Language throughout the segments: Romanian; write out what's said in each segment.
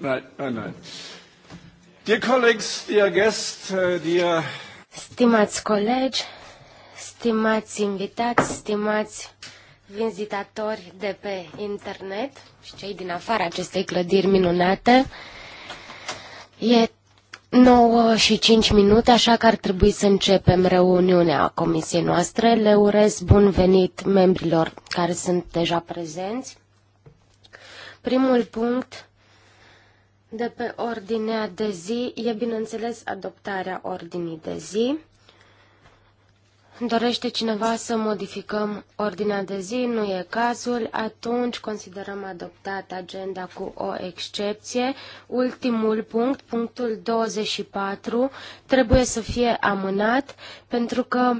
Nein, nein, nein. Dear colleagues, dear guests, uh, dear... Stimați colegi, stimați invitați, stimați vizitatori de pe internet și cei din afara acestei clădiri minunate, e 9 și 5 minute, așa că ar trebui să începem reuniunea comisiei noastre. Le urez bun venit membrilor care sunt deja prezenți. Primul punct de pe ordinea de zi e, bineînțeles, adoptarea ordinii de zi. Dorește cineva să modificăm ordinea de zi? Nu e cazul. Atunci considerăm adoptată agenda cu o excepție. Ultimul punct, punctul 24, trebuie să fie amânat pentru că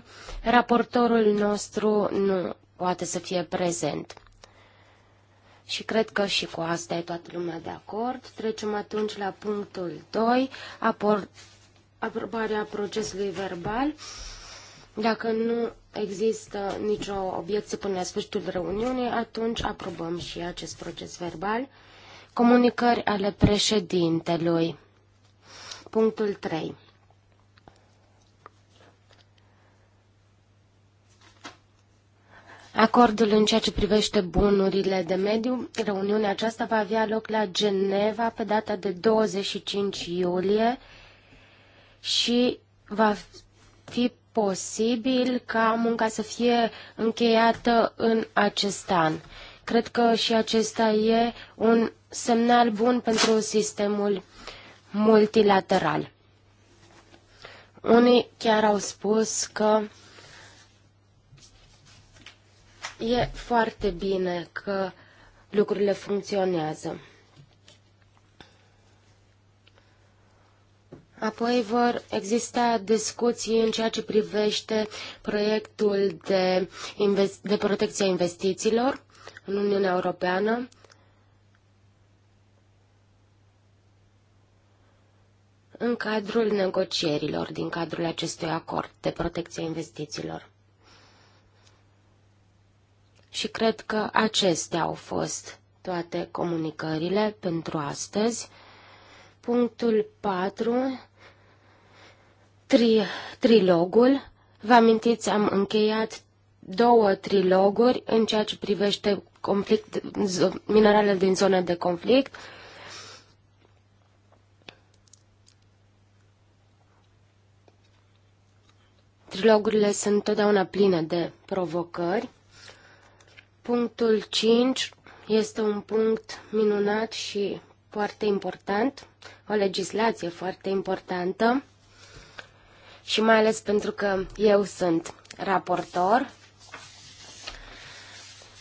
raportorul nostru nu poate să fie prezent. Și cred că și cu asta e toată lumea de acord. Trecem atunci la punctul 2, apor, aprobarea procesului verbal. Dacă nu există nicio obiecție până la sfârșitul reuniunii, atunci aprobăm și acest proces verbal. Comunicări ale președintelui. Punctul 3. acordul în ceea ce privește bunurile de mediu. Reuniunea aceasta va avea loc la Geneva pe data de 25 iulie și va fi posibil ca munca să fie încheiată în acest an. Cred că și acesta e un semnal bun pentru sistemul multilateral. Unii chiar au spus că E foarte bine că lucrurile funcționează. Apoi vor exista discuții în ceea ce privește proiectul de, de protecție a investițiilor în Uniunea Europeană. în cadrul negocierilor din cadrul acestui acord de protecție a investițiilor și cred că acestea au fost toate comunicările pentru astăzi. Punctul 4, tri, trilogul. Vă amintiți, am încheiat două triloguri în ceea ce privește conflict, mineralele din zone de conflict. Trilogurile sunt totdeauna pline de provocări. Punctul 5 este un punct minunat și foarte important, o legislație foarte importantă și mai ales pentru că eu sunt raportor.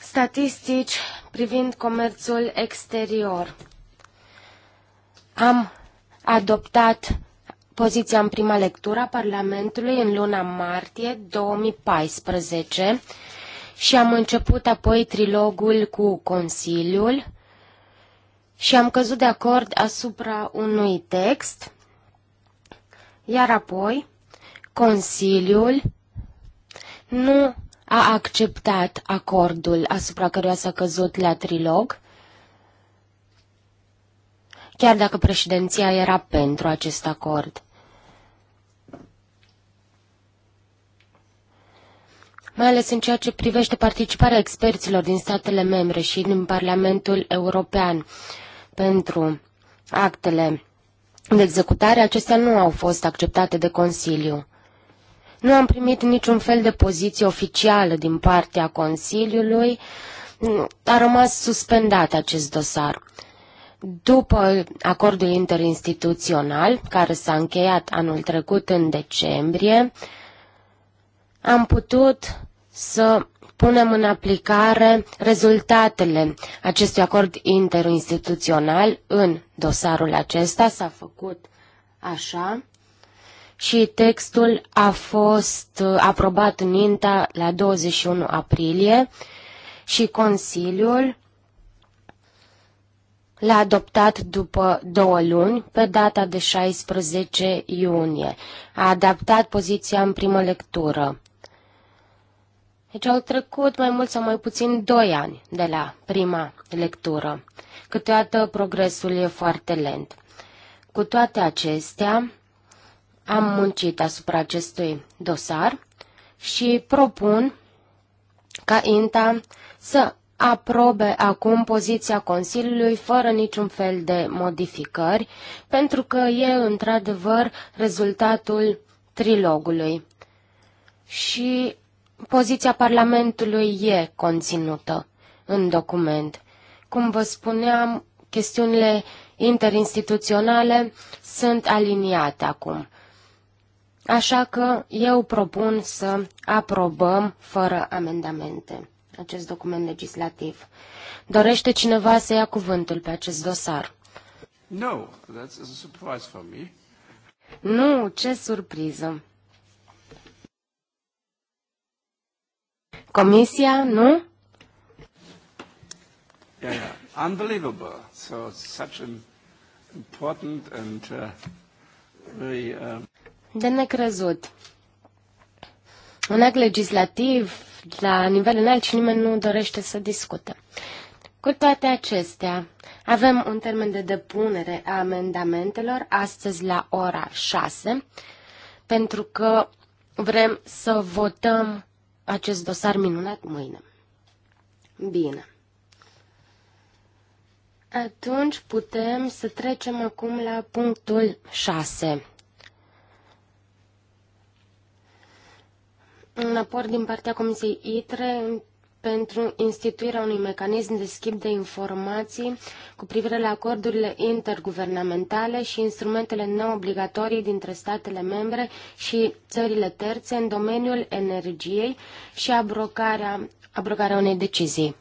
Statistici privind comerțul exterior. Am adoptat poziția în prima lectură a Parlamentului în luna martie 2014 și am început apoi trilogul cu Consiliul și am căzut de acord asupra unui text, iar apoi Consiliul nu a acceptat acordul asupra căruia s-a căzut la trilog, chiar dacă președinția era pentru acest acord. mai ales în ceea ce privește participarea experților din statele membre și din Parlamentul European pentru actele de executare, acestea nu au fost acceptate de Consiliu. Nu am primit niciun fel de poziție oficială din partea Consiliului, a rămas suspendat acest dosar. După acordul interinstituțional, care s-a încheiat anul trecut în decembrie, am putut să punem în aplicare rezultatele acestui acord interinstituțional în dosarul acesta. S-a făcut așa și textul a fost uh, aprobat în INTA la 21 aprilie și Consiliul l-a adoptat după două luni, pe data de 16 iunie. A adaptat poziția în primă lectură. Deci au trecut mai mult sau mai puțin doi ani de la prima lectură. Câteodată progresul e foarte lent. Cu toate acestea, am muncit asupra acestui dosar și propun ca INTA să aprobe acum poziția Consiliului fără niciun fel de modificări, pentru că e într-adevăr rezultatul trilogului. Și poziția Parlamentului e conținută în document. Cum vă spuneam, chestiunile interinstituționale sunt aliniate acum. Așa că eu propun să aprobăm fără amendamente acest document legislativ. Dorește cineva să ia cuvântul pe acest dosar? No, that's a surprise for me. Nu, ce surpriză! Comisia, nu? Yeah, yeah. Unbelievable. So such an important and uh, very... Uh... De necrezut. Un act legislativ la nivel înalt și nimeni nu dorește să discute. Cu toate acestea, avem un termen de depunere a amendamentelor astăzi la ora 6, pentru că vrem să votăm acest dosar minunat mâine. Bine. Atunci putem să trecem acum la punctul 6. Un raport din partea Comisiei ITRE pentru instituirea unui mecanism de schimb de informații cu privire la acordurile interguvernamentale și instrumentele neobligatorii dintre statele membre și țările terțe în domeniul energiei și abrogarea, abrogarea unei decizii.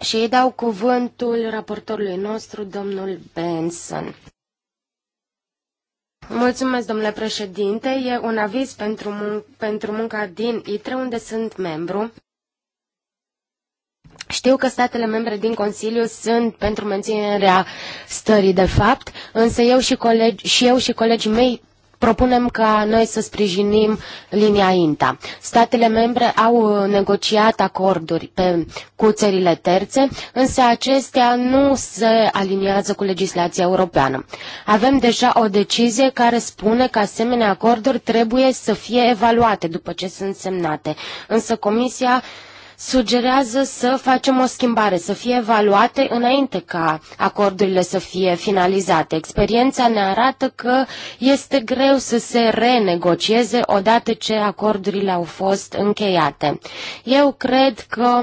Și îi dau cuvântul raportorului nostru, domnul Benson. Mulțumesc, domnule președinte. E un aviz pentru, mun pentru munca din ITRE, unde sunt membru. Știu că statele membre din Consiliu sunt pentru menținerea stării de fapt, însă eu și, colegi, și eu și colegii mei propunem ca noi să sprijinim linia INTA. Statele membre au uh, negociat acorduri pe, cu țările terțe, însă acestea nu se aliniază cu legislația europeană. Avem deja o decizie care spune că asemenea acorduri trebuie să fie evaluate după ce sunt semnate, însă Comisia uh, sugerează să facem o schimbare, să fie evaluate înainte ca acordurile să fie finalizate. Experiența ne arată că este greu să se renegocieze odată ce acordurile au fost încheiate. Eu cred că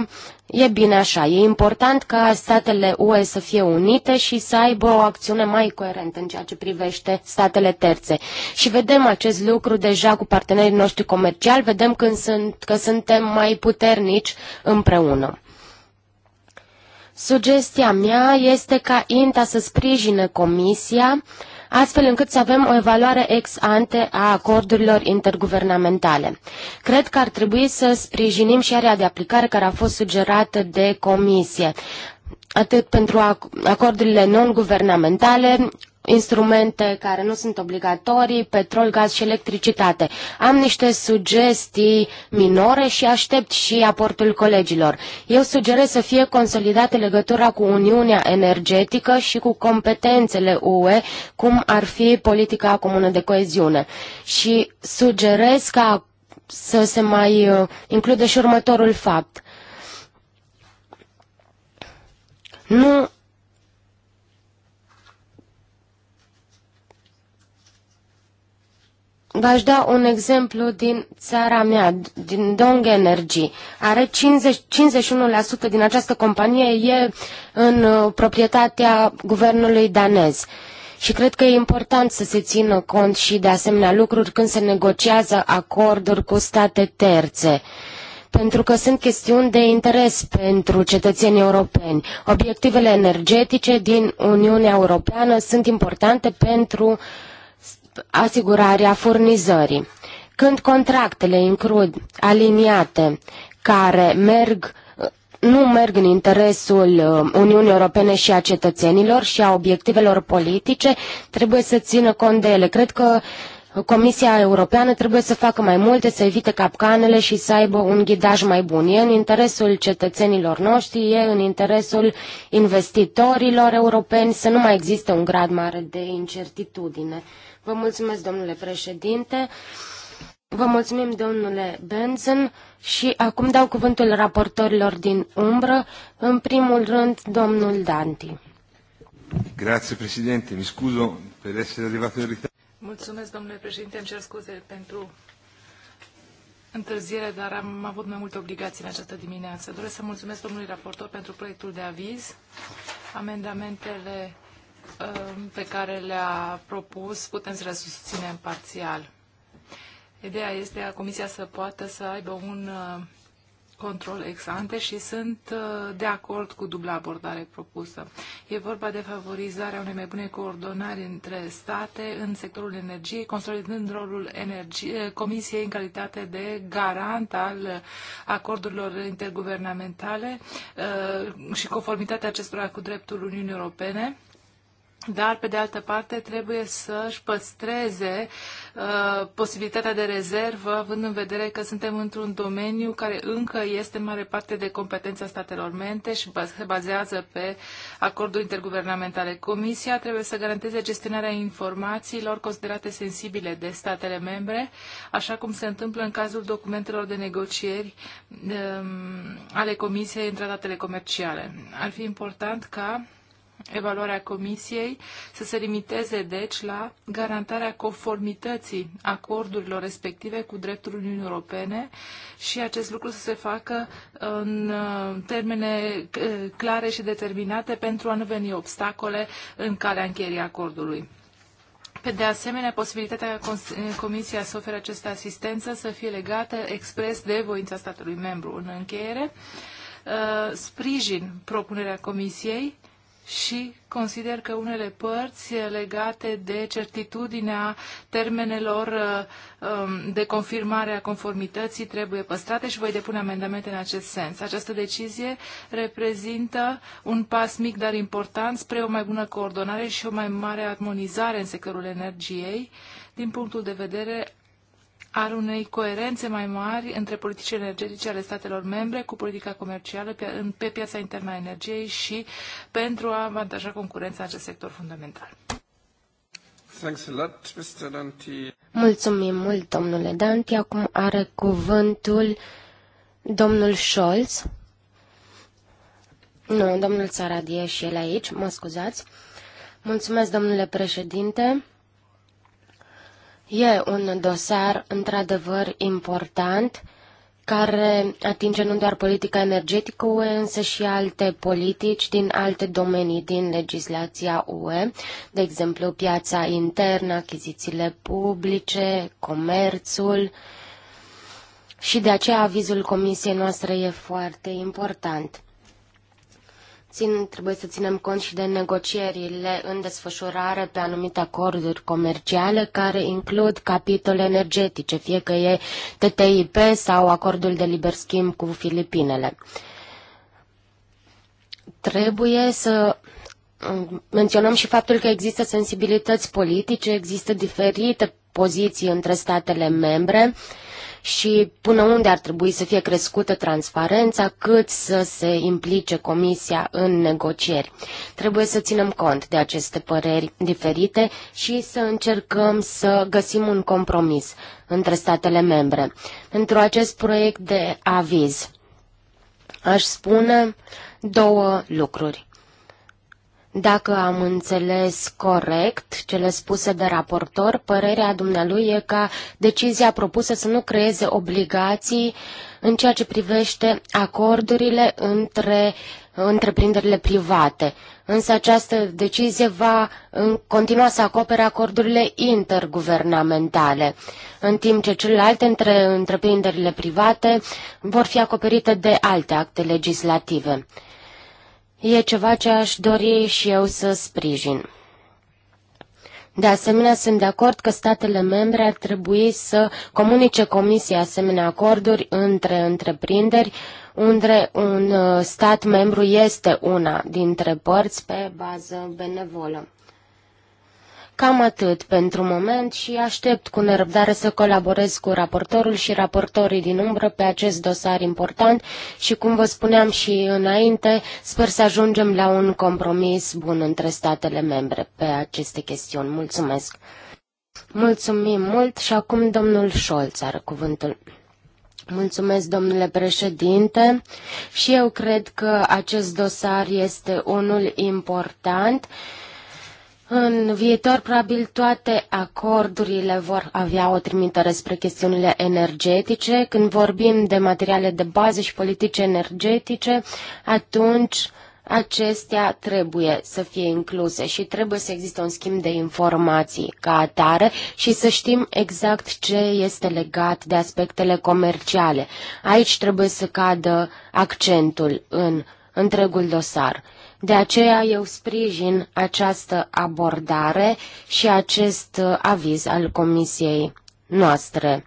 E bine așa, e important ca statele UE să fie unite și să aibă o acțiune mai coerentă în ceea ce privește statele terțe. Și vedem acest lucru deja cu partenerii noștri comerciali, vedem când sunt, că suntem mai puternici împreună. Sugestia mea este ca INTA să sprijine Comisia uh, astfel încât să avem o evaluare ex ante a acordurilor interguvernamentale. Cred că ar trebui să sprijinim și area de aplicare care a fost sugerată de comisie atât pentru acordurile non-guvernamentale, instrumente care nu sunt obligatorii, petrol, gaz și electricitate. Am niște sugestii minore și aștept și aportul colegilor. Eu sugerez să fie consolidată legătura cu Uniunea Energetică și cu competențele UE, cum ar fi politica comună de coeziune. Și sugerez ca să se mai uh, include și următorul fapt. Nu V-aș da un exemplu din țara mea, din Dong Energy. Are 50, 51% din această companie e în uh, proprietatea guvernului danez. Și cred că e important să se țină cont și de asemenea lucruri când se negociază acorduri cu state terțe pentru că sunt chestiuni de interes pentru cetățenii europeni. Obiectivele energetice din Uniunea Europeană sunt importante pentru uh, asigurarea furnizării. Când contractele includ aliniate care merg nu merg în interesul uh, Uniunii Europene și a cetățenilor și a obiectivelor politice, trebuie să țină cont de ele. Cred că Comisia Europeană trebuie să facă mai multe, să evite capcanele și să aibă un ghidaj mai bun. E în interesul cetățenilor noștri, e în interesul investitorilor europeni să nu mai existe un grad mare de incertitudine Vă mulțumesc, domnule președinte. Vă mulțumim, domnule Benson, și acum dau cuvântul raportorilor din umbră, în primul rând, domnul Danti. Grazie, președinte. Mi scuzo per essere arrivato in ritardo. Mulțumesc, domnule președinte. Îmi cer scuze pentru întârziere, dar am avut mai multe obligații în această dimineață. Doresc să mulțumesc domnului raportor pentru proiectul de aviz. Amendamentele Uh, pe care le-a propus putem să le susținem parțial. Ideea este a Comisia să poată să aibă un uh, control ex ante și sunt uh, de acord cu dubla abordare propusă. E vorba de favorizarea unei mai bune coordonări între state în sectorul energiei, consolidând rolul energie, eh, Comisiei în calitate de garant al acordurilor interguvernamentale eh, și conformitatea acestora cu dreptul Uniunii Europene dar, pe de altă parte, trebuie să-și păstreze uh, posibilitatea de rezervă, având în vedere că suntem într-un domeniu care încă este în mare parte de competența statelor mente și se bazează pe acorduri interguvernamentale. Comisia trebuie să garanteze gestionarea informațiilor considerate sensibile de statele membre, așa cum se întâmplă în cazul documentelor de negocieri uh, ale Comisiei în tratatele comerciale. Ar fi important ca evaluarea Comisiei să se limiteze, deci, la garantarea conformității acordurilor respective cu dreptul Uniunii Europene și acest lucru să se facă în uh, termene uh, clare și determinate pentru a nu veni obstacole în calea încheierii acordului. Pe de asemenea, posibilitatea ca uh, Comisia să ofere această asistență să fie legată expres de voința statului membru. În încheiere, sprijin propunerea Comisiei și consider că unele părți legate de certitudinea termenelor uh, um, de confirmare a conformității trebuie păstrate și voi depune amendamente în acest sens. Această decizie reprezintă un pas mic, dar important, spre o mai bună coordonare și o mai mare armonizare în sectorul energiei din punctul de vedere al unei coerențe mai mari între politicile energetice ale statelor membre cu politica comercială pe piața internă a energiei și pentru a avantaja concurența în acest sector fundamental. Mulțumim mult, domnule Danti. Acum are cuvântul domnul Scholz. Nu, domnul Saradie și el aici, mă scuzați. Mulțumesc, domnule președinte. E un dosar într-adevăr important care atinge nu doar politica energetică UE, însă și alte politici din alte domenii din legislația UE, de exemplu piața internă, achizițiile publice, comerțul. Și de aceea avizul comisiei noastre e foarte important. Țin, trebuie să ținem cont și de negocierile în desfășurare pe anumite acorduri comerciale care includ capitole energetice, fie că e TTIP sau acordul de liber schimb cu Filipinele. Trebuie să um, menționăm și faptul că există sensibilități politice, există diferite poziții între statele membre. Uh, și până unde ar trebui să fie crescută transparența, cât să se implice Comisia în negocieri. Trebuie să ținem cont de aceste păreri diferite și să încercăm să găsim un compromis între statele membre. Pentru acest proiect de aviz aș spune două lucruri. Dacă am înțeles corect cele spuse de raportor, părerea dumnealui e ca decizia propusă să nu creeze obligații în ceea ce privește acordurile între întreprinderile private. Însă această decizie va continua să acopere acordurile interguvernamentale, în timp ce celelalte între întreprinderile private vor fi acoperite de alte acte legislative. E ceva ce aș dori și eu să sprijin. De asemenea, sunt de acord că statele membre ar trebui să comunice comisiei asemenea acorduri între întreprinderi unde un uh, stat membru este una dintre părți pe bază benevolă. Cam atât pentru moment și aștept cu nerăbdare să colaborez cu raportorul și raportorii din umbră pe acest dosar important și, cum vă spuneam și înainte, sper să ajungem la un compromis bun între statele membre pe aceste chestiuni. Mulțumesc! Mulțumim mult și acum domnul Scholz are cuvântul. Mulțumesc, domnule președinte. Și eu cred că acest dosar este unul important. Uh, în viitor, probabil, toate acordurile vor avea o trimitere spre chestiunile energetice. Când vorbim de materiale de bază și politice energetice, atunci acestea trebuie să fie incluse și trebuie să existe un schimb de informații ca atare și să știm exact ce este legat de aspectele comerciale. Aici trebuie să cadă accentul în întregul dosar. De aceea eu sprijin această abordare și acest uh, aviz al comisiei noastre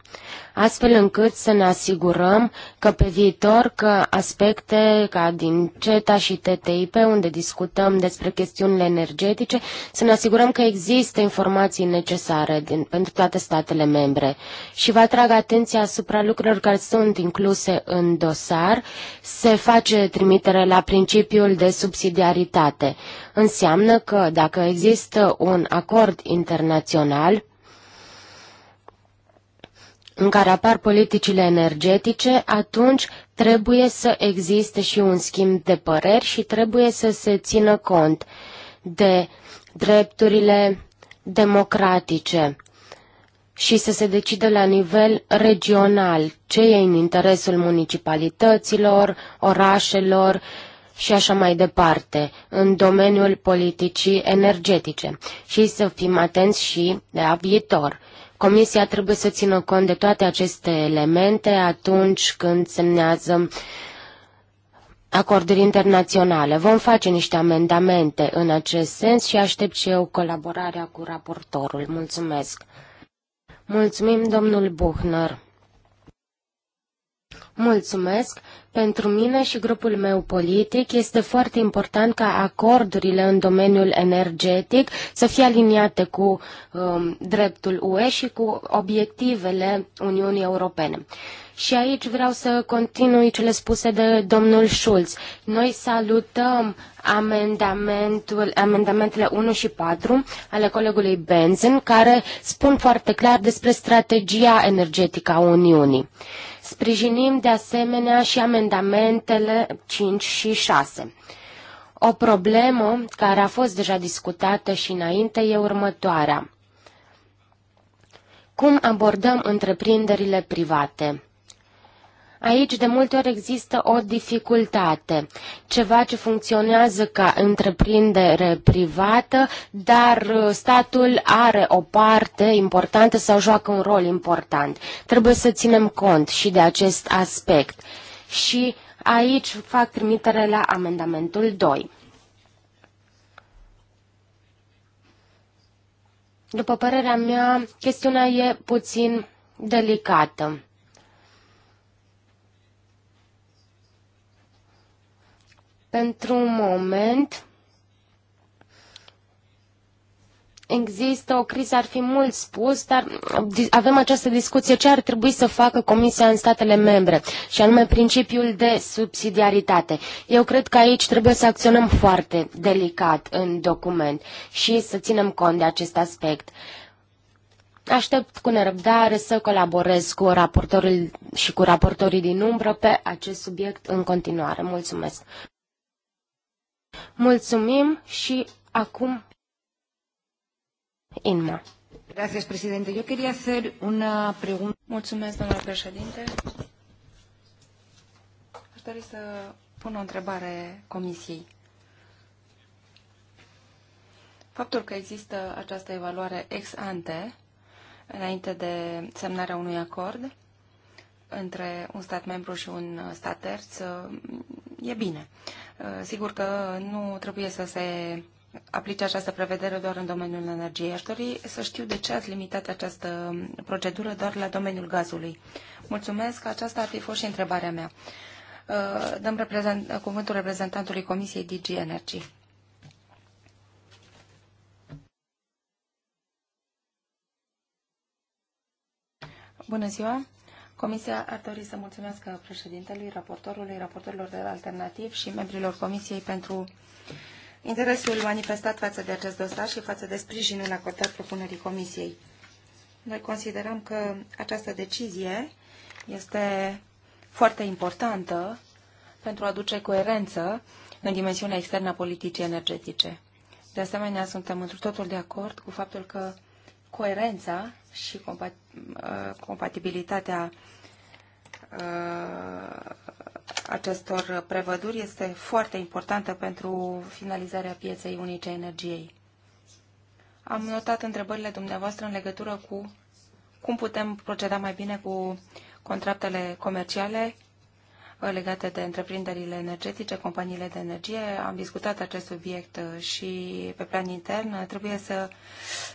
astfel încât să ne asigurăm că pe viitor că aspecte ca din CETA și TTIP, unde discutăm despre chestiunile energetice, să ne asigurăm că există informații necesare din, pentru toate statele membre. Și vă atrag atenția asupra lucrurilor care sunt incluse în dosar. Se face trimitere la principiul de subsidiaritate. Înseamnă că dacă există un acord internațional, în care apar politicile energetice, atunci trebuie să existe și un schimb de păreri și trebuie să se țină cont de drepturile democratice și să se decide la nivel regional ce e în interesul municipalităților, orașelor și așa mai departe, în domeniul politicii energetice și să fim atenți și la viitor. Comisia trebuie să țină cont de toate aceste elemente atunci când semnează acorduri internaționale. Vom face niște amendamente în acest sens și aștept și eu colaborarea cu raportorul. Mulțumesc! Mulțumim, domnul Buchner! Mulțumesc! Pentru mine și grupul meu politic este foarte important ca acordurile în domeniul energetic să fie aliniate cu um, dreptul UE și cu obiectivele Uniunii Europene. Și aici vreau să continui cele spuse de domnul Schulz. Noi salutăm amendamentul, amendamentele 1 și 4 ale colegului Benzen, care spun foarte clar despre strategia energetică a Uniunii. Sprijinim de asemenea și amendamentele 5 și 6. O problemă care a fost deja discutată și înainte e următoarea. Cum abordăm întreprinderile private? Aici de multe ori există o dificultate, ceva ce funcționează ca întreprindere privată, dar uh, statul are o parte importantă sau joacă un rol important. Trebuie să ținem cont și de acest aspect. Și aici fac trimitere la amendamentul 2. După părerea mea, chestiunea e puțin delicată. Pentru un moment există o criză, ar fi mult spus, dar uh, avem această discuție ce ar trebui să facă Comisia în statele membre, și anume principiul de subsidiaritate. Eu cred că aici trebuie să acționăm foarte delicat în document și să ținem cont de acest aspect. Aștept cu nerăbdare să colaborez cu raportorul și cu raportorii din umbră pe acest subiect în continuare. Mulțumesc! Mulțumim și acum Inma. Gracias, presidente. Yo quería hacer una pregunta. Mulțumesc, domnule președinte. Aș dori să pun o întrebare comisiei. Faptul că există această evaluare ex ante, înainte de semnarea unui acord, între un stat membru și un uh, stat terț uh, e bine. Uh, sigur că nu trebuie să se aplice această prevedere doar în domeniul energiei. Aș dori să știu de ce ați limitat această procedură doar la domeniul gazului. Mulțumesc, aceasta ar fi fost și întrebarea mea. Dăm reprezent, cuvântul reprezentantului Comisiei DG Energy. Bună ziua! Comisia ar dori să mulțumesc președintelui, raportorului, raportorilor de alternativ și membrilor Comisiei pentru interesul manifestat față de acest dosar și față de sprijinul acordat propunerii Comisiei. Noi considerăm că această decizie este foarte importantă pentru a duce coerență în dimensiunea externă a politicii energetice. De asemenea, suntem într totul de acord cu faptul că coerența și uh, compatibilitatea uh, acestor prevăduri este foarte importantă pentru finalizarea pieței unice a energiei. Am notat întrebările dumneavoastră în legătură cu cum putem proceda mai bine cu contractele comerciale legate de întreprinderile energetice, companiile de energie. Am discutat acest subiect uh, și pe plan intern. Trebuie să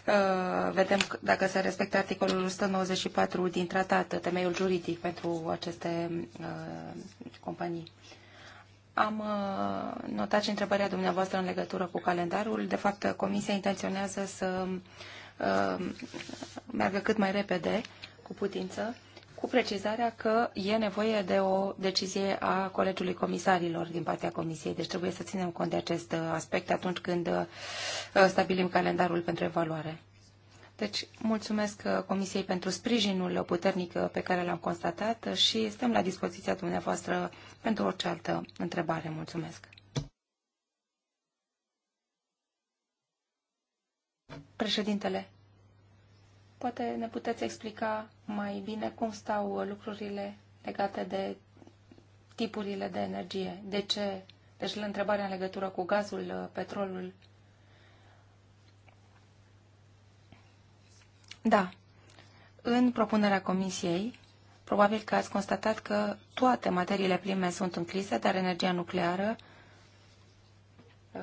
uh, vedem dacă se respectă articolul 194 din tratat, temeiul juridic pentru aceste uh, companii. Am uh, notat și întrebarea dumneavoastră în legătură cu calendarul. De fapt, Comisia intenționează să uh, meargă cât mai repede, cu putință cu precizarea că e nevoie de o decizie a Colegiului Comisarilor din partea Comisiei, deci trebuie să ținem cont de acest uh, aspect atunci când uh, stabilim calendarul pentru evaluare. Deci, mulțumesc uh, Comisiei pentru sprijinul puternic pe care l-am constatat și stăm la dispoziția dumneavoastră pentru orice altă întrebare. Mulțumesc! Președintele, Poate ne puteți explica mai bine cum stau lucrurile legate de tipurile de energie. De ce? Deci la întrebarea în legătură cu gazul, petrolul. Da. În propunerea comisiei, probabil că ați constatat că toate materiile prime sunt în criză, dar energia nucleară, uh,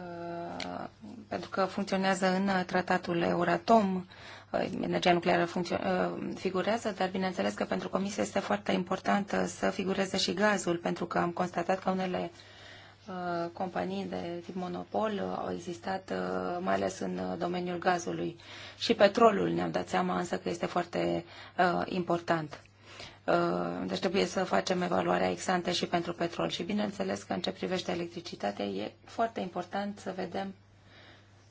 pentru că funcționează în tratatul Euratom, Uh, energia nucleară uh, figurează, dar bineînțeles că pentru Comisie este foarte important uh, să figureze și gazul, pentru că am constatat că unele companii de tip monopol au existat, mai ales în domeniul gazului. Și petrolul ne-am dat seama însă că este foarte important. deci trebuie să facem evaluarea ante și pentru petrol. Și bineînțeles că în ce privește electricitatea e foarte important să vedem,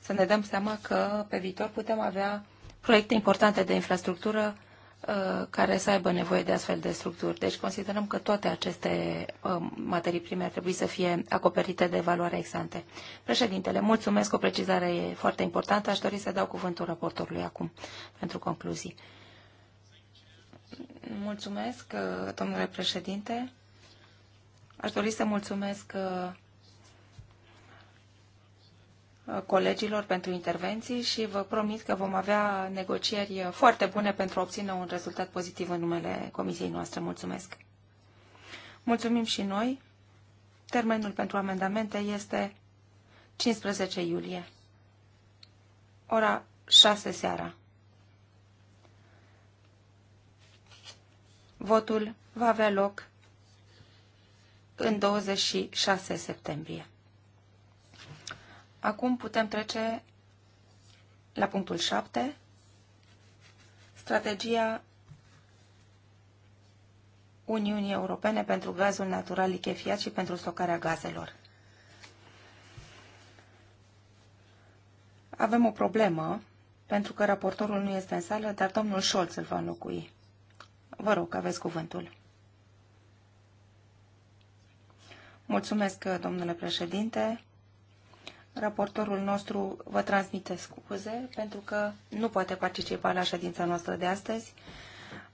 să ne dăm seama că pe viitor putem avea proiecte importante de infrastructură uh, care să aibă nevoie de astfel de structuri. Deci considerăm că toate aceste uh, materii prime ar trebui să fie acoperite de valoare exante. Președintele, mulțumesc, o precizare e foarte importantă. Aș dori să dau cuvântul raportorului acum pentru concluzii. Mulțumesc, uh, domnule președinte. Aș dori să mulțumesc colegilor pentru intervenții și vă promit că vom avea negocieri foarte bune pentru a obține un rezultat pozitiv în numele comisiei noastre. Mulțumesc! Mulțumim și noi. Termenul pentru amendamente este 15 iulie, ora 6 seara. Votul va avea loc în 26 septembrie. Acum putem trece la punctul 7. Strategia Uniunii Europene pentru gazul natural lichefiat și pentru stocarea gazelor. Avem o problemă, pentru că raportorul nu este în sală, dar domnul Scholz îl va înlocui. Vă rog, aveți cuvântul. Mulțumesc, domnule președinte. Raportorul nostru vă transmite scuze pentru că nu poate participa la ședința noastră de astăzi.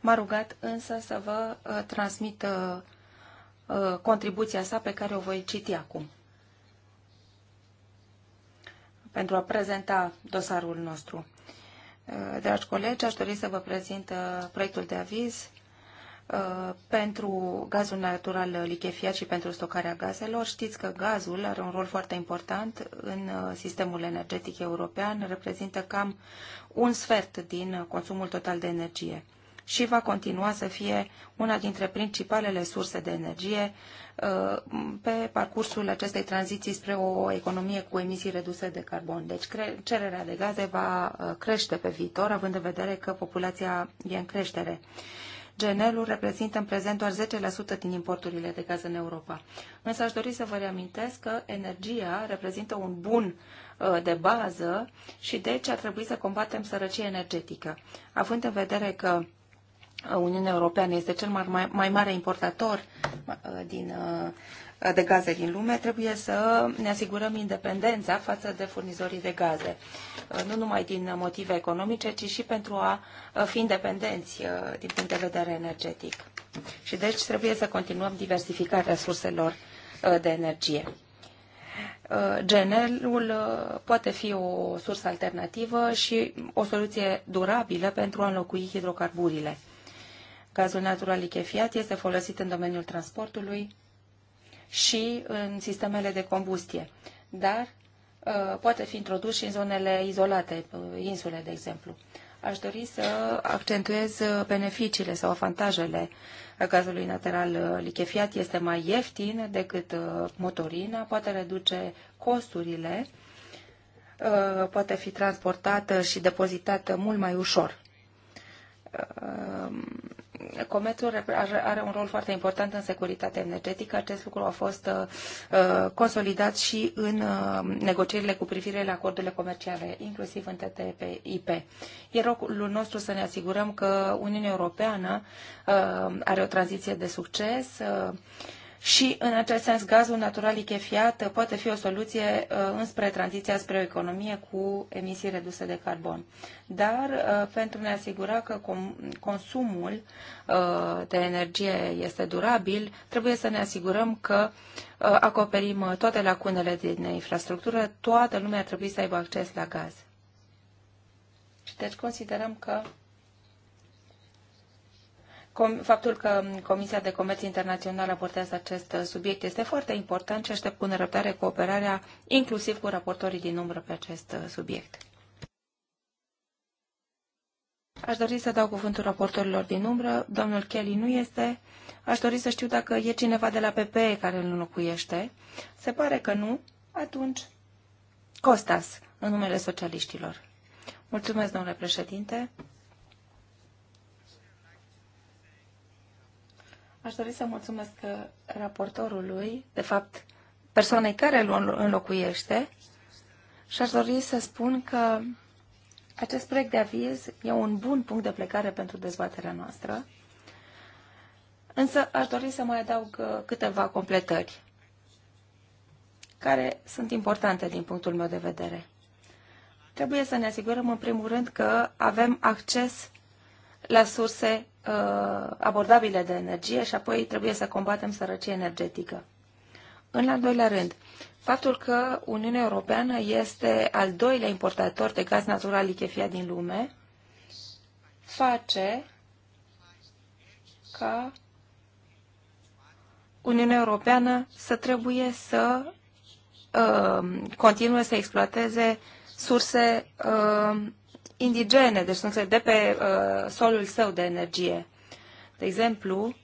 M-a rugat însă să vă uh, transmit uh, contribuția sa pe care o voi citi acum pentru a prezenta dosarul nostru. Uh, dragi colegi, aș dori să vă prezint proiectul de aviz Uh, pentru gazul natural lichefiat și pentru stocarea gazelor. Știți că gazul are un rol foarte important în uh, sistemul energetic european, reprezintă cam un sfert din uh, consumul total de energie și va continua să fie una dintre principalele surse de energie pe parcursul acestei tranziții spre o economie cu emisii reduse de carbon. Deci cererea de gaze va crește pe viitor, având în vedere că populația e în creștere. GNL-ul reprezintă în prezent doar 10% din importurile de gaz în Europa. Însă aș dori să vă reamintesc că energia reprezintă un bun uh, de bază și deci ar trebui să combatem sărăcia energetică. Având în vedere că uh, Uniunea Europeană este cel mai, mai mare importator uh, din de gaze din lume, trebuie să ne asigurăm independența față de furnizorii de gaze, uh, nu numai din motive economice, ci și pentru a uh, fi independenți uh, din punct de vedere energetic. Și deci trebuie să continuăm diversificarea surselor de energie. GNL-ul poate fi o sursă alternativă și o soluție durabilă pentru a înlocui hidrocarburile. Gazul natural lichefiat este folosit în domeniul transportului, și în sistemele de combustie, dar uh, poate fi introdus și în zonele izolate, uh, insule, de exemplu. Aș dori să accentuez uh, beneficiile sau avantajele gazului natural lichefiat. Este mai ieftin decât motorina, poate reduce costurile, poate fi transportată și depozitată mult mai ușor. Um, comerțul are un rol foarte important în securitatea energetică. Acest lucru a fost uh, consolidat și în um, negocierile cu privire la acordurile comerciale, inclusiv în TTIP. E rolul nostru să ne asigurăm că Uniunea Europeană uh, are o tranziție de succes uh, și, în acest sens, gazul natural lichefiat poate fi o soluție uh, înspre tranziția spre o economie cu emisii reduse de carbon. Dar, uh, pentru a ne asigura că consumul uh, de energie este durabil, trebuie să ne asigurăm că acoperim toate lacunele din infrastructură, toată lumea trebuie să aibă acces la gaz. Și deci considerăm că faptul că Comisia de Comerț Internațional abordează acest subiect este foarte important și aștept cu nerăbdare cooperarea inclusiv cu raportorii din umbră pe acest subiect. Aș dori să dau cuvântul raportorilor din umbră. Domnul Kelly nu este. Aș dori să știu dacă e cineva de la PPE care îl înlocuiește. Se pare că nu. Atunci, Costas, în numele socialiștilor. Mulțumesc, domnule președinte. Aș dori să mulțumesc raportorului, de fapt, persoanei care îl înlocuiește și aș dori să spun că acest proiect de aviz e un bun punct de plecare pentru dezbaterea noastră, însă aș dori să mai adaug uh, câteva completări care sunt importante din punctul meu de vedere. Trebuie să ne asigurăm, în primul rând, că avem acces la surse uh, abordabile de energie și apoi trebuie să combatem sărăcie energetică. În al doilea rând, faptul că Uniunea Europeană este al doilea importator de gaz natural lichefiat din lume face ca Uniunea Europeană să trebuie să uh, continue să exploateze surse uh, indigene, deci sunt de pe uh, solul său de energie. De exemplu,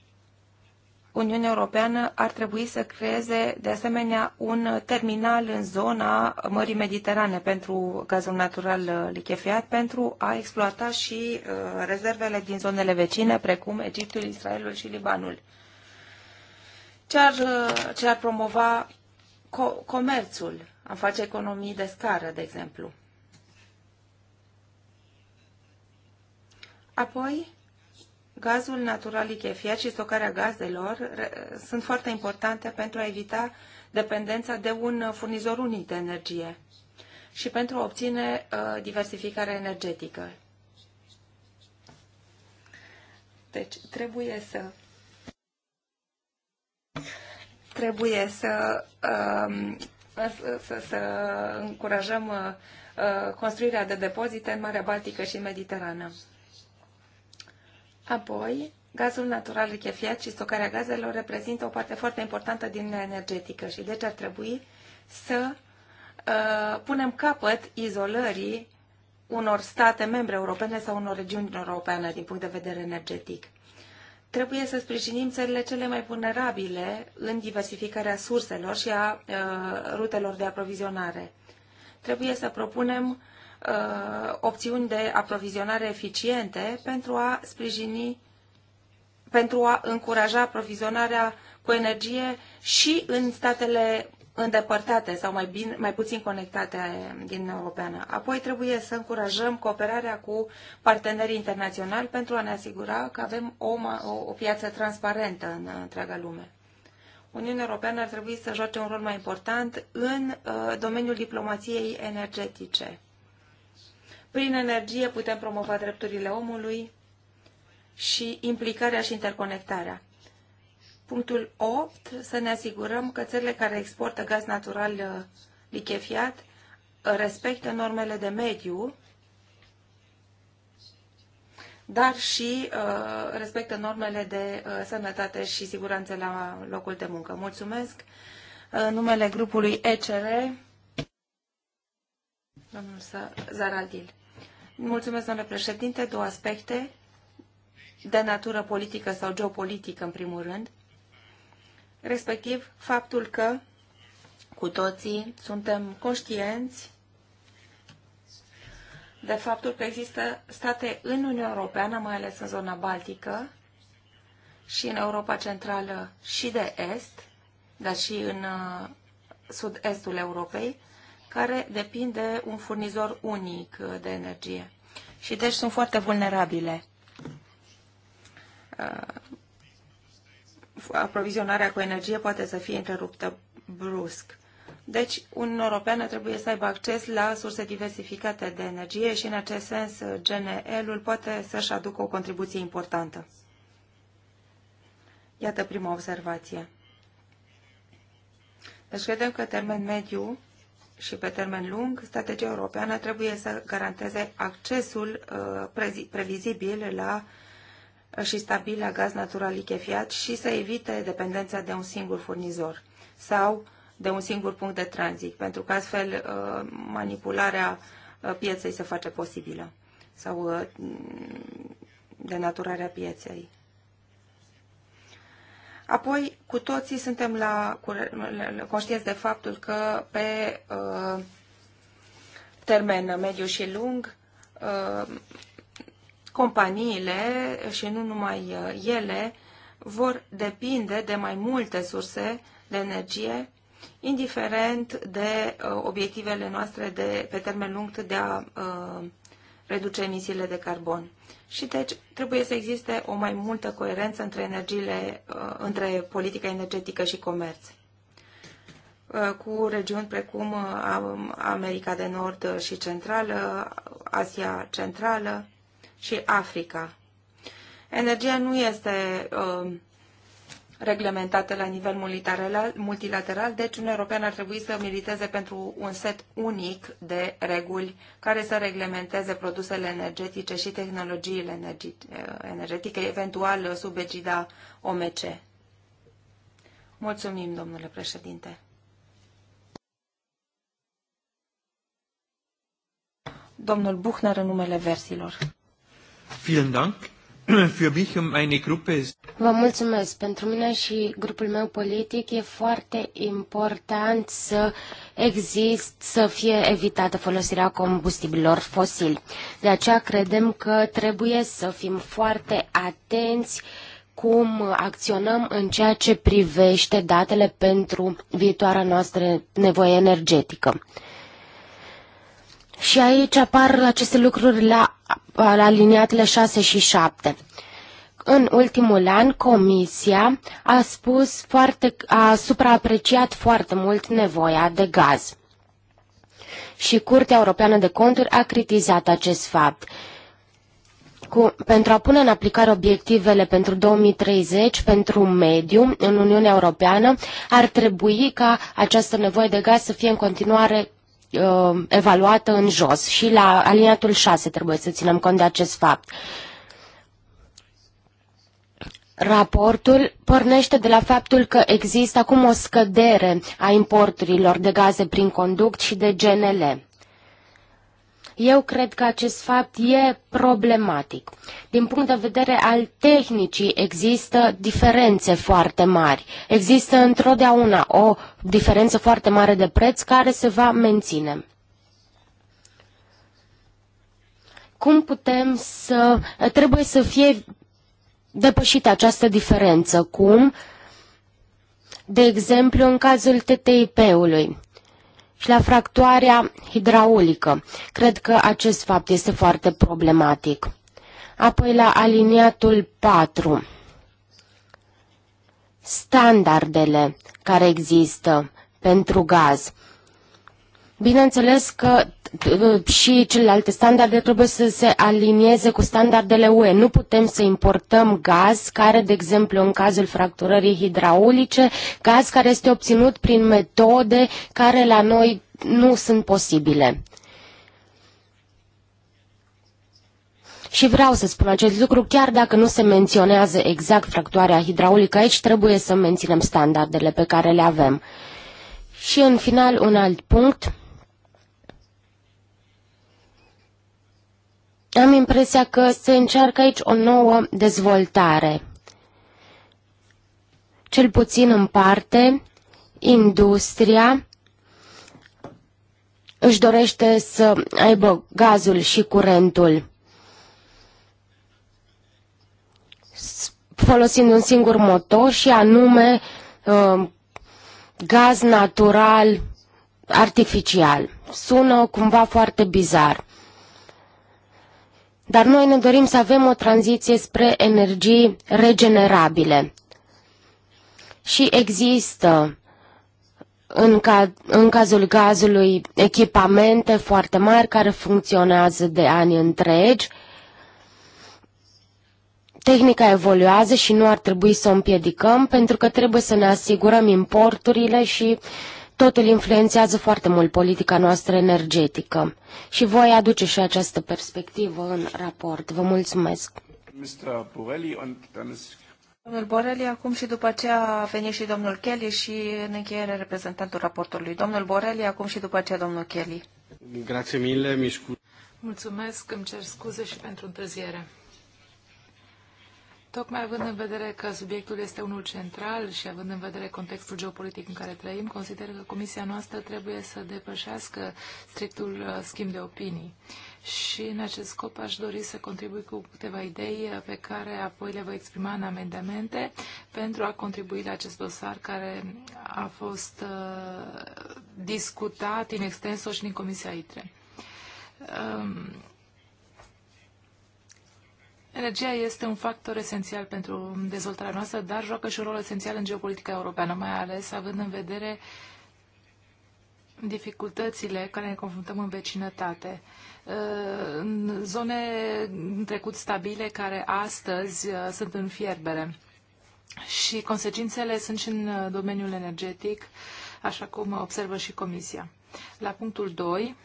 Uniunea Europeană ar trebui să creeze, de asemenea, un terminal în zona Mării Mediterane pentru gazul natural uh, lichefiat, pentru a exploata și uh, rezervele din zonele vecine, precum Egiptul, Israelul și Libanul. Ce ar, uh, ce ar promova co comerțul? Am face economii de scară, de exemplu. Apoi, gazul natural lichefiat și stocarea gazelor sunt foarte importante pentru a evita dependența de un furnizor unic de energie și pentru a obține uh, diversificare energetică. Deci, trebuie să trebuie să, um, să, să încurajăm uh, uh, construirea de depozite în Marea Baltică și în Mediterană. Apoi, gazul natural lichefiat și stocarea gazelor reprezintă o parte foarte importantă din energetică și deci ar trebui să uh, punem capăt izolării unor state membre europene sau unor regiuni europene din punct de vedere energetic. Trebuie să sprijinim țările cele mai vulnerabile în diversificarea surselor și a uh, rutelor de aprovizionare. Trebuie să propunem Uh, opțiuni de aprovizionare eficiente pentru a sprijini, pentru a încuraja aprovizionarea cu energie și în statele îndepărtate sau mai, bine, mai puțin conectate din Europeană. Apoi trebuie să încurajăm cooperarea cu partenerii internaționali pentru a ne asigura că avem o, o, o piață transparentă în întreaga lume. Uniunea Europeană ar trebui să joace un rol mai important în uh, domeniul diplomației energetice. Prin energie putem promova drepturile omului și implicarea și interconectarea. Punctul 8. Să ne asigurăm că țările care exportă gaz natural uh, lichefiat uh, respectă normele de mediu, dar și uh, respectă normele de uh, sănătate și siguranță la locul de muncă. Mulțumesc. Uh, numele grupului ECR, domnul Zaraldil. Mulțumesc, domnule președinte. Două aspecte de natură politică sau geopolitică, în primul rând, respectiv faptul că cu toții suntem conștienți de faptul că există state în Uniunea Europeană, mai ales în zona Baltică și în Europa Centrală și de Est, dar și în uh, sud-estul Europei, care depind de un furnizor unic de energie. Și deci sunt foarte vulnerabile. Uh, aprovizionarea cu energie poate să fie întreruptă brusc. Deci, un european trebuie să aibă acces la surse diversificate de energie și, în acest sens, GNL-ul poate să-și aducă o contribuție importantă. Iată prima observație. Deci, credem că termen mediu și pe termen lung, strategia europeană trebuie să garanteze accesul uh, previzibil la uh, și stabil la gaz natural lichefiat și să evite dependența de un singur furnizor sau de un singur punct de tranzit, pentru că astfel uh, manipularea pieței se face posibilă sau denaturarea pieței. Apoi, cu toții suntem la, conștienți de faptul că pe uh, termen mediu și lung, uh, companiile și nu numai uh, ele vor depinde de mai multe surse de energie, indiferent de uh, obiectivele noastre de, pe termen lung de a uh, reduce emisiile de carbon. Și deci trebuie să existe o mai multă coerență între energiile, uh, între politica energetică și comerț uh, cu regiuni precum uh, America de Nord și Centrală, Asia Centrală și Africa. Energia nu este reglementate la nivel multilateral, deci Uniunea Europeană ar trebui să militeze pentru un set unic de reguli care să reglementeze produsele energetice și tehnologiile energetice, eventual sub egida OMC. Mulțumim, domnule președinte. Domnul Buchner în numele versilor. Vielen Dank. Vă mulțumesc. Pentru mine și grupul meu politic e foarte important să exist, să fie evitată folosirea combustibilor fosili. De aceea credem că trebuie să fim foarte atenți cum acționăm în ceea ce privește datele pentru viitoarea noastră nevoie energetică. Și aici apar aceste lucruri la la liniatele 6 și 7. În ultimul an, Comisia a spus foarte, a supraapreciat foarte mult nevoia de gaz. Și Curtea Europeană de Conturi a critizat acest fapt. Cu, pentru a pune în aplicare obiectivele pentru 2030 pentru mediu în Uniunea Europeană, ar trebui ca această nevoie de gaz să fie în continuare uh, evaluată în jos și la aliniatul 6 trebuie să ținem cont de acest fapt. Raportul pornește de la faptul că există acum o scădere a importurilor de gaze prin conduct și de GNL. Eu cred că acest fapt e problematic. Din punct de vedere al tehnicii există diferențe foarte mari. Există întotdeauna o diferență foarte mare de preț care se va menține. Cum putem să... Trebuie să fie depășită această diferență. Cum? De exemplu, în cazul TTIP-ului și la fractoarea hidraulică. Cred că acest fapt este foarte problematic. Apoi la aliniatul 4. Standardele care există pentru gaz. Bineînțeles că și celelalte standarde trebuie să se alinieze cu standardele UE. Nu putem să importăm gaz care, de exemplu, în cazul fracturării hidraulice, gaz care este obținut prin metode care la noi nu sunt posibile. Și vreau să spun acest lucru, chiar dacă nu se menționează exact fractuarea hidraulică aici, trebuie să menținem standardele pe care le avem. Și în final, un alt punct. am impresia că se încearcă aici o nouă dezvoltare. Cel puțin în parte, industria își dorește să aibă gazul și curentul. folosind un singur motor și anume uh, gaz natural artificial. Sună cumva foarte bizar. Dar noi ne dorim să avem o tranziție spre energii regenerabile. Și există în, ca, în cazul gazului echipamente foarte mari care funcționează de ani întregi. Tehnica evoluează și nu ar trebui să o împiedicăm pentru că trebuie să ne asigurăm importurile și uh, Totul influențează foarte mult politica noastră energetică și voi aduce și această perspectivă în raport. Vă mulțumesc. Domnul Borelli, acum și după aceea a venit și domnul Kelly și în încheiere reprezentantul raportului. Domnul Borelli, acum și după aceea domnul Kelly. Grazie mille, Mulțumesc, îmi cer scuze și pentru întârziere. Tocmai având în vedere că subiectul este unul central și având în vedere contextul geopolitic în care trăim, consider că comisia noastră trebuie să depășească strictul uh, schimb de opinii. Și în acest scop aș dori să contribui cu câteva idei uh, pe care apoi le voi exprima în amendamente pentru a contribui la acest dosar care a fost uh, discutat în extensul și din Comisia ITRE. Um, Energia este un factor esențial pentru dezvoltarea noastră, dar joacă și un rol esențial în geopolitica europeană, mai ales având în vedere dificultățile care ne confruntăm în vecinătate. Ă, în zone în trecut stabile care astăzi ă, sunt în fierbere. Și consecințele sunt și în ă, domeniul energetic, așa cum observă și Comisia. La punctul 2,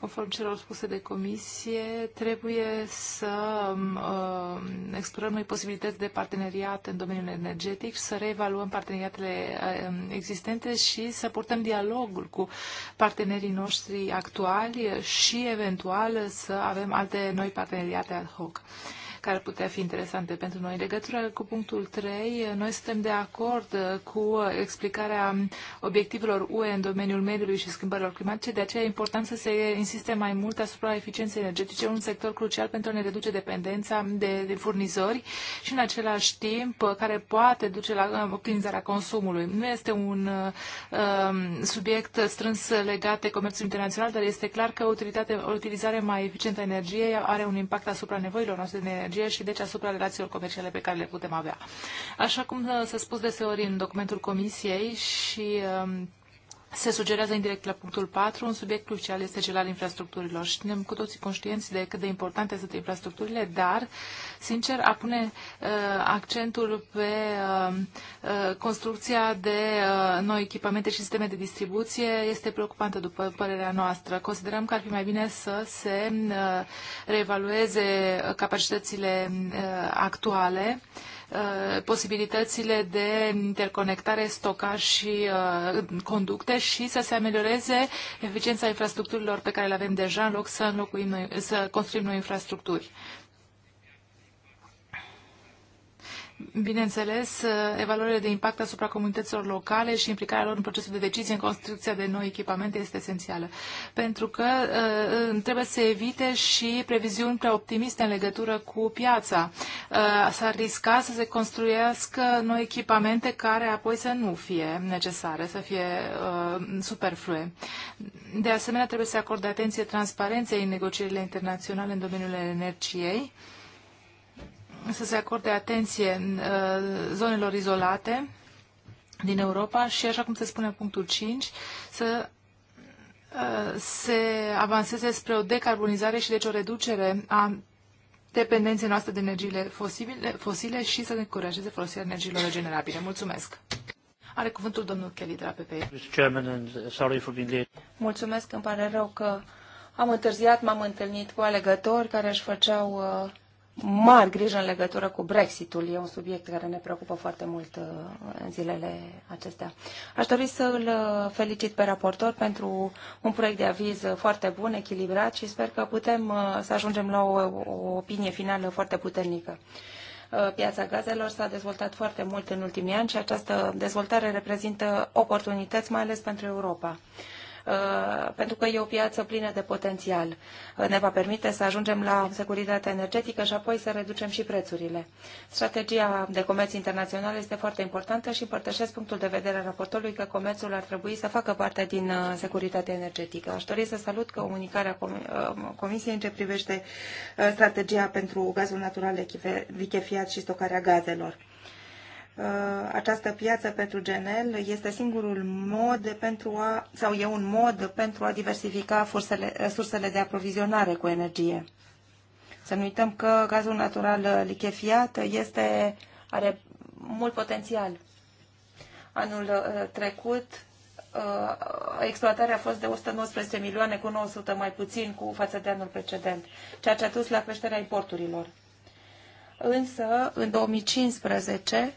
conform celor spuse de comisie, trebuie să um, uh, explorăm noi posibilități de parteneriat în domeniul energetic, să reevaluăm parteneriatele um, existente și să purtăm dialogul cu partenerii noștri actuali și eventual să avem alte noi parteneriate ad hoc. Uh, care ar putea fi interesante pentru noi. Legătură cu punctul 3, noi suntem de acord cu explicarea obiectivelor UE în domeniul mediului și schimbărilor climatice, de aceea e important să se insiste mai mult asupra eficienței energetice, un sector crucial pentru a ne reduce dependența de, de furnizori și în același timp care poate duce la uh, optimizarea consumului. Nu este un uh, um, subiect strâns legat de comerțul internațional, dar este clar că utilizarea o utilizare mai eficientă a energiei are un impact asupra nevoilor noastre de energie energie și deci asupra relațiilor comerciale pe care le putem avea. Așa cum uh, s-a spus deseori în documentul Comisiei și um, se sugerează indirect la punctul 4, un subiect crucial este cel al infrastructurilor. Știm suntem cu toții conștienți de cât de importante sunt infrastructurile, dar, sincer, a pune uh, accentul pe uh, uh, construcția de uh, noi echipamente și sisteme de distribuție este preocupantă, după părerea noastră. Considerăm că ar fi mai bine să se uh, reevalueze capacitățile uh, actuale uh, Uh, posibilitățile de interconectare, stocaj și uh, conducte și să se amelioreze eficiența infrastructurilor pe care le avem deja în loc să, noi, să construim noi infrastructuri. Bineînțeles, eh, evaluarea de impact asupra comunităților locale și implicarea lor în procesul de decizie în construcția de noi echipamente este esențială, pentru că eh, trebuie să evite și previziuni prea optimiste în legătură cu piața. Eh, s-ar risca să se construiască noi echipamente care apoi să nu fie necesare, să fie superflue. De asemenea, trebuie să acorde atenție transparenței în negocierile internaționale în domeniul energiei să se acorde atenție uh, zonelor izolate din Europa și, așa cum se spune în punctul 5, să uh, se avanseze spre o decarbonizare și deci o reducere a dependenței noastre de energiile fosibile, fosile și să ne încurajeze folosirea energiilor regenerabile. Mulțumesc! Are cuvântul domnul Kelly de la PPE. Uh, Mulțumesc, îmi pare rău că am întârziat, m-am întâlnit cu alegători care își făceau uh, mari grijă în legătură cu Brexitul. E un subiect care ne preocupă foarte mult uh, în zilele acestea. Aș dori să îl uh, felicit pe raportor pentru un proiect de aviz uh, foarte bun, echilibrat și sper că putem să ajungem la o, o opinie finală foarte puternică. Piața gazelor s-a dezvoltat foarte mult în ultimii ani și această dezvoltare reprezintă oportunități, mai ales pentru Europa. Uh, pentru că e o piață plină de potențial. Uh, ne va permite să ajungem la securitate energetică și apoi să reducem și prețurile. Strategia de comerț internațional este foarte importantă și împărtășesc punctul de vedere al raportorului că comerțul ar trebui să facă parte din uh, securitatea energetică. Aș dori să salut comunicarea Comisiei în ce privește strategia pentru gazul natural lichefiat și stocarea gazelor. Uh, această piață pentru GNL este singurul mod pentru a, sau e un mod pentru a diversifica forsele, uh, sursele de aprovizionare cu energie. Să nu uităm că gazul natural lichefiat este, are mult potențial. Anul uh, trecut, exploatarea a fost de 119 milioane, cu 900 mai puțin cu față de anul precedent, ceea ce a dus la creșterea importurilor însă în 2015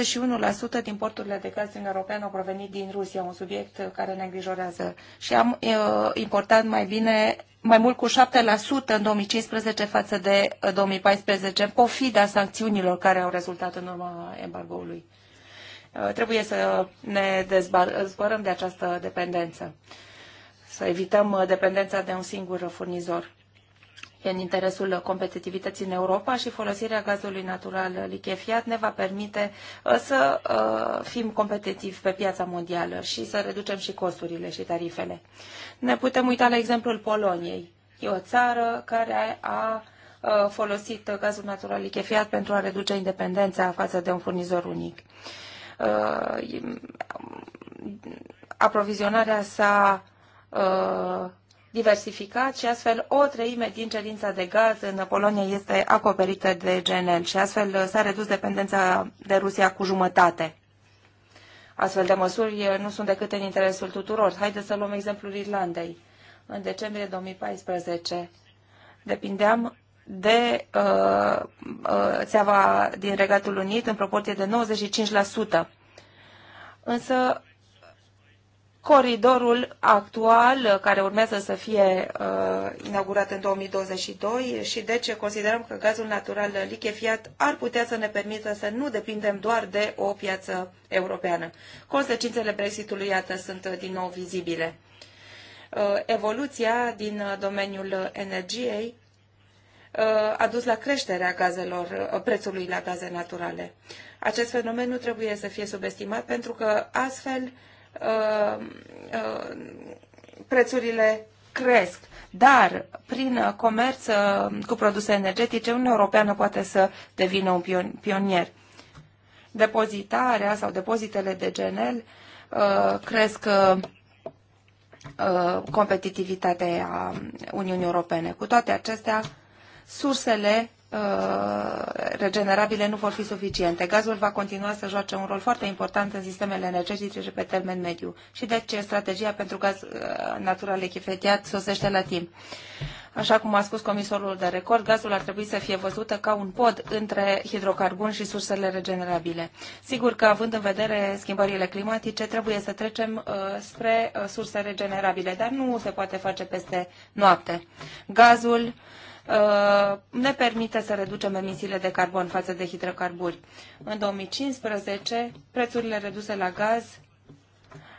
41% din porturile de gaz din Europeană au provenit din Rusia, un subiect care ne îngrijorează. Și am uh, importat mai bine, mai mult cu 7% în 2015 față de 2014, uh, în pofida sancțiunilor care au rezultat în urma embargoului. Uh, trebuie să ne dezbarăm de această dependență, să evităm uh, dependența de un singur furnizor în interesul competitivității în Europa și folosirea gazului natural lichefiat ne va permite uh, să uh, fim competitivi pe piața mondială și să reducem și costurile și tarifele. Ne putem uita la exemplul Poloniei. E o țară care a uh, folosit gazul natural lichefiat pentru a reduce independența față de un furnizor unic. Aprovizionarea sa diversificat și astfel o treime din cerința de gaz în Polonia este acoperită de GNL și astfel s-a redus dependența de Rusia cu jumătate. Astfel de măsuri nu sunt decât în interesul tuturor. Haideți să luăm exemplul Irlandei. În decembrie 2014 depindeam de uh, uh, țeava din Regatul Unit în proporție de 95%. Însă coridorul actual uh, care urmează să fie uh, inaugurat în 2022 și deci considerăm că gazul natural lichefiat ar putea să ne permită să nu depindem doar de o piață europeană. Consecințele Brexitului, iată, sunt uh, din nou vizibile. Uh, evoluția din uh, domeniul energiei a dus la creșterea gazelor, prețului la gaze naturale. Acest fenomen nu trebuie să fie subestimat pentru că astfel Uh, uh, prețurile cresc. Dar prin comerț uh, cu produse energetice, Uniunea Europeană poate să devină un pionier. Depozitarea sau depozitele de GNL cresc competitivitatea Uniunii Europene. Cu toate acestea, sursele Uh, regenerabile nu vor fi suficiente. Gazul va continua să joace un rol foarte important în sistemele energetice și pe termen mediu. Și de ce strategia pentru gaz uh, natural lichefetiat sosește la timp. Așa cum a spus comisorul de record, gazul ar trebui să fie văzută ca un pod între hidrocarburi și sursele regenerabile. Sigur că, având în vedere schimbările climatice, trebuie să trecem uh, spre uh, surse regenerabile, dar nu se poate face peste noapte. Gazul uh, Uh, ne permite să reducem emisiile de carbon față de hidrocarburi. În 2015, prețurile reduse la gaz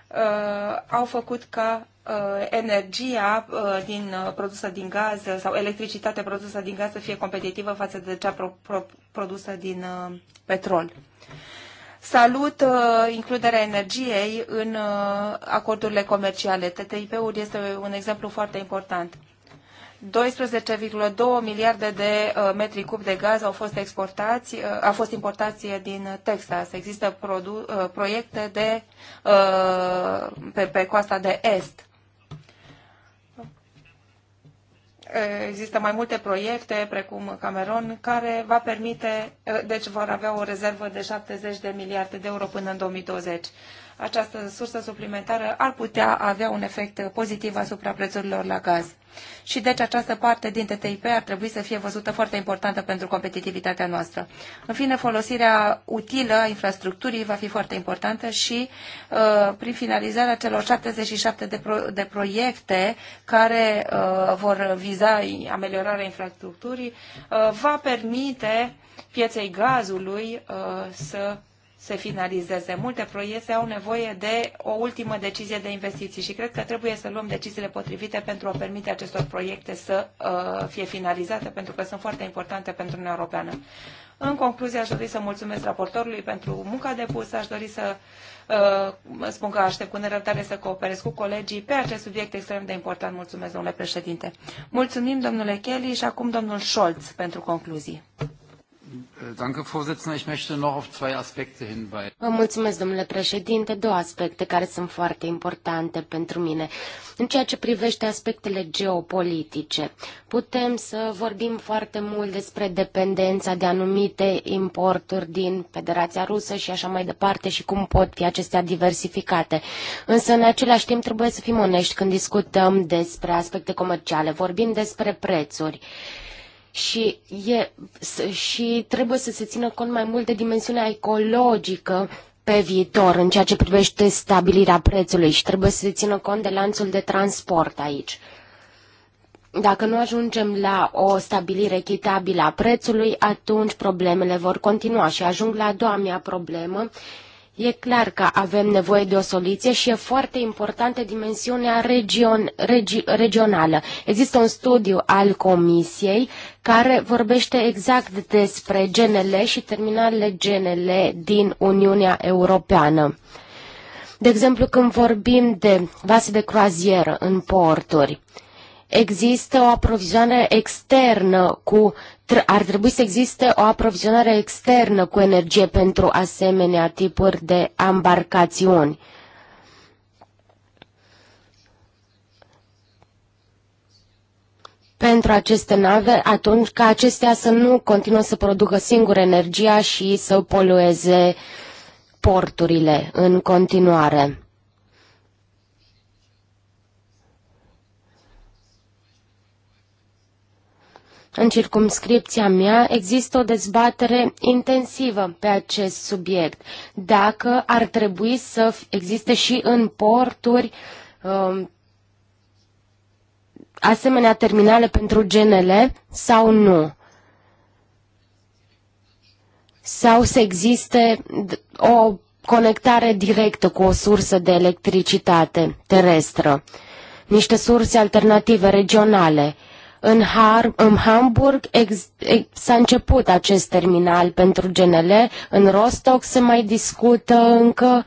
uh, au făcut ca uh, energia din, produsă din gaz sau electricitatea produsă din gaz să fie competitivă față de cea pro, pro, produsă din petrol. Salut includerea energiei în acordurile comerciale. TTIP-ul este un exemplu foarte important. 12,2 miliarde de uh, metri cub de gaz au fost exportați, uh, a fost importație din Texas. Există uh, proiecte de, pe, pe coasta de est. Există mai multe proiecte, precum Cameron, care va permite, deci vor avea o rezervă de 70 de miliarde de euro până în 2020 această sursă suplimentară ar putea avea un efect pozitiv asupra prețurilor la gaz. Și deci această parte din TTIP ar trebui să fie văzută foarte importantă pentru competitivitatea noastră. În fine, folosirea utilă a infrastructurii va fi foarte importantă și uh, prin finalizarea celor 77 de, pro- de proiecte care uh, vor viza ameliorarea infrastructurii, uh, va permite pieței gazului uh, să se finalizeze. Multe proiecte au nevoie de o ultimă decizie de investiții și cred că trebuie să luăm deciziile potrivite pentru a permite acestor proiecte să uh, fie finalizate, pentru că sunt foarte importante pentru Uniunea Europeană. În concluzie, aș dori să mulțumesc raportorului pentru munca depusă, aș dori să uh, spun că aștept cu nerăbdare să cooperez cu colegii pe acest subiect extrem de important. Mulțumesc, domnule președinte. Mulțumim, domnule Kelly, și acum domnul Scholz pentru concluzii. Äh, Vă mulțumesc, domnule președinte. Două aspecte care sunt foarte importante pentru mine. În ceea ce privește aspectele geopolitice, putem să vorbim foarte mult despre dependența de anumite importuri din Federația Rusă și așa mai departe și cum pot fi acestea diversificate. Însă, în același timp, trebuie să fim onești când discutăm despre aspecte comerciale. Vorbim despre prețuri și, e, și trebuie să se țină cont mai mult de dimensiunea ecologică pe viitor în ceea ce privește stabilirea prețului și trebuie să se țină cont de lanțul de transport aici. Dacă nu ajungem la o stabilire echitabilă a prețului, atunci problemele vor continua și ajung la a doua mea problemă, uh, E clar că avem nevoie de o soluție și e foarte importantă dimensiunea region, regi, regională. Există un studiu al Comisiei care vorbește exact despre GNL și terminalele GNL din Uniunea Europeană. De exemplu, când vorbim de vase de croazieră în porturi, există o aprovizionare externă cu ar trebui să existe o aprovizionare externă cu energie pentru asemenea tipuri de embarcațiuni. pentru aceste nave, atunci ca acestea să nu continuă să producă singură energia și să polueze porturile în continuare. În circumscripția mea există o dezbatere intensivă pe acest subiect. Dacă ar trebui să existe și în porturi um, asemenea terminale pentru genele sau nu. Sau să existe o conectare directă cu o sursă de electricitate terestră, niște surse alternative regionale în, Har- în Hamburg ex- ex- s-a început acest terminal pentru GNL, în Rostock se mai discută încă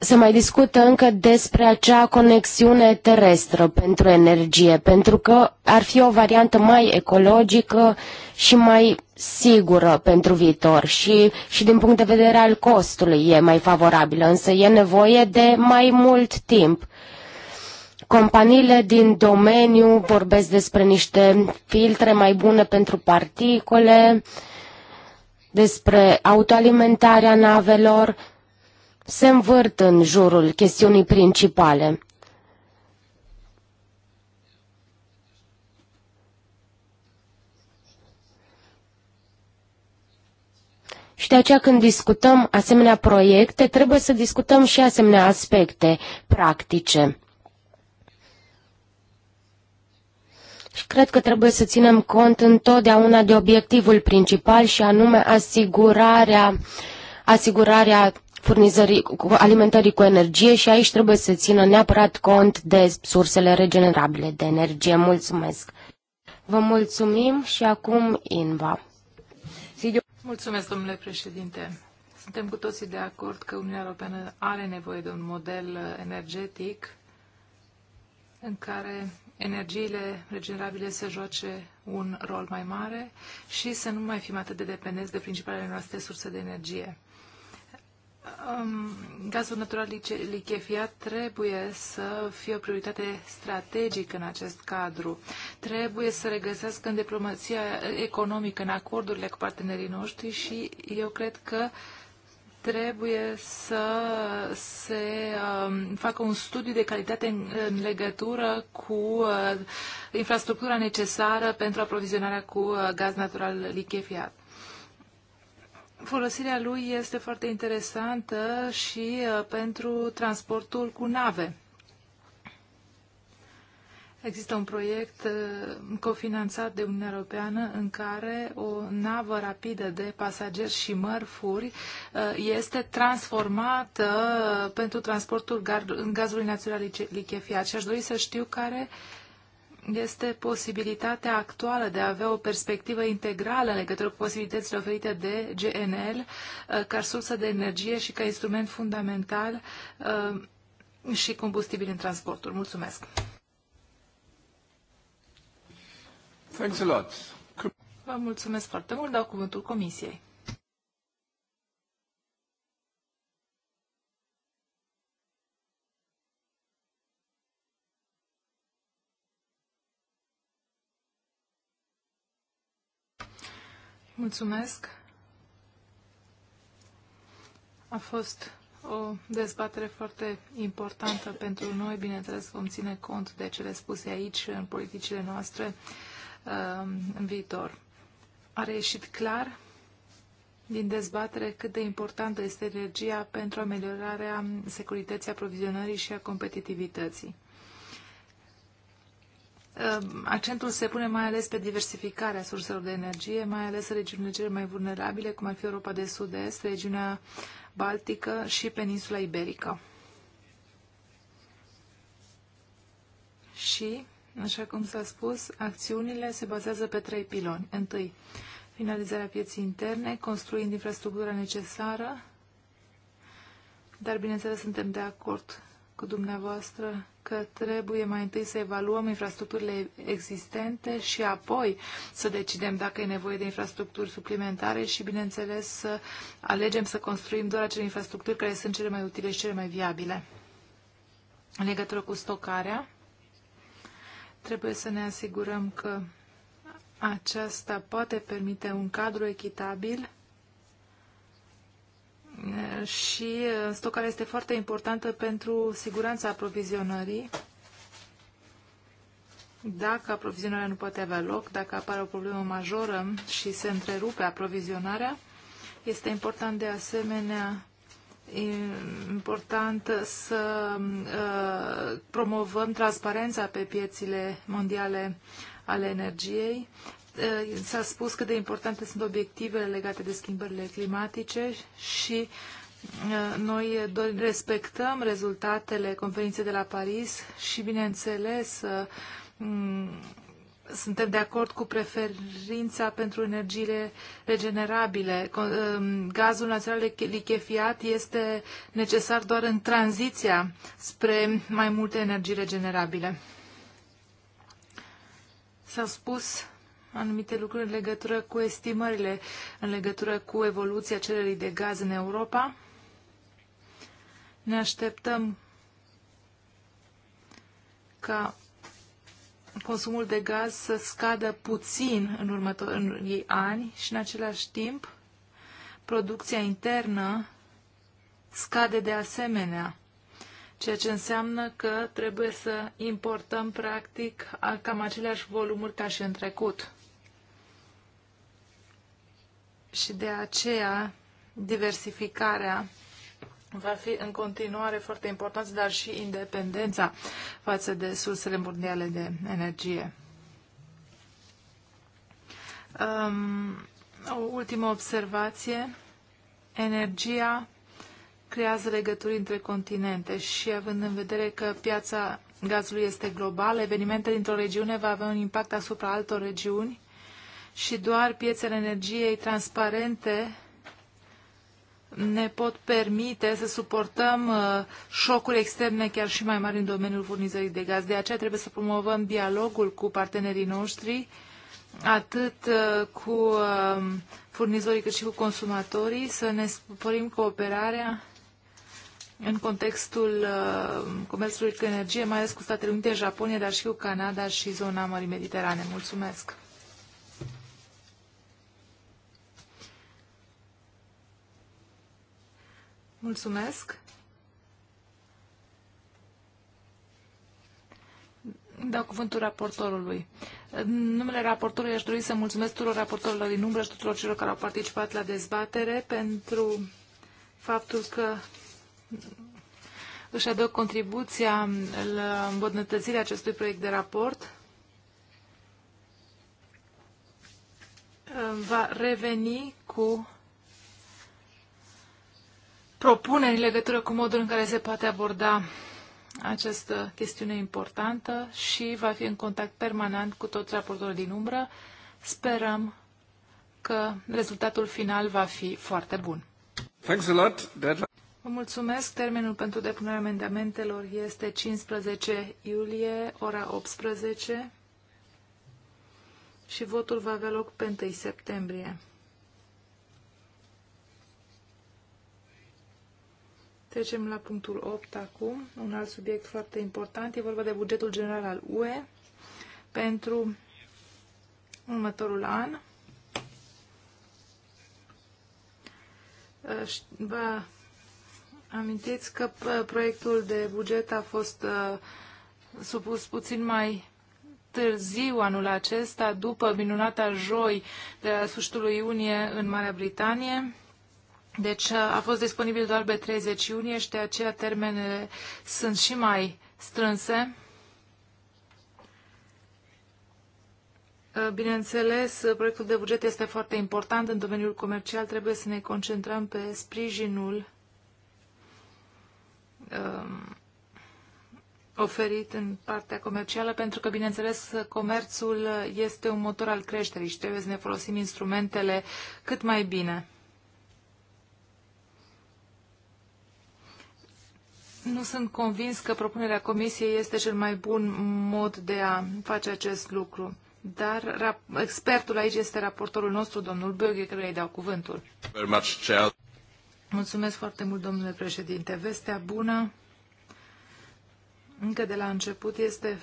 se mai discută încă despre acea conexiune terestră pentru energie, pentru că ar fi o variantă mai ecologică și mai sigură pentru viitor și, și din punct de vedere al costului e mai favorabilă, însă e nevoie de mai mult timp. Uh, Companiile din domeniu vorbesc despre niște filtre mai bune pentru particule, despre autoalimentarea navelor, se învârt în jurul chestiunii principale. Și de aceea când discutăm asemenea proiecte, trebuie să discutăm și asemenea aspecte practice. Și cred că trebuie să ținem cont întotdeauna de obiectivul principal și anume asigurarea, asigurarea furnizării, alimentării cu energie și aici trebuie să țină neapărat cont de sursele regenerabile de energie. Mulțumesc! Vă mulțumim și acum Inva. Mulțumesc, domnule președinte. Suntem cu toții de acord că Uniunea Europeană are nevoie de un model energetic în care energiile regenerabile să joace un rol mai mare și să nu mai fim atât de dependenți de principalele noastre surse de energie. Um, gazul natural lichefiat trebuie să fie o prioritate strategică în acest cadru. Trebuie să regăsească în diplomația economică, în acordurile cu partenerii noștri și eu cred că uh, trebuie să se um, facă un studiu de calitate în legătură cu uh, infrastructura necesară pentru aprovizionarea cu uh, gaz natural lichefiat. Folosirea lui este foarte interesantă și uh, pentru transportul cu nave. Există un proiect uh, cofinanțat de Uniunea Europeană în care o navă rapidă de pasageri și mărfuri uh, este transformată uh, pentru transportul gazului natural lichefiat. Și aș dori să știu care este posibilitatea actuală de a avea o perspectivă integrală în legătură cu posibilitățile oferite de GNL ca sursă de energie și ca instrument fundamental și combustibil în transporturi. Mulțumesc! Thanks a lot. Vă mulțumesc foarte mult, dau cuvântul Comisiei. Mulțumesc. A fost o dezbatere foarte importantă pentru noi. Bineînțeles, vom ține cont de cele spuse aici în politicile noastre Um, în viitor. A reieșit clar din dezbatere cât de importantă este energia pentru ameliorarea securității aprovizionării și a competitivității. Um, accentul se pune mai ales pe diversificarea surselor de energie, mai ales regiunile cele mai vulnerabile, cum ar fi Europa de Sud-Est, regiunea Baltică și peninsula iberică. Și Așa cum s-a spus, acțiunile se bazează pe trei piloni. Întâi, finalizarea pieții interne, construind infrastructura necesară, dar bineînțeles suntem de acord cu dumneavoastră că trebuie mai întâi să evaluăm infrastructurile existente și apoi să decidem dacă e nevoie de infrastructuri suplimentare și, bineînțeles, să alegem să construim doar acele infrastructuri care sunt cele mai utile și cele mai viabile. În legătură cu stocarea, Trebuie să ne asigurăm că aceasta poate permite un cadru echitabil și stocarea este foarte importantă pentru siguranța aprovizionării. Dacă aprovizionarea nu poate avea loc, dacă apare o problemă majoră și se întrerupe aprovizionarea, este important de asemenea important să uh, promovăm transparența pe piețile mondiale ale energiei. Uh, s-a spus cât de importante sunt obiectivele legate de schimbările climatice și uh, noi respectăm rezultatele conferinței de la Paris și, bineînțeles, suntem de acord cu preferința pentru energiile regenerabile. Um, gazul național lichefiat este necesar doar în tranziția spre mai multe energii regenerabile. S-au spus anumite lucruri în legătură cu estimările, în legătură cu evoluția cererii de gaz în Europa. Ne așteptăm ca consumul de gaz să scadă puțin în următorii ani și în același timp producția internă scade de asemenea, ceea ce înseamnă că trebuie să importăm practic cam aceleași volumuri ca și în trecut. Și de aceea diversificarea va fi în continuare foarte important, dar și independența față de sursele mondiale de energie. Um, o ultimă observație. Energia creează legături între continente și având în vedere că piața gazului este globală, evenimentele dintr-o regiune va avea un impact asupra altor regiuni și doar piețele energiei transparente ne pot permite să suportăm uh, șocuri externe chiar și mai mari în domeniul furnizării de gaz. De aceea trebuie să promovăm dialogul cu partenerii noștri, atât uh, cu uh, furnizorii cât și cu consumatorii, să ne sporim cooperarea în contextul comerțului cu energie, mai ales cu Statele Unite, Japonia, dar și cu Canada și zona Mării Mediterane. Mulțumesc! Mulțumesc. Dau cuvântul raportorului. În numele raportorului aș dori să mulțumesc tuturor raportorilor din umbră și tuturor celor care au participat la dezbatere pentru faptul că își aduc contribuția la îmbunătățirea acestui proiect de raport. Va reveni cu propuneri în legătură cu modul în care se poate aborda această chestiune importantă și va fi în contact permanent cu toți raportorii din umbră. Sperăm că rezultatul final va fi foarte bun. Thanks a lot. Vă mulțumesc. Termenul pentru depunerea amendamentelor este 15 iulie, ora 18 și votul va avea loc pe 1 septembrie. Trecem la punctul 8 acum, un alt subiect foarte important. E vorba de bugetul general al UE pentru următorul an. Vă amintiți că proiectul de buget a fost ă, supus puțin mai târziu anul acesta, după minunata joi de la sfârșitul iunie în Marea Britanie. Deci uh, a fost disponibil doar pe 30 iunie și de aceea termenele sunt și mai strânse. Uh, bineînțeles, uh, proiectul de buget este foarte important în domeniul comercial. Trebuie să ne concentrăm pe sprijinul um, oferit în partea comercială, pentru că, bineînțeles, comerțul este un motor al creșterii și trebuie să ne folosim instrumentele cât mai bine. nu sunt convins că propunerea comisiei este cel mai bun mod de a face acest lucru. Dar expertul aici este raportorul nostru, domnul Böge, care îi dau cuvântul. Mulțumesc foarte mult, domnule președinte. Vestea bună, încă de la început, este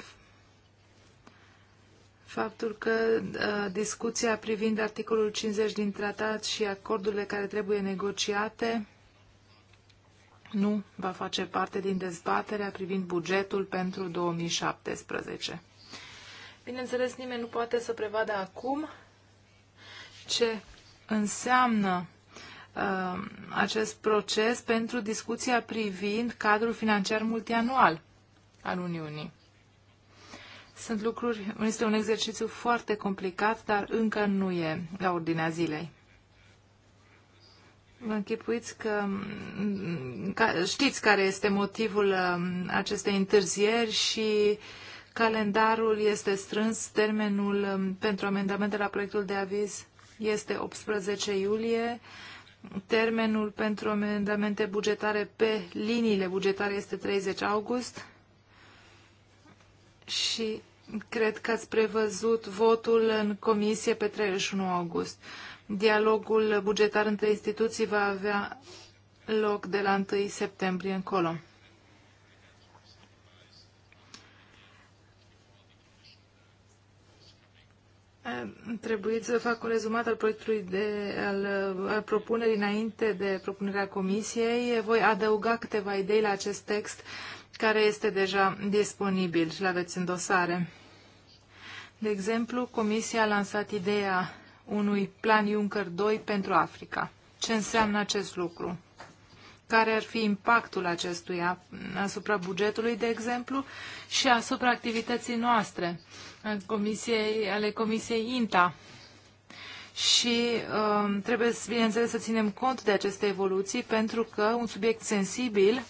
faptul că uh, discuția privind articolul 50 din tratat și acordurile care trebuie negociate nu va face parte din dezbaterea privind bugetul pentru 2017. Bineînțeles, nimeni nu poate să prevadă acum ce înseamnă uh, acest proces pentru discuția privind cadrul financiar multianual al Uniunii. Sunt lucruri, este un exercițiu foarte complicat, dar încă nu e la ordinea zilei. Vă închipuiți că, că știți care este motivul um, acestei întârzieri și calendarul este strâns, termenul um, pentru amendamente la proiectul de aviz este 18 iulie, termenul pentru amendamente bugetare pe liniile bugetare este 30 august și cred că ați prevăzut votul în comisie pe 31 august. Dialogul bugetar între instituții va avea loc de la 1 septembrie încolo. Trebuie să fac un rezumat al proiectului de, al, al propunerii înainte de propunerea comisiei. Voi adăuga câteva idei la acest text care este deja disponibil și l aveți în dosare. De exemplu, comisia a lansat ideea unui plan Juncker 2 pentru Africa. Ce înseamnă acest lucru? Care ar fi impactul acestuia asupra bugetului, de exemplu, și asupra activității noastre, comisiei, ale Comisiei INTA? Și um, trebuie, bineînțeles, să ținem cont de aceste evoluții, pentru că un subiect sensibil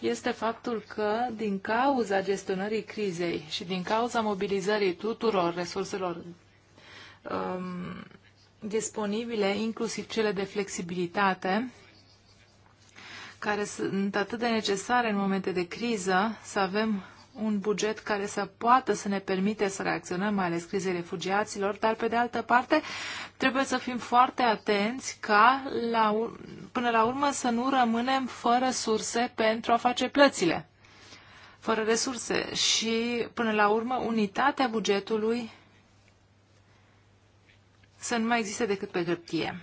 este faptul că, din cauza gestionării crizei și din cauza mobilizării tuturor resurselor um, disponibile, inclusiv cele de flexibilitate, care sunt atât de necesare în momente de criză, să avem un buget care să poată să ne permite să reacționăm, mai ales crizei refugiaților, dar pe de altă parte trebuie să fim foarte atenți ca la, până la urmă să nu rămânem fără surse pentru a face plățile, fără resurse și până la urmă unitatea bugetului să nu mai existe decât pe hârtie.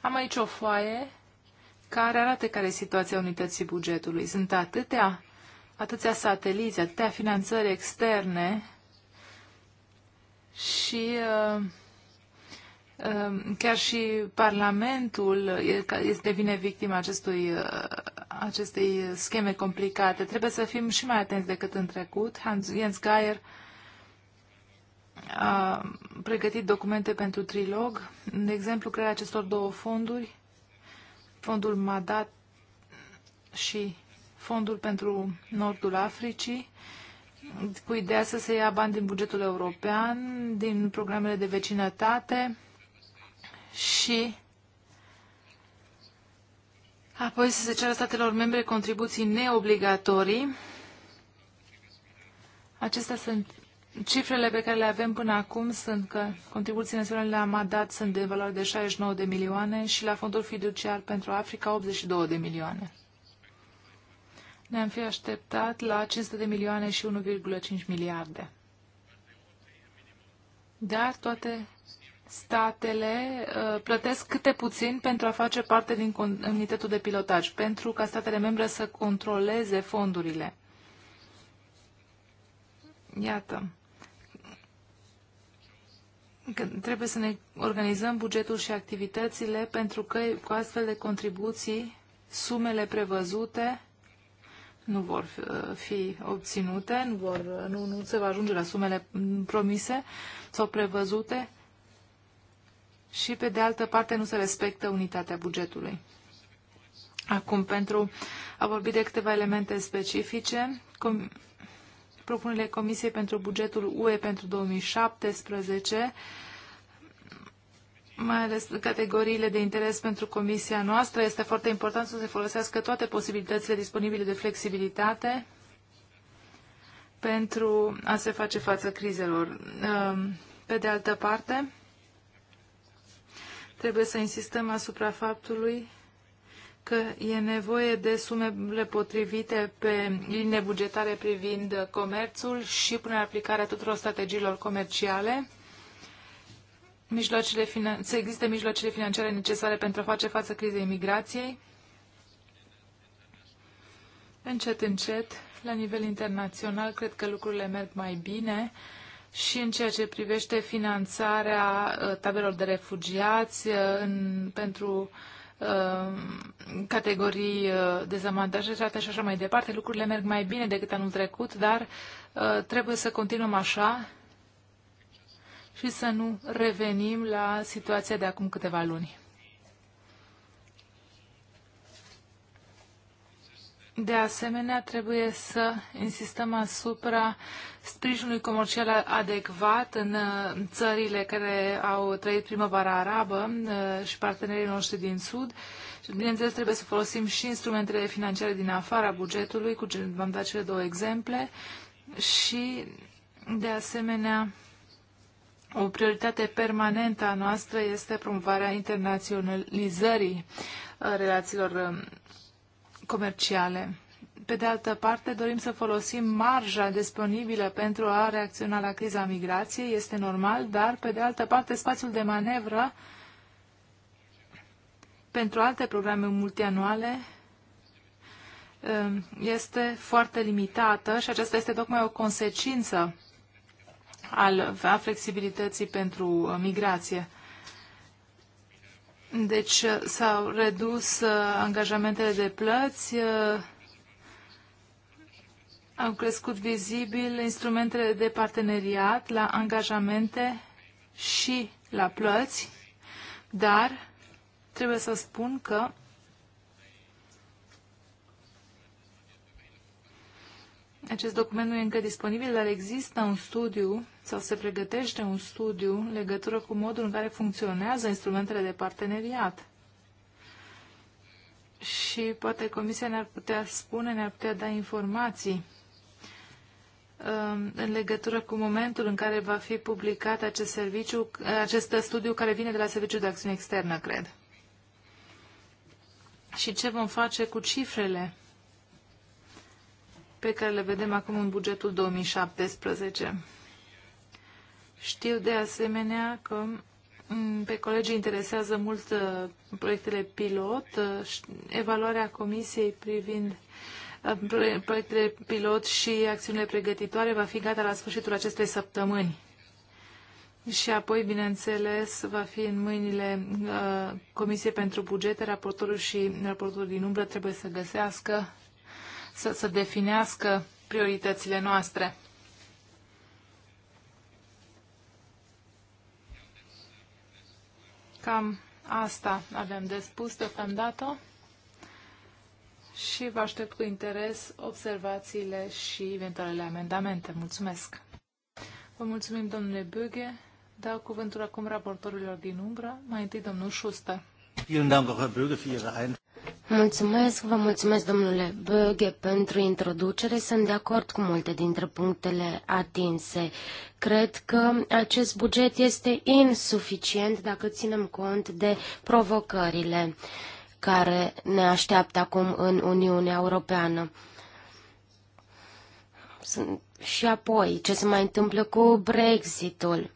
Am aici o foaie care arată care e situația unității bugetului. Sunt atâtea, atâția sateliți, atâtea finanțări externe și uh, uh, chiar și Parlamentul devine victima acestui, uh, acestei scheme complicate. Trebuie să fim și mai atenți decât în trecut. Hans Jens Geier a pregătit documente pentru trilog, de exemplu crearea acestor două fonduri, fondul MADAT și fondul pentru Nordul Africii, cu ideea să se ia bani din bugetul european, din programele de vecinătate și apoi să se ceară statelor membre contribuții neobligatorii. Acestea sunt Cifrele pe care le avem până acum sunt că contribuții naționale la Amadat sunt de valoare de 69 de milioane și la Fondul Fiduciar pentru Africa 82 de milioane. Ne-am fi așteptat la 500 de milioane și 1,5 miliarde. Dar toate statele uh, plătesc câte puțin pentru a face parte din unitatea de pilotaj, pentru ca statele membre să controleze fondurile. Iată trebuie să ne organizăm bugetul și activitățile pentru că cu astfel de contribuții sumele prevăzute nu vor fi uh, obținute, nu, vor, uh, nu, nu se va ajunge la sumele mm, promise sau prevăzute și, pe de altă parte, nu se respectă unitatea bugetului. Acum, pentru a vorbi de câteva elemente specifice, propunerile Comisiei pentru bugetul UE pentru 2017, mai ales categoriile de interes pentru comisia noastră. Este foarte important să se folosească toate posibilitățile disponibile de flexibilitate pentru a se face față crizelor. Ehm, pe de altă parte, trebuie să insistăm asupra faptului că e nevoie de sumele potrivite pe linie bugetare privind comerțul și până aplicarea tuturor strategiilor comerciale. Mijloacele finan- să existe mijloacele financiare necesare pentru a face față crizei migrației. Încet, încet, la nivel internațional, cred că lucrurile merg mai bine și în ceea ce privește finanțarea uh, tabelor de refugiați uh, în, pentru uh, Uh, categorii uh, dezavantajate și așa mai departe. Lucrurile merg mai bine decât anul trecut, dar uh, trebuie să continuăm așa și să nu revenim la situația de acum câteva luni. De asemenea, trebuie să insistăm asupra sprijinului comercial adecvat în țările care au trăit primăvara arabă uh, și partenerii noștri din Sud. Și, bineînțeles, trebuie să folosim și instrumentele financiare din afara bugetului, cu v-am dat cele două exemple, și, de asemenea, o prioritate permanentă a noastră este promovarea internaționalizării uh, relațiilor um, comerciale. Pe de altă parte, dorim să folosim marja disponibilă pentru a reacționa la criza migrației, este normal, dar, pe de altă parte, spațiul de manevră pentru alte programe multianuale um, este foarte limitată și aceasta este tocmai o consecință al, a flexibilității pentru uh, migrație. Deci uh, s-au redus uh, angajamentele de plăți, uh, au crescut vizibil instrumentele de parteneriat la angajamente și la plăți, dar trebuie să spun că acest document nu e încă disponibil, dar există un studiu sau se pregătește un studiu în legătură cu modul în care funcționează instrumentele de parteneriat. Și poate Comisia ne-ar putea spune, ne-ar putea da informații um, în legătură cu momentul în care va fi publicat acest, serviciu, acest studiu care vine de la Serviciul de Acțiune Externă, cred. Și ce vom face cu cifrele pe care le vedem acum în bugetul 2017? Știu de asemenea că mm, pe colegii interesează mult uh, proiectele pilot, uh, evaluarea comisiei privind uh, proiectele pilot și acțiunile pregătitoare va fi gata la sfârșitul acestei săptămâni. Și apoi, bineînțeles, va fi în mâinile uh, Comisiei pentru Bugete, raportorul și raportorul din umbră trebuie să găsească, să, să definească prioritățile noastre. Cam asta avem de spus deocamdată și vă aștept cu interes observațiile și eventualele amendamente. Mulțumesc! Vă mulțumim, domnule Böge. Dau cuvântul acum raportorilor din umbră, mai întâi domnul Schuster. Mulțumesc, vă mulțumesc, domnule Böge, pentru introducere. Sunt de acord cu multe dintre punctele atinse. Cred că acest buget este insuficient dacă ținem cont de provocările care ne așteaptă acum în Uniunea Europeană. Sunt și apoi, ce se mai întâmplă cu Brexitul?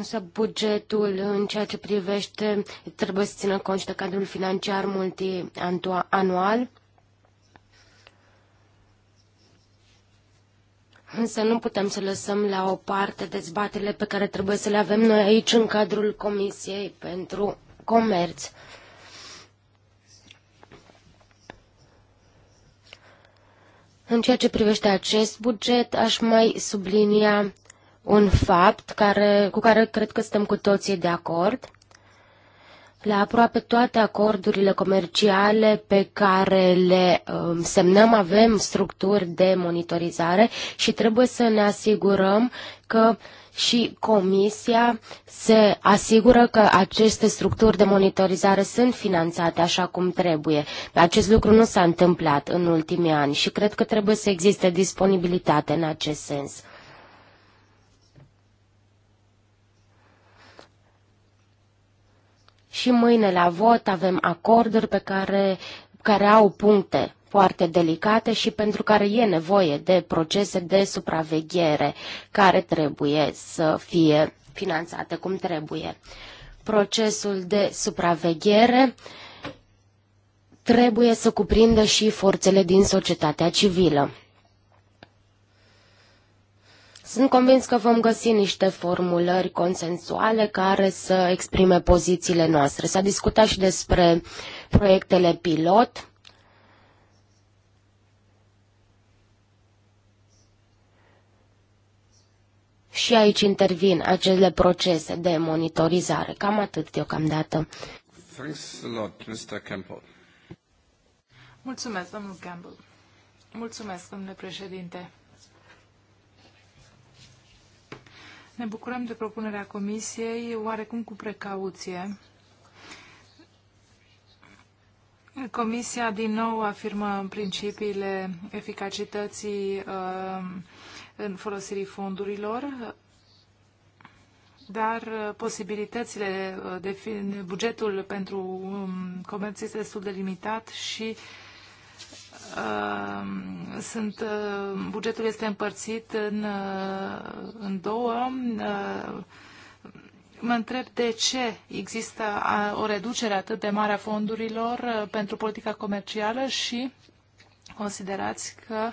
Însă bugetul în ceea ce privește trebuie să țină cont și de cadrul financiar multianual. Însă nu putem să lăsăm la o parte dezbaterile pe care trebuie să le avem noi aici în cadrul Comisiei pentru Comerț. În ceea ce privește acest buget, aș mai sublinia un fapt care, cu care cred că suntem cu toții de acord. La aproape toate acordurile comerciale pe care le um, semnăm avem structuri de monitorizare și trebuie să ne asigurăm că și Comisia se asigură că aceste structuri de monitorizare sunt finanțate așa cum trebuie. Acest lucru nu s-a întâmplat în ultimii ani și cred că trebuie să existe disponibilitate în acest sens. și mâine la vot avem acorduri pe care, care au puncte foarte delicate și pentru care e nevoie de procese de supraveghere care trebuie să fie finanțate cum trebuie. Procesul de supraveghere trebuie să cuprindă și forțele din societatea civilă. Sunt convins că vom găsi niște formulări consensuale care să exprime pozițiile noastre. S-a discutat și despre proiectele pilot. Și aici intervin acele procese de monitorizare. Cam atât deocamdată. Mulțumesc, domnul Campbell. Mulțumesc, domnule președinte. Ne bucurăm de propunerea Comisiei, oarecum cu precauție. Comisia din nou afirmă principiile eficacității uh, în folosirii fondurilor, dar uh, posibilitățile uh, de bugetul pentru um, comerț este destul de limitat și uh, Ehm, sunt, ehm, bugetul este împărțit în, ehm, în două. Mă întreb de ce există o reducere atât de mare a fondurilor pentru politica comercială și considerați că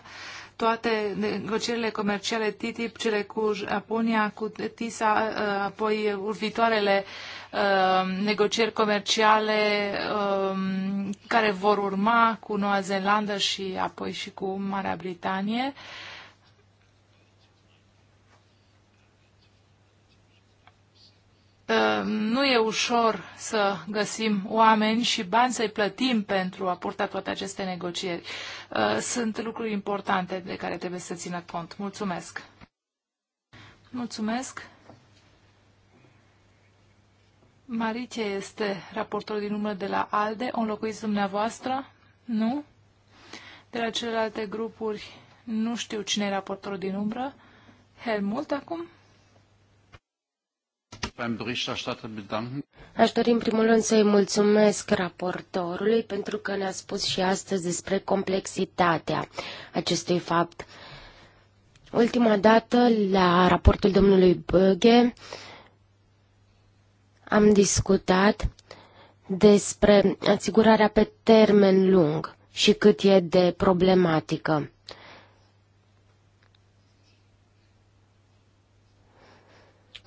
toate negocierile comerciale TTIP, cele cu Japonia, cu TISA, apoi viitoarele uh, Um, negocieri comerciale um, care vor urma cu Noua Zeelandă și apoi și cu Marea Britanie. Um, nu e ușor să găsim oameni și bani să-i plătim pentru a purta toate aceste negocieri. Uh, sunt lucruri importante de care trebuie să țină cont. Mulțumesc! Mulțumesc! Marice este raportor din umbră de la ALDE. O înlocuiți dumneavoastră? Nu? De la celelalte grupuri nu știu cine e raportorul din umbră. Helmut acum? Aș dori în primul rând să-i mulțumesc raportorului pentru că ne-a spus și astăzi despre complexitatea acestui fapt. Ultima dată, la raportul domnului Băghe, am discutat despre asigurarea pe termen lung și cât e de problematică.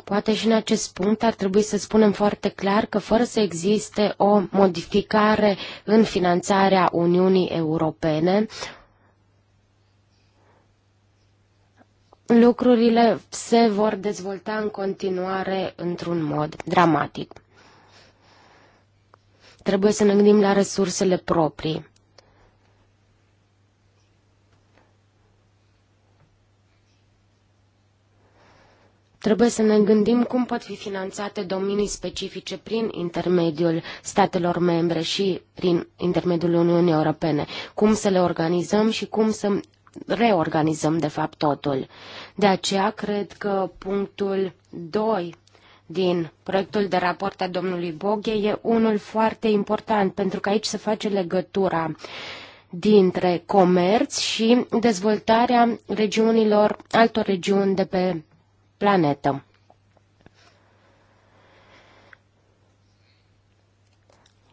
Poate și în acest punct ar trebui să spunem foarte clar că fără să existe o modificare în finanțarea Uniunii Europene, lucrurile se vor dezvolta în continuare într-un mod dramatic. Trebuie să ne gândim la resursele proprii. Trebuie să ne gândim cum pot fi finanțate domenii specifice prin intermediul statelor membre și prin intermediul Uniunii Europene, cum să le organizăm și cum să reorganizăm de fapt totul. De aceea cred că punctul 2 din proiectul de raport a domnului Boghe e unul foarte important, pentru că aici se face legătura dintre comerț și dezvoltarea regiunilor, altor regiuni de pe planetă.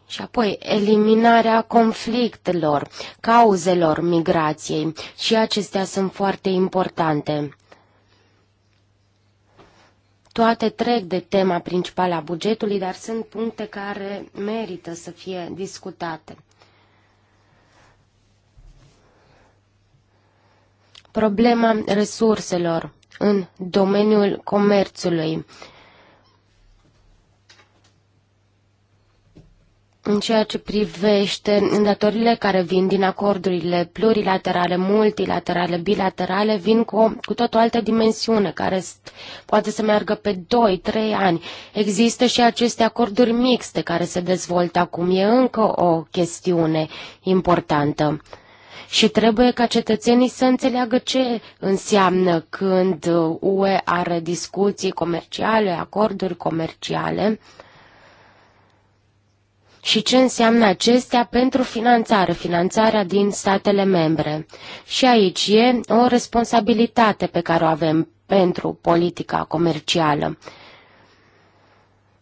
Și apoi eliminarea conflictelor, cauzelor migrației și acestea sunt foarte importante. Toate trec de tema principală a bugetului, dar sunt puncte care merită să fie discutate. Problema resurselor în domeniul comerțului. În ceea ce privește îndatoririle care vin din acordurile plurilaterale, multilaterale, bilaterale, vin cu, o, cu tot o altă dimensiune, care poate să meargă pe 2-3 ani. Există și aceste acorduri mixte care se dezvoltă acum. E încă o chestiune importantă. Și trebuie ca cetățenii să înțeleagă ce înseamnă când UE are discuții comerciale, acorduri comerciale. Uh, și ce înseamnă acestea pentru finanțare, finanțarea din statele membre. Și aici e o responsabilitate pe care o avem pentru politica comercială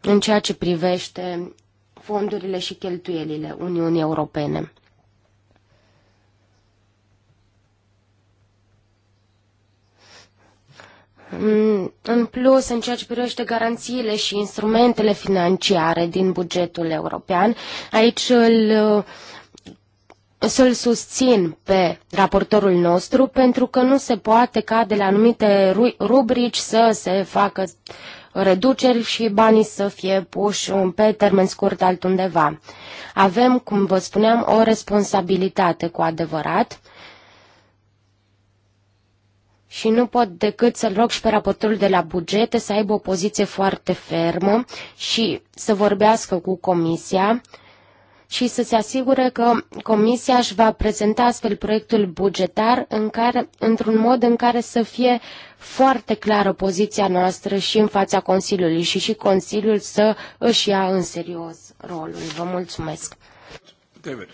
în ceea ce privește fondurile și cheltuielile Uniunii Europene. Mm, în plus, în ceea ce privește garanțiile și instrumentele financiare din bugetul european, aici îl, să-l susțin pe raportorul nostru pentru că nu se poate ca de la anumite rubrici să se facă reduceri și banii să fie puși pe termen scurt altundeva. Avem, cum vă spuneam, o responsabilitate cu adevărat și nu pot decât să-l rog și pe raportorul de la bugete să aibă o poziție foarte fermă și să vorbească cu comisia și să se asigure că comisia își va prezenta astfel proiectul bugetar în care, într-un mod în care să fie foarte clară poziția noastră și în fața Consiliului și și Consiliul să își ia în serios rolul. Vă mulțumesc! David.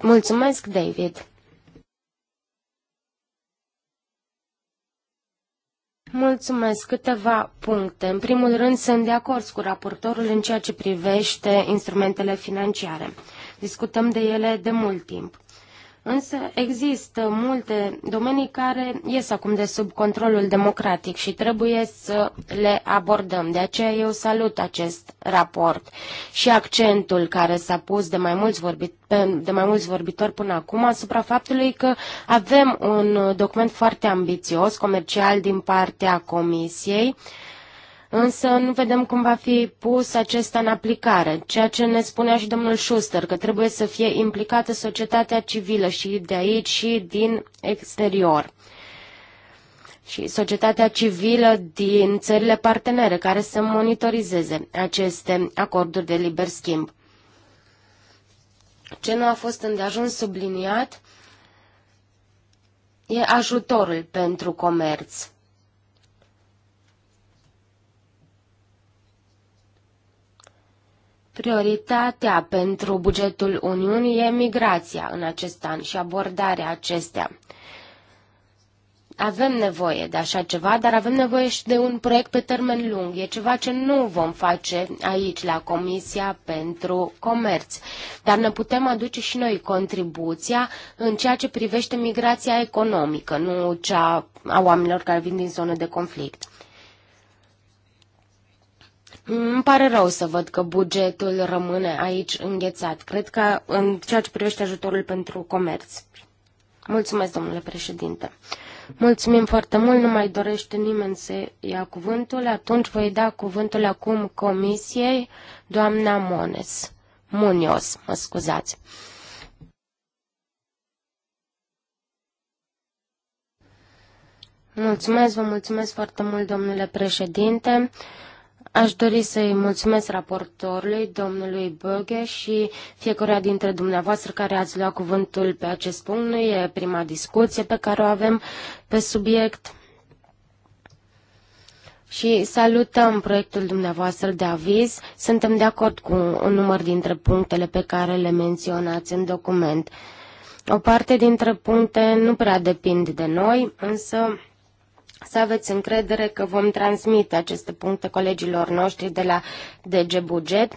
Mulțumesc, David! Mulțumesc. Câteva puncte. În primul rând, sunt de acord cu raportorul în ceea ce privește instrumentele financiare. Discutăm de ele de mult timp. Însă există multe domenii care ies acum de sub controlul democratic și trebuie să le abordăm. De aceea eu salut acest raport și accentul care s-a pus de mai mulți, vorbit, de mai mulți vorbitori până acum asupra faptului că avem un document foarte ambițios, comercial din partea Comisiei, însă nu vedem cum va fi pus acesta în aplicare, ceea ce ne spunea și domnul Schuster, că trebuie să fie implicată societatea civilă și de aici și din exterior și societatea civilă din țările partenere care să monitorizeze aceste acorduri de liber schimb. Ce nu a fost îndeajuns subliniat e ajutorul pentru comerț. Prioritatea pentru bugetul Uniunii e migrația în acest an și abordarea acestea. Avem nevoie de așa ceva, dar avem nevoie și de un proiect pe termen lung. E ceva ce nu vom face aici, la Comisia pentru Comerț. Dar ne putem aduce și noi contribuția în ceea ce privește migrația economică, nu cea a oamenilor care vin din zone de conflict. Îmi pare rău să văd că bugetul rămâne aici înghețat. Cred că în ceea ce privește ajutorul pentru comerț. Mulțumesc, domnule președinte. Mulțumim foarte mult, nu mai dorește nimeni să ia cuvântul. Atunci voi da cuvântul acum comisiei, doamna Mones. Munios, mă scuzați. Mulțumesc, vă mulțumesc foarte mult, domnule președinte. Aș dori să-i mulțumesc raportorului, domnului Băghe și fiecare dintre dumneavoastră care ați luat cuvântul pe acest punct. Nu e prima discuție pe care o avem pe subiect. Și salutăm proiectul dumneavoastră de aviz. Suntem de acord cu un număr dintre punctele pe care le menționați în document. O parte dintre puncte nu prea depind de noi, însă să aveți încredere că vom transmite aceste puncte colegilor noștri de la DG Buget,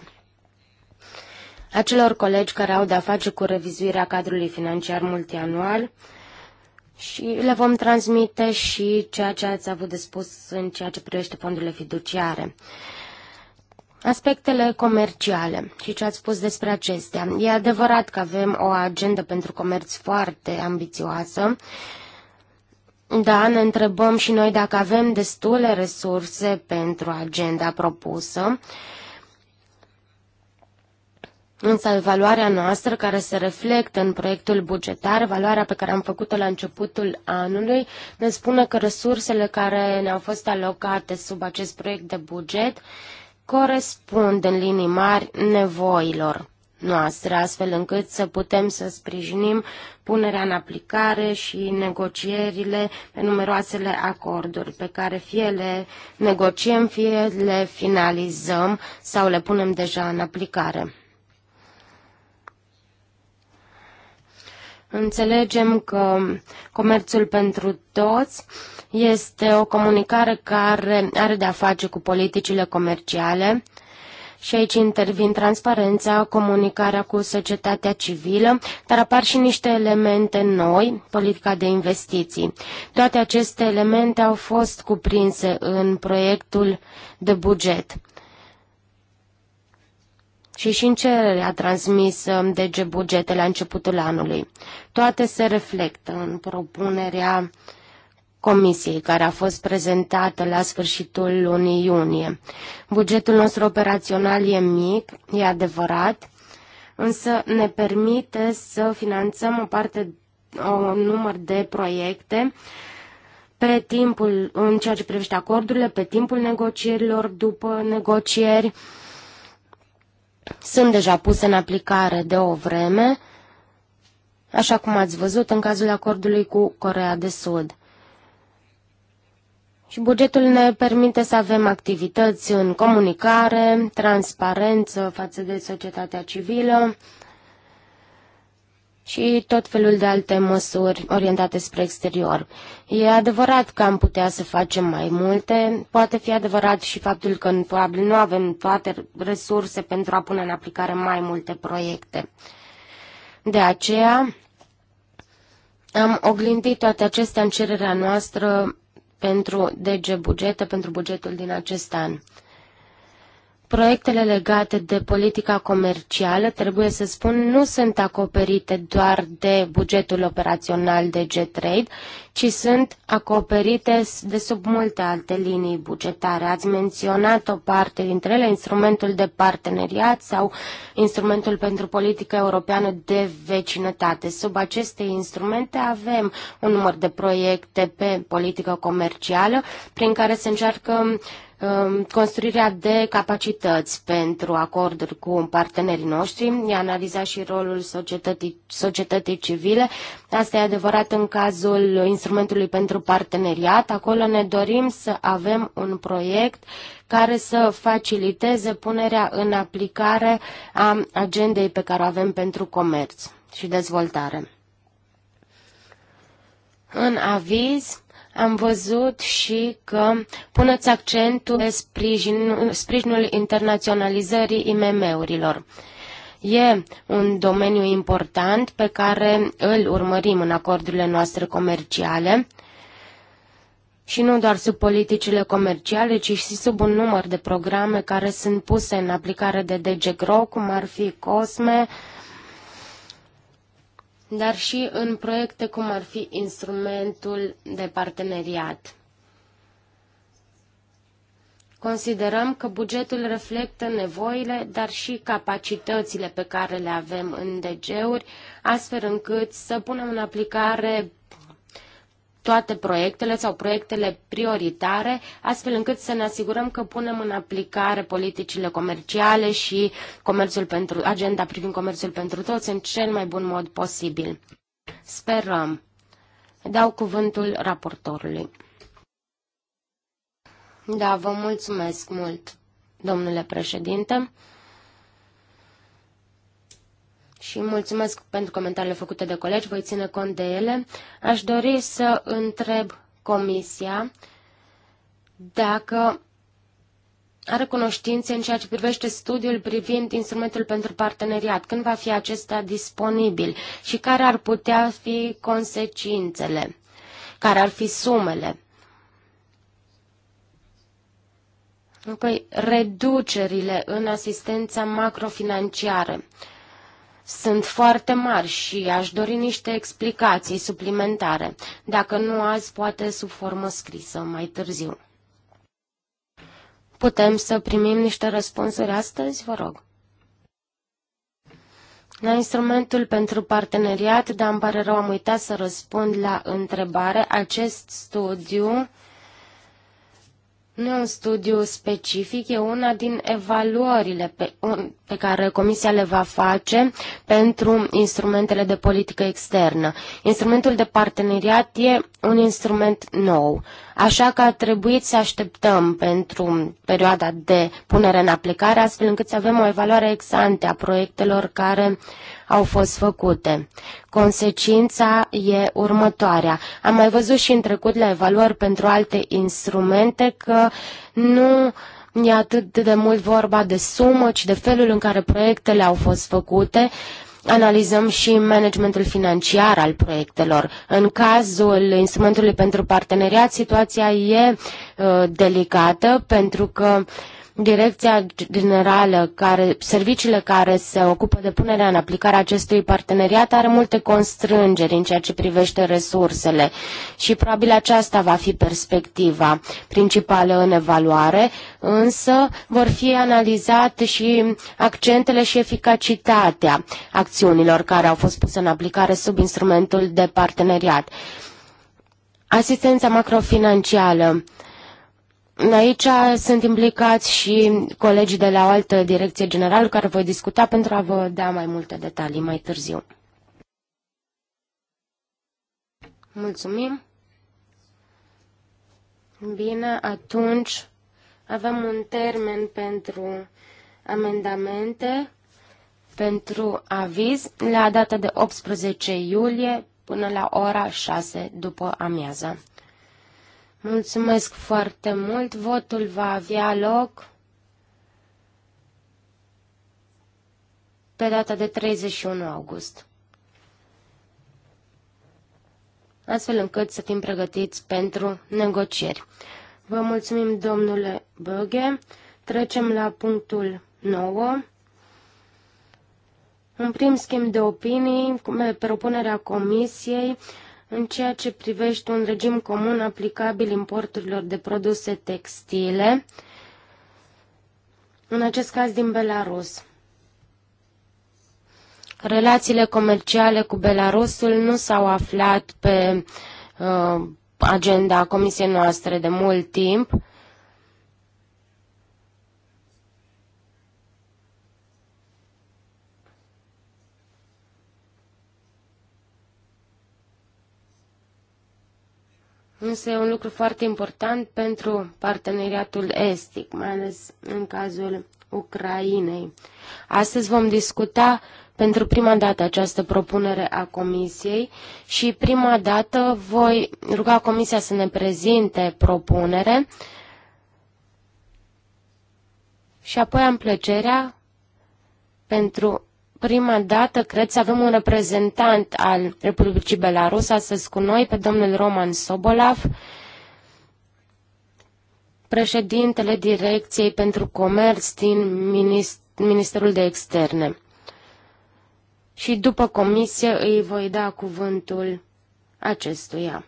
acelor colegi care au de-a face cu revizuirea cadrului financiar multianual și le vom transmite și ceea ce ați avut de spus în ceea ce privește fondurile fiduciare. Aspectele comerciale și ce ați spus despre acestea. E adevărat că avem o agendă pentru comerț foarte ambițioasă da, ne întrebăm și noi dacă avem destule resurse pentru agenda propusă. Însă evaluarea noastră care se reflectă în proiectul bugetar, valoarea pe care am făcut-o la începutul anului, ne spune că resursele care ne-au fost alocate sub acest proiect de buget corespund în linii mari nevoilor noastră, astfel încât să putem să sprijinim punerea în aplicare și negocierile pe numeroasele acorduri pe care fie le negociem, fie le finalizăm sau le punem deja în aplicare. Înțelegem că comerțul pentru toți este o comunicare care are de-a face cu politicile comerciale și aici intervin transparența, comunicarea cu societatea civilă, dar apar și niște elemente noi, politica de investiții. Toate aceste elemente au fost cuprinse în proiectul de buget și și în cererea transmisă DG Bugete la începutul anului. Toate se reflectă în propunerea uh, Comisiei, care a fost prezentată la sfârșitul lunii iunie. Bugetul nostru operațional e mic, e adevărat, însă ne permite să finanțăm o parte, un număr de proiecte pe timpul, în ceea ce privește acordurile, pe timpul negocierilor, după negocieri, sunt deja puse în aplicare de o vreme, așa cum ați văzut în cazul acordului cu Corea de Sud. Și bugetul ne permite să avem activități în comunicare, transparență față de societatea civilă și tot felul de alte măsuri orientate spre exterior. E adevărat că am putea să facem mai multe, poate fi adevărat și faptul că probabil nu avem toate resurse pentru a pune în aplicare mai multe proiecte. De aceea am oglindit toate acestea în cererea noastră pentru DG Bugete pentru bugetul din acest an proiectele legate de politica comercială, trebuie să spun, nu sunt acoperite doar de bugetul operațional de G-Trade, ci sunt acoperite de sub multe alte linii bugetare. Ați menționat o parte dintre ele, instrumentul de parteneriat sau instrumentul pentru politică europeană de vecinătate. Sub aceste instrumente avem un număr de proiecte pe politică comercială prin care se încearcă Um, construirea de capacități pentru acorduri cu partenerii noștri, i-a analizat și rolul societății, societății civile. Asta e adevărat în cazul instrumentului pentru parteneriat. Acolo ne dorim să avem un proiect care să faciliteze punerea în aplicare a agendei pe care o avem pentru comerț și dezvoltare. În aviz, am văzut și că puneți accentul pe sprijin, sprijinul internaționalizării IMM-urilor. E un domeniu important pe care îl urmărim în acordurile noastre comerciale și nu doar sub politicile comerciale, ci și sub un număr de programe care sunt puse în aplicare de DG Grow, cum ar fi COSME, dar și în proiecte cum ar fi instrumentul de parteneriat. Considerăm că bugetul reflectă nevoile, dar și capacitățile pe care le avem în DG-uri, astfel încât să punem în aplicare toate proiectele sau proiectele prioritare, astfel încât să ne asigurăm că punem în aplicare politicile comerciale și comerțul pentru, agenda privind comerțul pentru toți în cel mai bun mod posibil. Sperăm. Dau cuvântul raportorului. Da, vă mulțumesc mult, domnule președinte și mulțumesc pentru comentariile făcute de colegi, voi ține cont de ele. Aș dori să întreb Comisia dacă are cunoștințe în ceea ce privește studiul privind instrumentul pentru parteneriat, când va fi acesta disponibil și care ar putea fi consecințele, care ar fi sumele. Apoi, reducerile în asistența macrofinanciară sunt foarte mari și aș dori niște explicații suplimentare, dacă nu azi, poate sub formă scrisă mai târziu. Putem să primim niște răspunsuri astăzi, vă rog? La instrumentul pentru parteneriat, dar îmi pare rău, am uitat să răspund la întrebare. Acest studiu nu e un studiu specific, e una din evaluările pe, pe care Comisia le va face pentru instrumentele de politică externă. Instrumentul de parteneriat e un instrument nou, așa că a trebuit să așteptăm pentru perioada de punere în aplicare, astfel încât să avem o evaluare ex ante a proiectelor care uh, au fost făcute. Consecința e următoarea. Am mai văzut și în trecut la evaluări pentru alte instrumente că nu e atât de mult vorba de sumă, ci de felul în care proiectele au fost făcute. Analizăm și managementul financiar al proiectelor. În cazul instrumentului pentru parteneriat, situația e uh, delicată pentru că uh, Direcția generală, care, serviciile care se ocupă de punerea în aplicare acestui parteneriat are multe constrângeri în ceea ce privește resursele și probabil aceasta va fi perspectiva principală în evaluare, însă vor fi analizate și accentele și eficacitatea acțiunilor care au fost puse în aplicare sub instrumentul de parteneriat. Asistența macrofinanciară Aici sunt implicați și colegii de la o altă direcție generală care voi discuta pentru a vă da mai multe detalii mai târziu. Mulțumim. Bine, atunci avem un termen pentru amendamente, pentru aviz, la data de 18 iulie până la ora 6 după amiază. Mulțumesc foarte mult. Votul va avea loc pe data de 31 august. Astfel încât să fim pregătiți pentru negocieri. Vă mulțumim, domnule Băghe. Trecem la punctul 9. În prim schimb de opinii, propunerea Comisiei în ceea ce privește un regim comun aplicabil importurilor de produse textile, în acest caz din Belarus. Relațiile comerciale cu Belarusul nu s-au aflat pe uh, agenda comisiei noastre de mult timp. Însă e un lucru foarte important pentru parteneriatul estic, mai ales în cazul Ucrainei. Astăzi vom discuta pentru prima dată această propunere a Comisiei și prima dată voi ruga Comisia să ne prezinte propunere și apoi am plăcerea pentru prima dată, cred, să avem un reprezentant al Republicii Belarus astăzi cu noi, pe domnul Roman Sobolav, președintele Direcției pentru Comerț din Ministerul de Externe. Și după comisie îi voi da cuvântul acestuia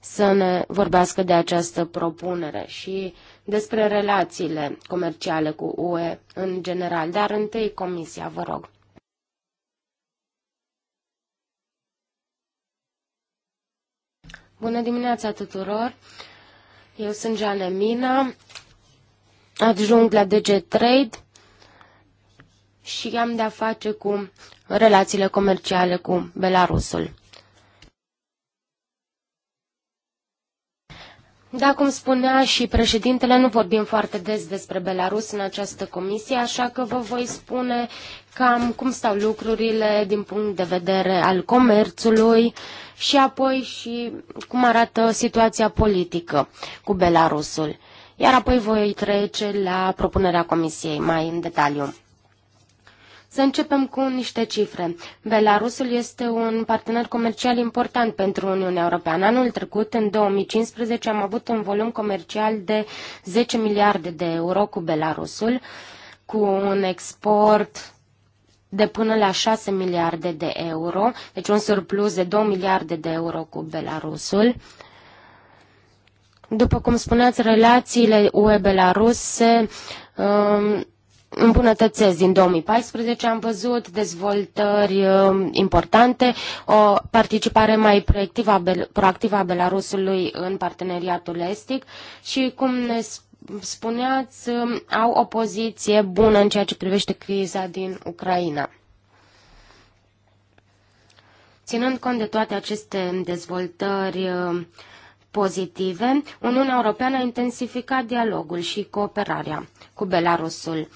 să ne vorbească de această propunere și despre relațiile comerciale cu UE în general, dar întâi Comisia, vă rog. Bună dimineața tuturor! Eu sunt Jane Mina, adjunct la DG Trade și am de-a face cu relațiile comerciale cu Belarusul. Da, cum spunea și președintele, nu vorbim foarte des despre Belarus în această comisie, așa că vă voi spune cam cum stau lucrurile din punct de vedere al comerțului și apoi și cum arată situația politică cu Belarusul. Iar apoi voi trece la propunerea comisiei mai în detaliu. Să începem cu niște cifre. Belarusul este un partener comercial important pentru Uniunea Europeană. Anul trecut, în 2015, am avut un volum comercial de 10 miliarde de euro cu Belarusul, cu un export de până la 6 miliarde de euro, deci un surplus de 2 miliarde de euro cu Belarusul. După cum spuneați, relațiile UE-Belarus se um, îmbunătățesc. Din 2014 am văzut dezvoltări um, importante, o participare mai proactivă a Belarusului în parteneriatul estic și, cum ne spuneați, um, au o poziție bună în ceea ce privește criza din Ucraina. Ținând cont de toate aceste dezvoltări um, pozitive, Uniunea Europeană a intensificat dialogul și cooperarea cu Belarusul.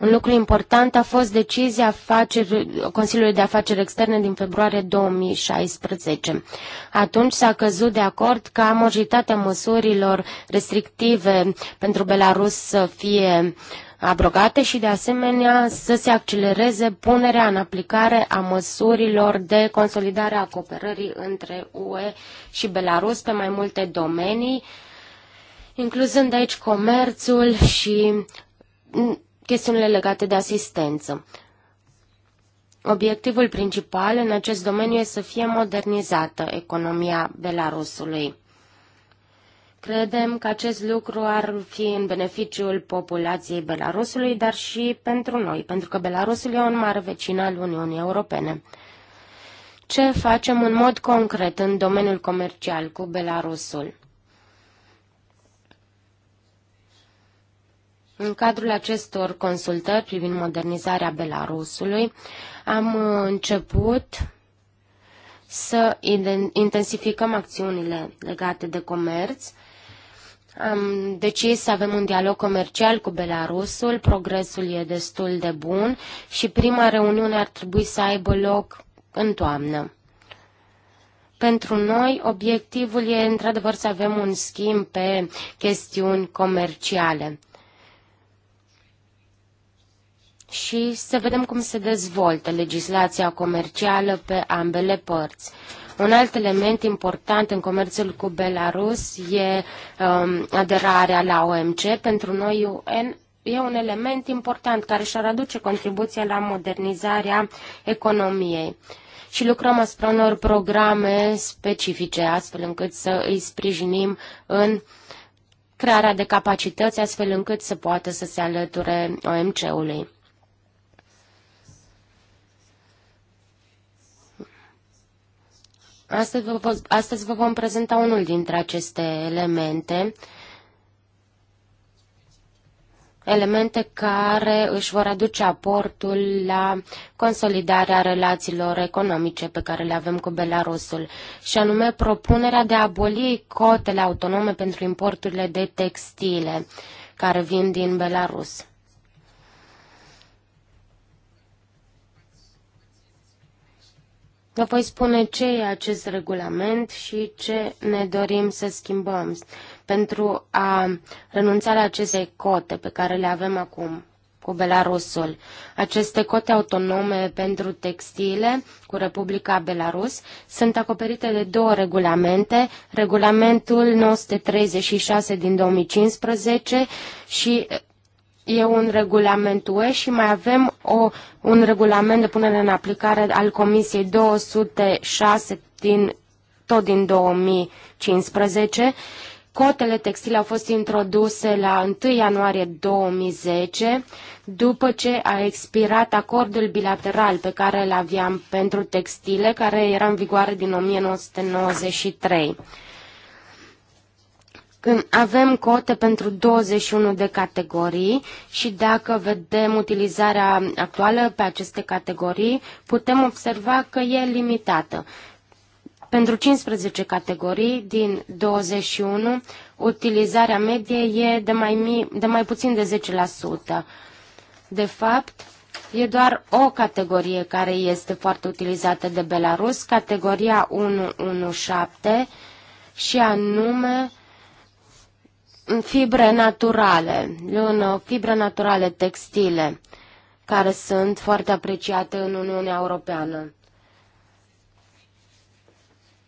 Un lucru important a fost decizia afaceri, Consiliului de Afaceri Externe din februarie 2016. Atunci s-a căzut de acord ca majoritatea măsurilor restrictive pentru Belarus să fie abrogate și, de asemenea, să se accelereze punerea în aplicare a măsurilor de consolidare a cooperării între UE și Belarus pe mai multe domenii, incluzând aici comerțul și chestiunile legate de asistență. Obiectivul principal în acest domeniu este să fie modernizată economia Belarusului. Credem că acest lucru ar fi în beneficiul populației Belarusului, dar și pentru noi, pentru că Belarusul e un mare vecin al Uniunii Europene. Ce facem în mod concret în domeniul comercial cu Belarusul? În cadrul acestor consultări privind modernizarea Belarusului, am uh, început să intensificăm acțiunile legate de comerț. Am decis să avem un dialog comercial cu Belarusul, progresul e destul de bun și prima reuniune ar trebui să aibă loc în toamnă. Pentru noi, obiectivul e într-adevăr să avem un schimb pe chestiuni comerciale și să vedem cum se dezvoltă legislația comercială pe ambele părți. Un alt element important în comerțul cu Belarus e um, aderarea la OMC. Pentru noi UN e un element important care și-ar aduce contribuția la modernizarea economiei. Și lucrăm asupra unor programe specifice, astfel încât să îi sprijinim în crearea de capacități, astfel încât să poată să se alăture OMC-ului. Astăzi vă, astăzi vă vom prezenta unul dintre aceste elemente, elemente care își vor aduce aportul la consolidarea relațiilor economice pe care le avem cu Belarusul, și anume propunerea de a aboli cotele autonome pentru importurile de textile care vin din Belarus. Vă voi spune ce e acest regulament și ce ne dorim să schimbăm pentru a renunța la aceste cote pe care le avem acum cu Belarusul. Aceste cote autonome pentru textile cu Republica Belarus sunt acoperite de două regulamente, regulamentul 936 din 2015 și e un regulament UE și mai avem o, un regulament de punere în aplicare al Comisiei 206 din, tot din 2015. Cotele textile au fost introduse la 1 ianuarie 2010, după ce a expirat acordul bilateral pe care îl aveam pentru textile, care era în vigoare din 1993. Când avem cote pentru 21 de categorii și dacă vedem utilizarea actuală pe aceste categorii, putem observa că e limitată. Pentru 15 categorii din 21, utilizarea medie e de mai, mi- de mai puțin de 10%. De fapt, e doar o categorie care este foarte utilizată de Belarus, categoria 117, și anume fibre naturale, lună, uh, fibre naturale textile, care sunt foarte apreciate în Uniunea Europeană.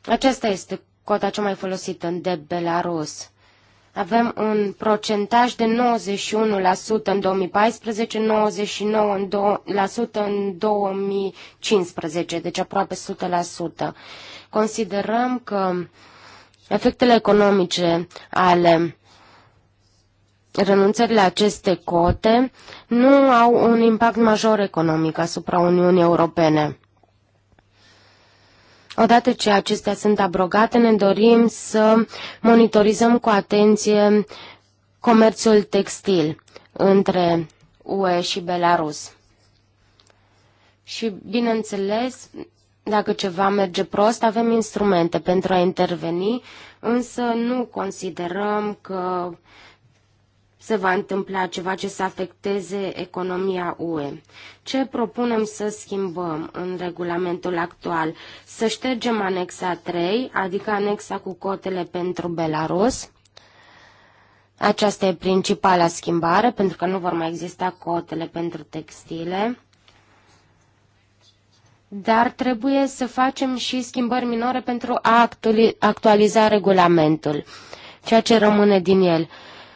Aceasta este cota cea mai folosită în de Belarus. Avem un procentaj de 91% în 2014, 99% în 2015, deci aproape 100%. Considerăm că efectele economice ale Renunțările aceste cote nu au un impact major economic asupra Uniunii Europene. Odată ce acestea sunt abrogate, ne dorim să monitorizăm cu atenție comerțul textil între UE și Belarus. Și, bineînțeles, dacă ceva merge prost, avem instrumente pentru a interveni, însă nu considerăm că uh, se va întâmpla ceva ce să afecteze economia UE. Ce propunem să schimbăm în regulamentul actual? Să ștergem anexa 3, adică anexa cu cotele pentru Belarus. Aceasta e principala schimbare, pentru că nu vor mai exista cotele pentru textile. Dar trebuie să facem și schimbări minore pentru a actualiza regulamentul, ceea ce rămâne din el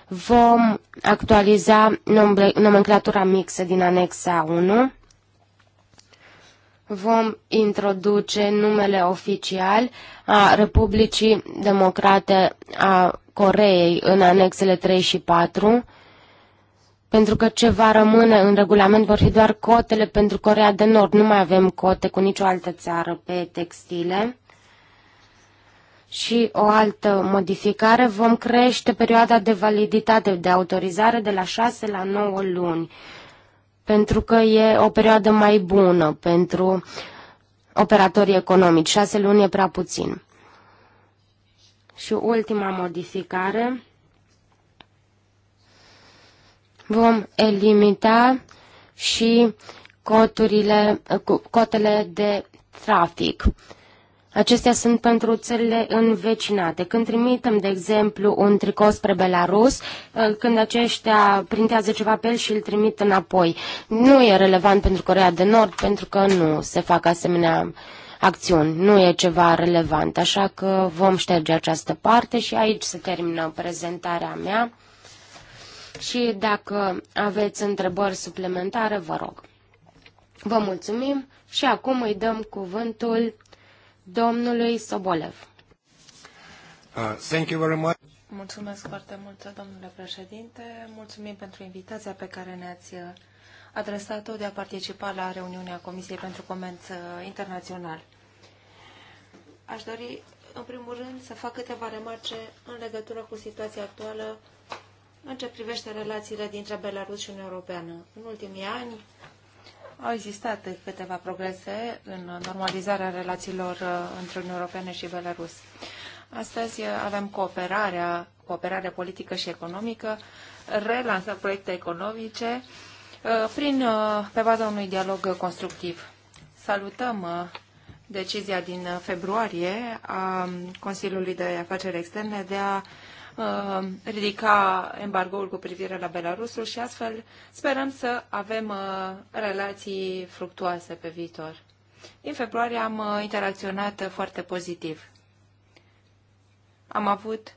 vom actualiza nomenclatura mixă din anexa 1, vom introduce numele oficial a Republicii Democrate a Coreei în anexele 3 și 4, pentru că ce va rămâne în regulament vor fi doar cotele pentru Corea de Nord. Nu mai avem cote cu nicio altă țară pe textile. Și o altă modificare, vom crește perioada de validitate de autorizare de la 6 la 9 luni, pentru că e o perioadă mai bună pentru operatorii economici. 6 luni e prea puțin. Și ultima modificare, vom elimina și coturile, cotele de trafic Acestea sunt pentru țările învecinate. Când trimitem, de exemplu, un tricou spre Belarus, ă, când aceștia printează ceva pe el și îl trimit înapoi, nu e relevant pentru Corea de Nord, pentru că nu se fac asemenea acțiuni. Nu e ceva relevant, așa că vom șterge această parte și aici se termină prezentarea mea. Și dacă aveți întrebări suplimentare, vă rog. Vă mulțumim și acum îi dăm cuvântul domnului Sobolev. Uh, thank you very much. Mulțumesc foarte mult, domnule președinte. Mulțumim pentru invitația pe care ne-ați uh, adresat-o de a participa la reuniunea Comisiei pentru Comerț uh, Internațional. Aș dori, în primul rând, să fac câteva remarce în legătură cu situația actuală în ce privește relațiile dintre Belarus și Uniunea Europeană. În ultimii ani, au existat câteva progrese în normalizarea relațiilor uh, între Uniunea Europeană și Belarus. Astăzi uh, avem cooperarea, cooperare politică și economică, relansăm proiecte economice uh, prin, pe baza unui dialog constructiv. Salutăm decizia din februarie a um, Consiliului de Afaceri Externe de a Uh, ridica embargoul cu privire la Belarusul și astfel sperăm să avem uh, relații fructuoase pe viitor. Din februarie am uh, interacționat foarte pozitiv. Am avut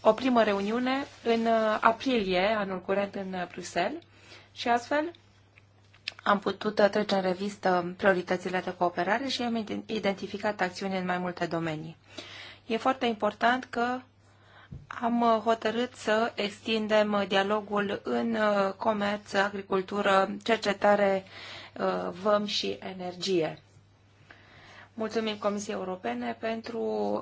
o primă reuniune în aprilie, anul curent, în Bruxelles și astfel am putut trece în revistă prioritățile de cooperare și am identificat acțiuni în mai multe domenii. E foarte important că am uh, hotărât să extindem uh, dialogul în uh, comerț, agricultură, cercetare, văm și energie. Mulțumim Comisiei Europene pentru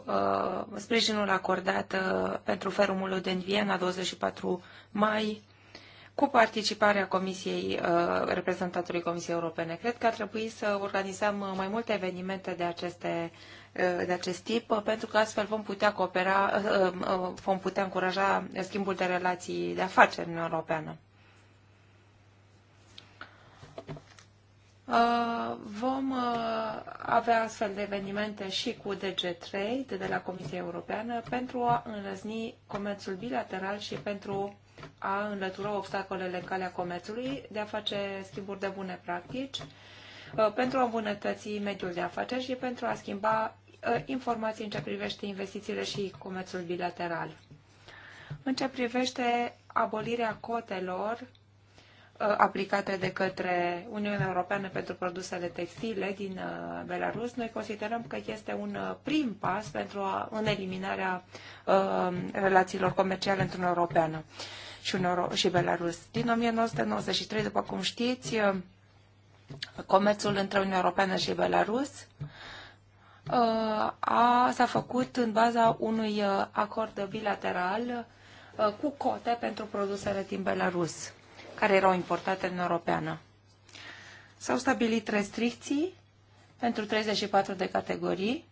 uh, sprijinul acordat uh, pentru ferumul din Viena 24 mai cu participarea Comisiei, uh, reprezentantului Comisiei Europene. Cred că ar trebui să organizăm mai multe evenimente de aceste Uh, de acest tip, uh, pentru că astfel vom putea coopera, uh, vom putea încuraja schimbul de relații de afaceri în Europeană. Vom avea astfel de evenimente și cu DG Trade de la Comisia Europeană pentru a înlăzni comerțul bilateral și pentru a înlătura obstacolele în calea comerțului, de a face schimburi de bune practici Uh, pentru a îmbunătăți mediul de afaceri și pentru a schimba uh, informații în ce privește investițiile și comerțul bilateral. În ce privește abolirea cotelor uh, aplicate de către Uniunea Europeană pentru produsele textile din Belarus, noi considerăm că este un prim pas pentru a, în eliminarea relațiilor comerciale într Europeană și, Euro- și Belarus. Din 1993, după cum știți, comerțul între Uniunea Europeană și Belarus uh, a, s-a făcut în baza unui uh, acord bilateral uh, cu cote pentru produsele din Belarus, care erau importate în Europeană. S-au stabilit restricții pentru 34 de categorii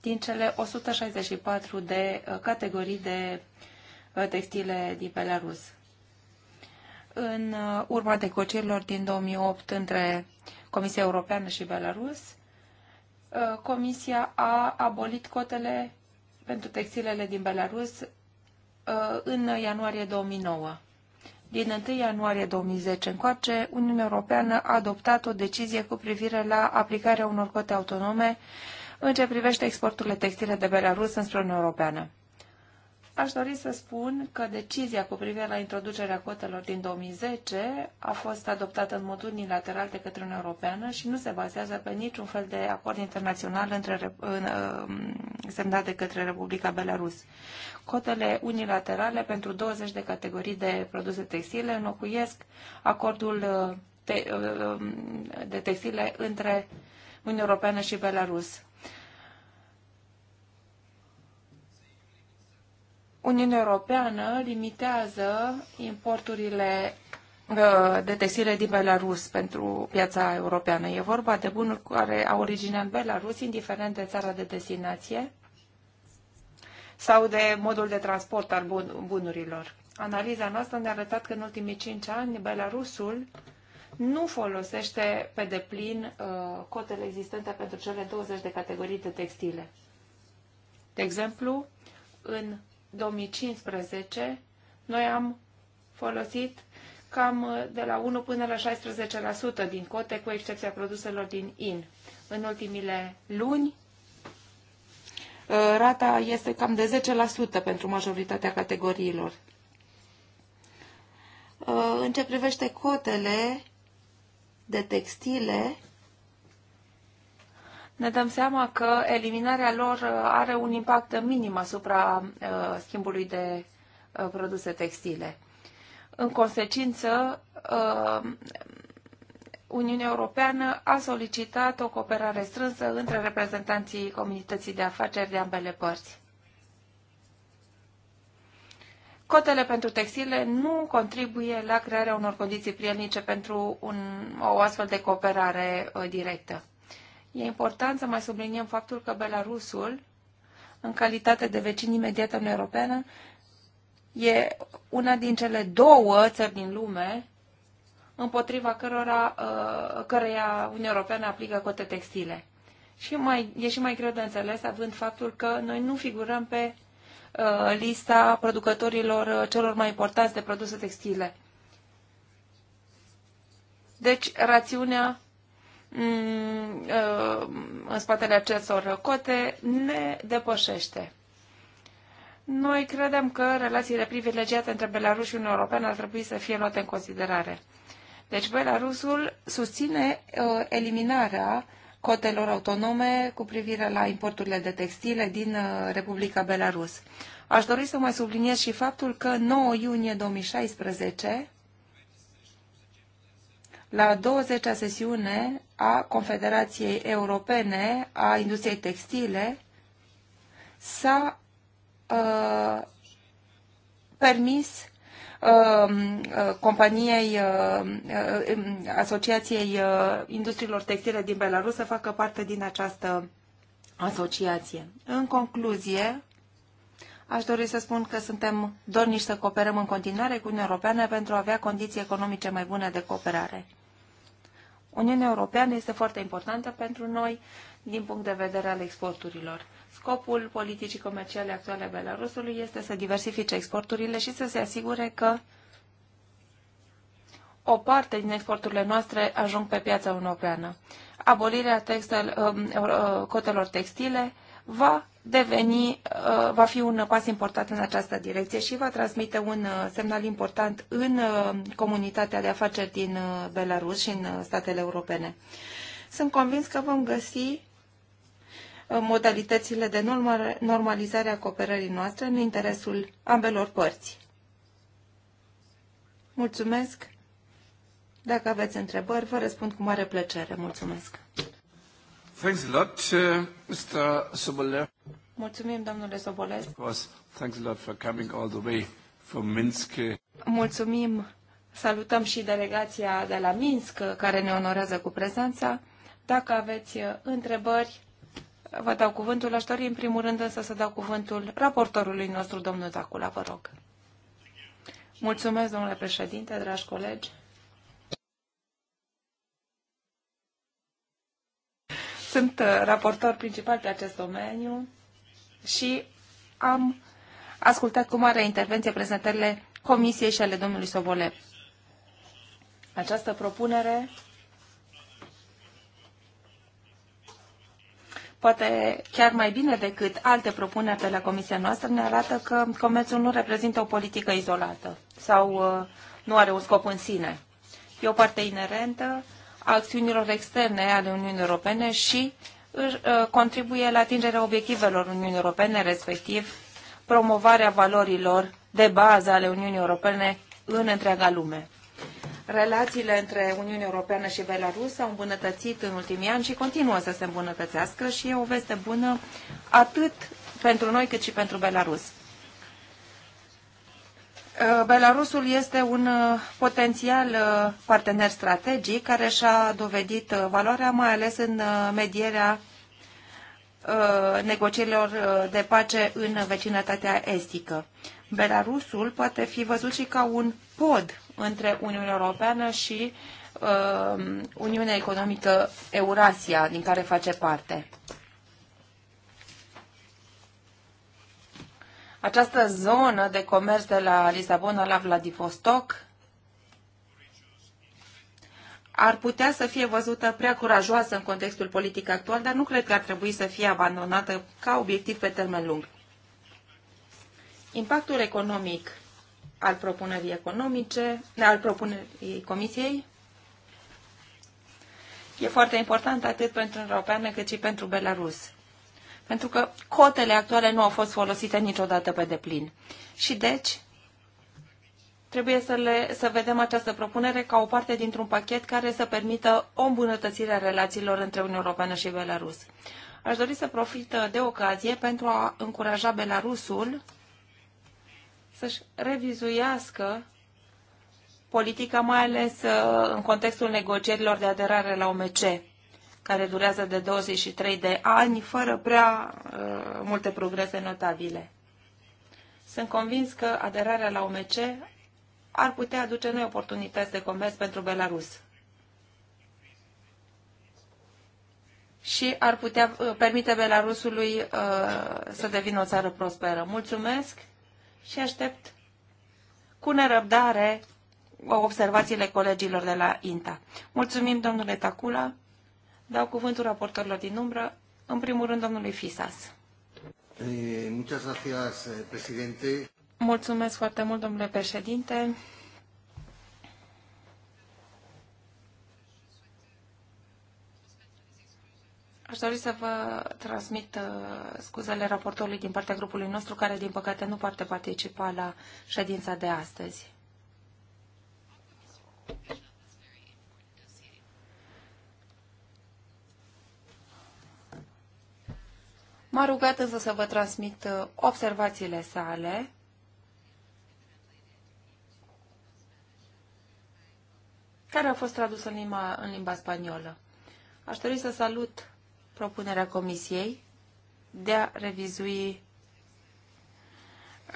din cele 164 de categorii de textile din Belarus în uh, urma negocierilor din 2008 între Comisia Europeană și Belarus, uh, Comisia a abolit cotele pentru textilele din Belarus uh, în ianuarie 2009. Din 1 ianuarie 2010 încoace, Uniunea Europeană a adoptat o decizie cu privire la aplicarea unor cote autonome în ce privește exporturile textile de Belarus înspre Uniunea Europeană. Aș dori să spun că decizia cu privire la introducerea cotelor din 2010 a fost adoptată în mod unilateral de către Uniunea Europeană și nu se bazează pe niciun fel de acord internațional între, în, uh, semnat de către Republica Belarus. Cotele unilaterale pentru 20 de categorii de produse textile înlocuiesc acordul de, uh, uh, de textile între Uniunea Europeană și Belarus. Uniunea Europeană limitează importurile uh, de textile din Belarus pentru piața europeană. E vorba de bunuri care au origine în Belarus, indiferent de țara de destinație sau de modul de transport al bunurilor. Analiza noastră ne-a arătat că în ultimii cinci ani Belarusul nu folosește pe deplin uh, cotele existente pentru cele 20 de categorii de textile. De exemplu, în 2015, noi am folosit cam de la 1 până la 16% din cote, cu excepția produselor din IN. În ultimile luni, uh, rata este cam de 10% pentru majoritatea categoriilor. Uh, în ce privește cotele de textile, ne dăm seama că eliminarea lor uh, are un impact minim asupra uh, schimbului de uh, produse textile. În consecință, Uniunea Europeană a solicitat o cooperare strânsă între reprezentanții comunității de afaceri de ambele părți. Cotele pentru textile nu contribuie la crearea unor condiții prielnice pentru un, o astfel de cooperare directă. E important să mai subliniem faptul că Belarusul, în calitate de vecin imediat în Europeană, e una din cele două țări din lume împotriva cărora, uh, căreia Uniunea Europeană aplică cote textile. Și mai, e și mai greu de înțeles având faptul că noi nu figurăm pe uh, lista producătorilor uh, celor mai importanți de produse textile. Deci, rațiunea Mm, uh, în spatele acestor cote ne depășește. Noi credem că relațiile privilegiate între Belarus și Uniunea Europeană ar trebui să fie luate în considerare. Deci Belarusul susține uh, eliminarea cotelor autonome cu privire la importurile de textile din uh, Republica Belarus. Aș dori să mai subliniez și faptul că 9 iunie 2016 la 20-a sesiune a Confederației Europene a Industriei Textile s-a uh, permis um, uh, companiei, uh, um, uh Asociației uh, Industriilor Textile din Belarus să facă parte din această asociație. În concluzie, Aș dori să spun că suntem dornici să cooperăm în continuare cu Uniunea Europeană pentru a avea condiții economice mai bune de cooperare. Uniunea Europeană este foarte importantă pentru noi din punct de vedere al exporturilor. Scopul politicii comerciale actuale a Belarusului este să diversifice exporturile și să se asigure că o parte din exporturile noastre ajung pe piața europeană. Abolirea textel, ă, ă, cotelor textile va deveni, uh, va fi un pas important în această direcție și va transmite un uh, semnal important în uh, comunitatea de afaceri din Belarus și în statele europene. Sunt convins că vom găsi modalitățile de normalizare a cooperării noastre în interesul ambelor părți. Mulțumesc! Dacă aveți întrebări, vă răspund cu mare plăcere. Mulțumesc! Thanks a lot, uh, Mr. Sobolev. Mulțumim, domnule Sobolev. Of course, thanks a lot for coming all the way from Minsk. Mulțumim. Salutăm și delegația de la Minsk, care ne onorează cu prezența. Dacă aveți uh, întrebări, vă dau cuvântul. Aș dori, în primul rând, însă să dau cuvântul raportorului nostru, domnul Tacula, vă rog. Mulțumesc, domnule președinte, dragi colegi. Sunt uh, raportor principal pe acest domeniu și am ascultat cu mare intervenție prezentările Comisiei și ale domnului Sobolev. Această propunere poate chiar mai bine decât alte propuneri de la Comisia noastră, ne arată că comerțul nu reprezintă o politică izolată sau uh, nu are un scop în sine. E o parte inerentă acțiunilor externe ale Uniunii Europene și uh, contribuie la atingerea obiectivelor Uniunii Europene, respectiv promovarea valorilor de bază ale Uniunii Europene în întreaga lume. Relațiile între Uniunea Europeană și Belarus s-au îmbunătățit în ultimii ani și continuă să se îmbunătățească și e o veste bună atât pentru noi cât și pentru Belarus. Uh, Belarusul este un uh, potențial uh, partener strategic care și-a dovedit valoarea, mai ales în medierea negocierilor de pace în vecinătatea estică. Belarusul poate fi văzut și ca un pod între Uniunea Europeană și Uniunea Economică Eurasia, din care face parte. această zonă de comerț de la Lisabona la Vladivostok ar putea să fie văzută prea curajoasă în contextul politic actual, dar nu cred că ar trebui să fie abandonată ca obiectiv pe termen lung. Impactul economic al propunerii economice, al propunerii Comisiei, e foarte important atât pentru Europeană cât și pentru Belarus pentru că cotele actuale nu au fost folosite niciodată pe deplin. Și deci, trebuie să, le, să vedem această propunere ca o parte dintr-un pachet care să permită o îmbunătățire a relațiilor între Uniunea Europeană și Belarus. Aș dori să profit de ocazie pentru a încuraja Belarusul să-și revizuiască politica, mai ales uh, în contextul negocierilor de aderare la OMC care durează de 23 de ani, fără prea uh, multe progrese notabile. Sunt convins că aderarea la OMC ar putea aduce noi oportunități de comerț pentru Belarus. și ar putea uh, permite Belarusului uh, să devină o țară prosperă. Mulțumesc și aștept cu nerăbdare observațiile colegilor de la INTA. Mulțumim, domnule Tacula. Dau cuvântul raportorilor din umbră, în primul rând domnului Fisas. Eh, eh, Mulțumesc foarte mult, domnule președinte. Aș dori să vă transmit eh, scuzele raportorului din partea grupului nostru, care, din păcate, nu poate participa la ședința de astăzi. M-a rugat însă să vă transmit uh, observațiile sale. care a fost tradusă în limba, în limba spaniolă. Aș dori să salut propunerea Comisiei de a revizui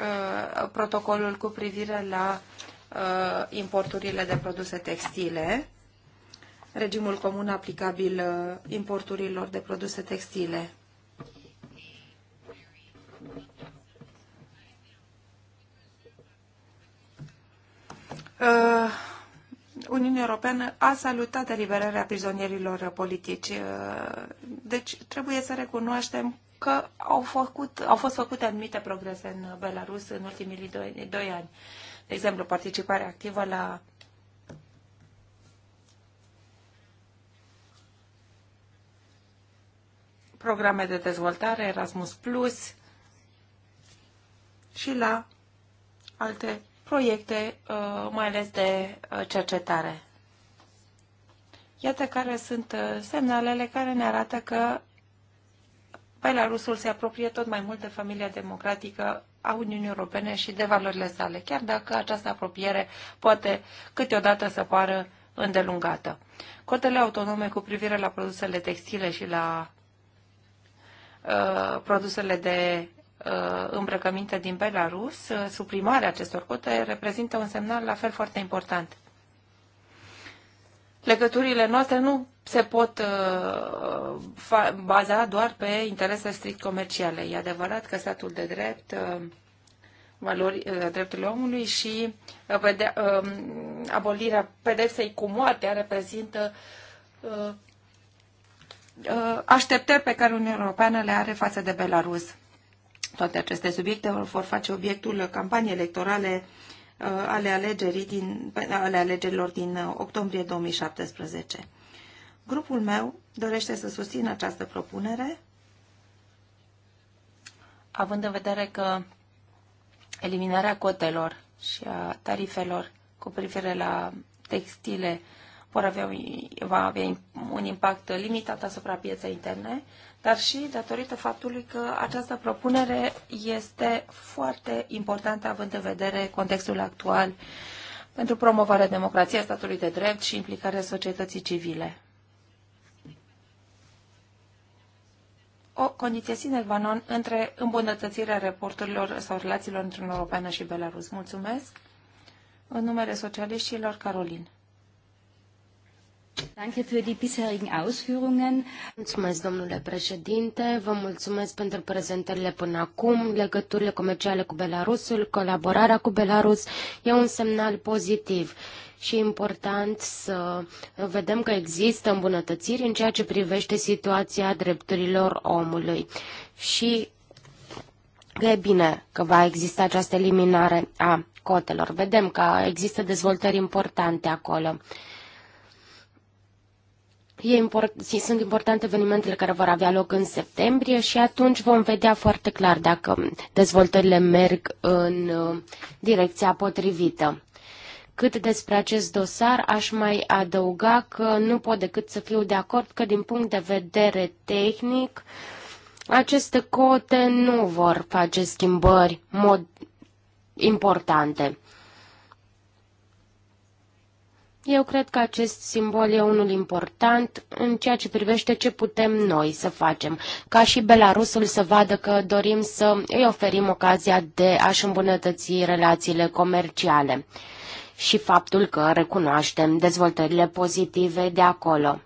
uh, protocolul cu privire la uh, importurile de produse textile, regimul comun aplicabil uh, importurilor de produse textile. Uh, Uniunea Europeană a salutat eliberarea prizonierilor politici. Uh, deci trebuie să recunoaștem că au, făcut, au fost făcute anumite progrese în Belarus în ultimii doi, doi ani. De exemplu, participarea activă la programe de dezvoltare, Erasmus Plus și la alte proiecte, uh, mai ales de uh, cercetare. Iată care sunt uh, semnalele care ne arată că Belarusul se apropie tot mai mult de familia democratică a Uniunii Europene și de valorile sale, chiar dacă această apropiere poate câteodată să pară îndelungată. Cotele autonome cu privire la produsele textile și la uh, produsele de Uh, îmbrăcăminte din Belarus, uh, suprimarea acestor cote reprezintă un semnal la fel foarte important. Legăturile noastre nu se pot uh, baza doar pe interese strict comerciale. E adevărat că statul de drept valori, drepturile omului și pede, abolirea pedepsei cu moartea reprezintă așteptări pe care Uniunea Europeană le are față de Belarus. Toate aceste subiecte vor face obiectul campaniei electorale uh, ale, alegerii din, ale alegerilor din uh, octombrie 2017. Grupul meu dorește să susțină această propunere, având în vedere că eliminarea cotelor și a tarifelor cu privire la textile vor avea, va avea un impact limitat asupra pieței interne, dar și datorită faptului că această propunere este foarte importantă având în vedere contextul actual pentru promovarea democrației, statului de drept și implicarea societății civile. O condiție sine qua non între îmbunătățirea raporturilor sau relațiilor între Uniunea Europeană și Belarus. Mulțumesc! În numele socialiștilor, Carolin. Danke für die bisherigen Ausführungen. Mulțumesc, domnule președinte, vă mulțumesc pentru prezentările până acum, legăturile comerciale cu Belarusul, colaborarea cu Belarus e un semnal pozitiv și important să vedem că există îmbunătățiri în ceea ce privește situația drepturilor omului. Și e bine că va exista această eliminare a cotelor. Vedem că există dezvoltări importante acolo. E import, sunt importante evenimentele care vor avea loc în septembrie și atunci vom vedea foarte clar dacă dezvoltările merg în uh, direcția potrivită. Cât despre acest dosar, aș mai adăuga că nu pot decât să fiu de acord că din punct de vedere tehnic, aceste cote nu vor face schimbări mod importante. Eu cred că acest simbol e unul important în ceea ce privește ce putem noi să facem, ca și Belarusul să vadă că dorim să îi oferim ocazia de a-și îmbunătăți relațiile comerciale și faptul că recunoaștem dezvoltările pozitive de acolo.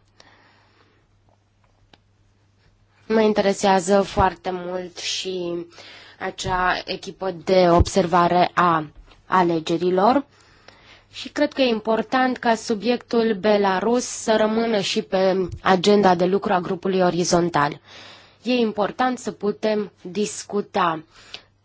Mă interesează foarte mult și acea echipă de observare a alegerilor și cred că e important ca subiectul Belarus să rămână și pe agenda de lucru a grupului orizontal. E important să putem discuta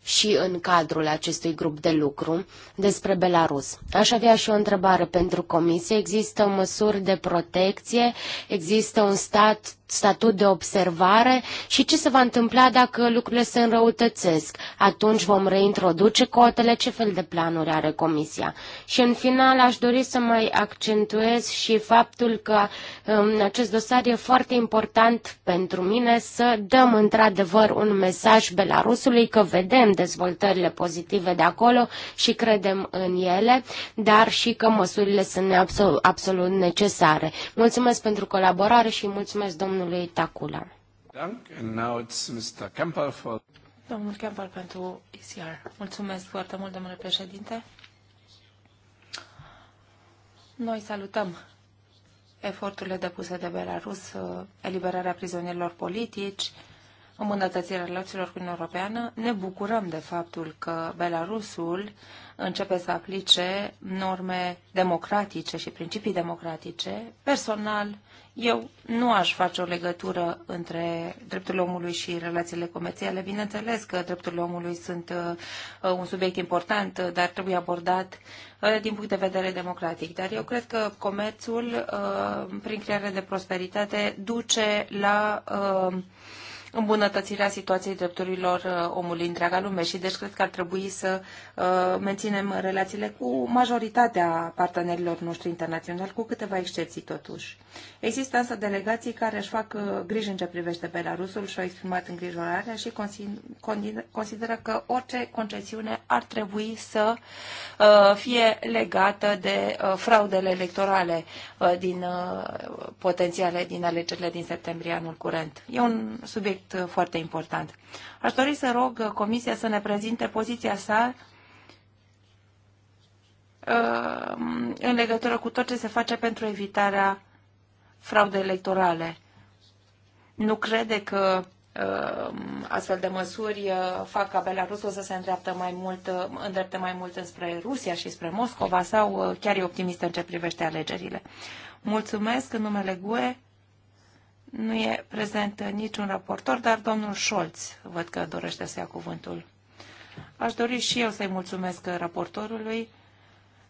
și în cadrul acestui grup de lucru despre Belarus. Aș avea și o întrebare pentru Comisie. Există măsuri de protecție? Există un stat, statut de observare? Și ce se va întâmpla dacă lucrurile se înrăutățesc? Atunci vom reintroduce cotele? Ce fel de planuri are Comisia? Și în final aș dori să mai accentuez și faptul că în um, acest dosar e foarte important pentru mine să dăm într-adevăr un mesaj Belarusului că vedem dezvoltările pozitive de acolo și credem în ele, dar și că măsurile sunt absolut, absolut necesare. Mulțumesc pentru colaborare și mulțumesc domnului Tacula. Domnul Campbell pentru ICR. Mulțumesc foarte mult, domnule președinte. Noi salutăm eforturile depuse de Belarus, uh, eliberarea prizonierilor politici, îmbunătățirea relațiilor cu Uniunea Europeană. Ne bucurăm de faptul că Belarusul începe să aplice norme democratice și principii democratice. Personal, eu nu aș face o legătură între drepturile omului și relațiile comerciale. Bineînțeles că drepturile omului sunt uh, un subiect important, uh, dar trebuie abordat uh, din punct de vedere democratic. Dar eu cred că comerțul, prin crearea de prosperitate, duce la îmbunătățirea situației drepturilor uh, omului întreaga lume și deci cred că ar trebui să uh, menținem relațiile cu majoritatea partenerilor noștri internaționali, cu câteva excepții totuși. Există însă delegații care își fac uh, griji în ce privește Belarusul și au exprimat îngrijorarea și consideră că orice concesiune ar trebui să fie legată de fraudele electorale. Uh, din uh, potențiale din alegerile din septembrie anul curent. E un subiect uh, foarte important. Aș dori să rog Comisia să ne prezinte poziția sa în legătură cu tot ce se face pentru evitarea fraudei electorale. Nu crede că Uh, astfel de măsuri uh, fac ca Belarusul să se îndreaptă mai mult, uh, îndrepte mai mult înspre Rusia și spre Moscova sau chiar e optimistă în ce privește alegerile. Mulțumesc în numele GUE. Nu e prezent niciun raportor, dar domnul Scholz văd că dorește să ia cuvântul. Aș dori și eu să-i mulțumesc raportorului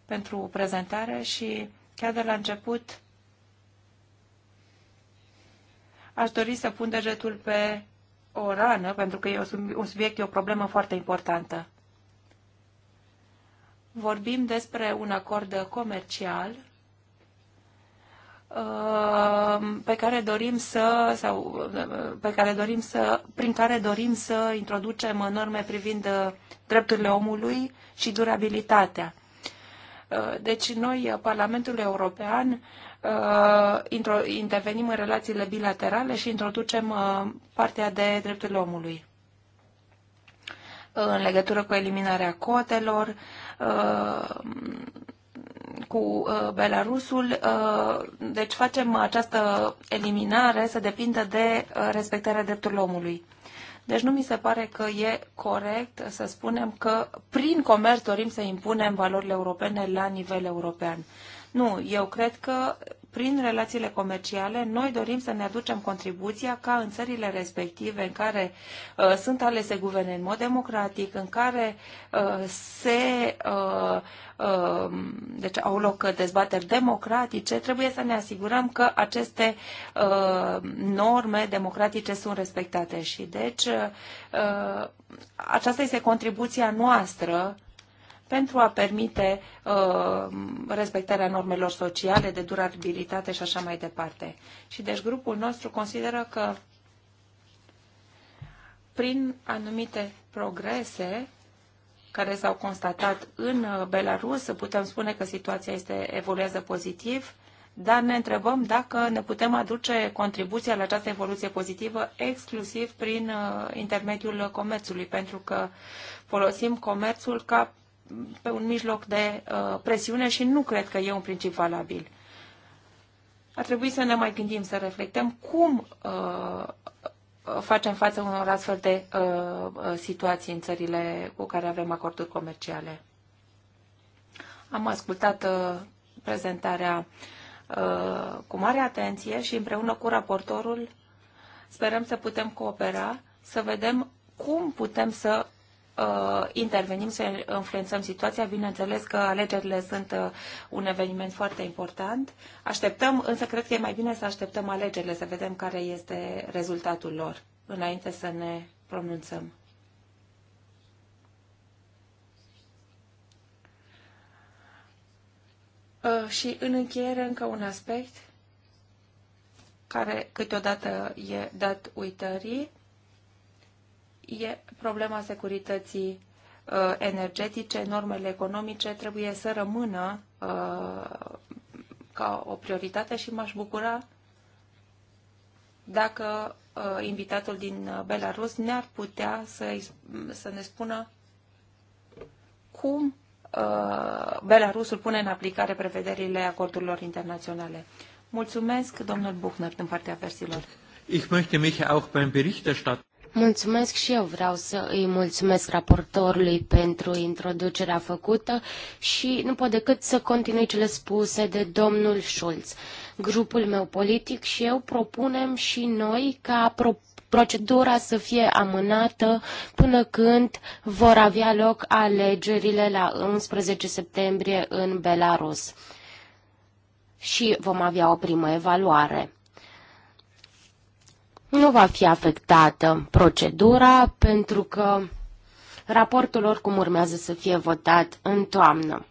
pentru prezentare și chiar de la început aș dori să pun degetul pe o rană, pentru că e un subiect, e o problemă foarte importantă. Vorbim despre un acord comercial uh, pe care dorim să sau uh, pe care dorim să prin care dorim să introducem norme privind uh, drepturile omului și durabilitatea. Deci noi, Parlamentul European, Uh, intervenim în relațiile bilaterale și introducem uh, partea de drepturile omului uh, în legătură cu eliminarea cotelor, cu Belarusul. Deci facem această eliminare să depindă de respectarea drepturilor omului. Deci nu mi se pare că e corect să spunem că prin comerț dorim să impunem valorile europene la nivel european. Nu, eu cred că prin relațiile comerciale, noi dorim să ne aducem contribuția ca în țările respective în care uh, sunt alese guverne în mod democratic, în care uh, se uh, uh, deci au loc dezbateri democratice, trebuie să ne asigurăm că aceste uh, norme democratice sunt respectate și deci uh, uh aceasta este contribuția noastră uh, pentru a permite uh, respectarea normelor sociale, de durabilitate și așa mai departe. Și deci grupul nostru consideră că prin anumite progrese care s-au constatat în uh, Belarus, putem spune că situația este, evoluează pozitiv, dar ne întrebăm dacă ne putem aduce contribuția la această evoluție pozitivă exclusiv prin uh, intermediul comerțului, pentru că folosim comerțul ca pe un mijloc de uh, presiune și nu cred că e un principiu valabil. Ar trebui să ne mai gândim, să reflectăm cum uh, facem față unor astfel de uh, uh situații în țările cu care avem acorduri comerciale. Am ascultat uh, prezentarea uh, cu mare atenție și împreună cu raportorul sperăm să putem coopera, să vedem cum putem să uh, intervenim, să influențăm situația. Bineînțeles că alegerile sunt uh, un eveniment foarte important. Așteptăm, însă cred că e mai bine să așteptăm alegerile, să vedem care este rezultatul lor, înainte să ne pronunțăm. Uh, și în încheiere încă un aspect care câteodată e dat uitării e problema securității uh, energetice, normele economice trebuie să rămână uh, ca o prioritate și m-aș bucura dacă uh, invitatul din Belarus ne-ar putea să, să ne spună cum Belarusul pune în aplicare prevederile acordurilor internaționale. Mulțumesc, domnul Buchner, din partea versilor. Ich möchte mich auch beim Berichterstatter Mulțumesc și eu vreau să îi mulțumesc raportorului pentru introducerea făcută și nu pot decât să continui cele spuse de domnul Schulz. Grupul meu politic și eu propunem și noi ca pro procedura să fie amânată până când vor avea loc alegerile la 11 septembrie în Belarus și vom avea o primă evaluare nu va fi afectată procedura pentru că raportul oricum urmează să fie votat în toamnă.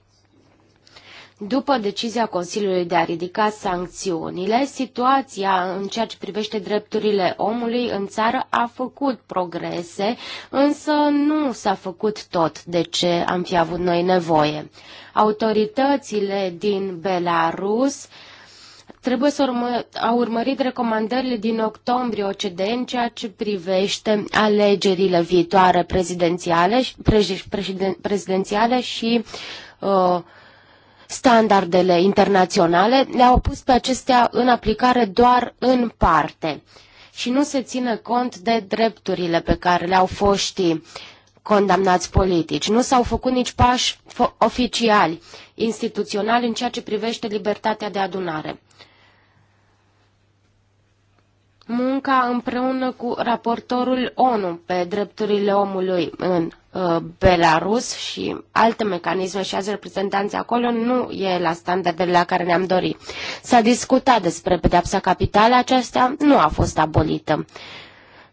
După decizia Consiliului de a ridica sancțiunile, situația în ceea ce privește drepturile omului în țară a făcut progrese, însă nu s-a făcut tot de ce am fi avut noi nevoie. Autoritățile din Belarus trebuie să urmă, a urmărit recomandările din octombrie OCDE în ceea ce privește alegerile viitoare prezidențiale, preziden, prezidențiale și uh, standardele internaționale. Le-au pus pe acestea în aplicare doar în parte și nu se ține cont de drepturile pe care le-au foștii condamnați politici. Nu s-au făcut nici pași oficiali, instituționali, în ceea ce privește libertatea de adunare munca împreună cu raportorul ONU pe drepturile omului în uh, Belarus și alte mecanisme și azi reprezentanți acolo nu e la standardele la care ne-am dorit. S-a discutat despre pedepsa capitală, aceasta nu a fost abolită.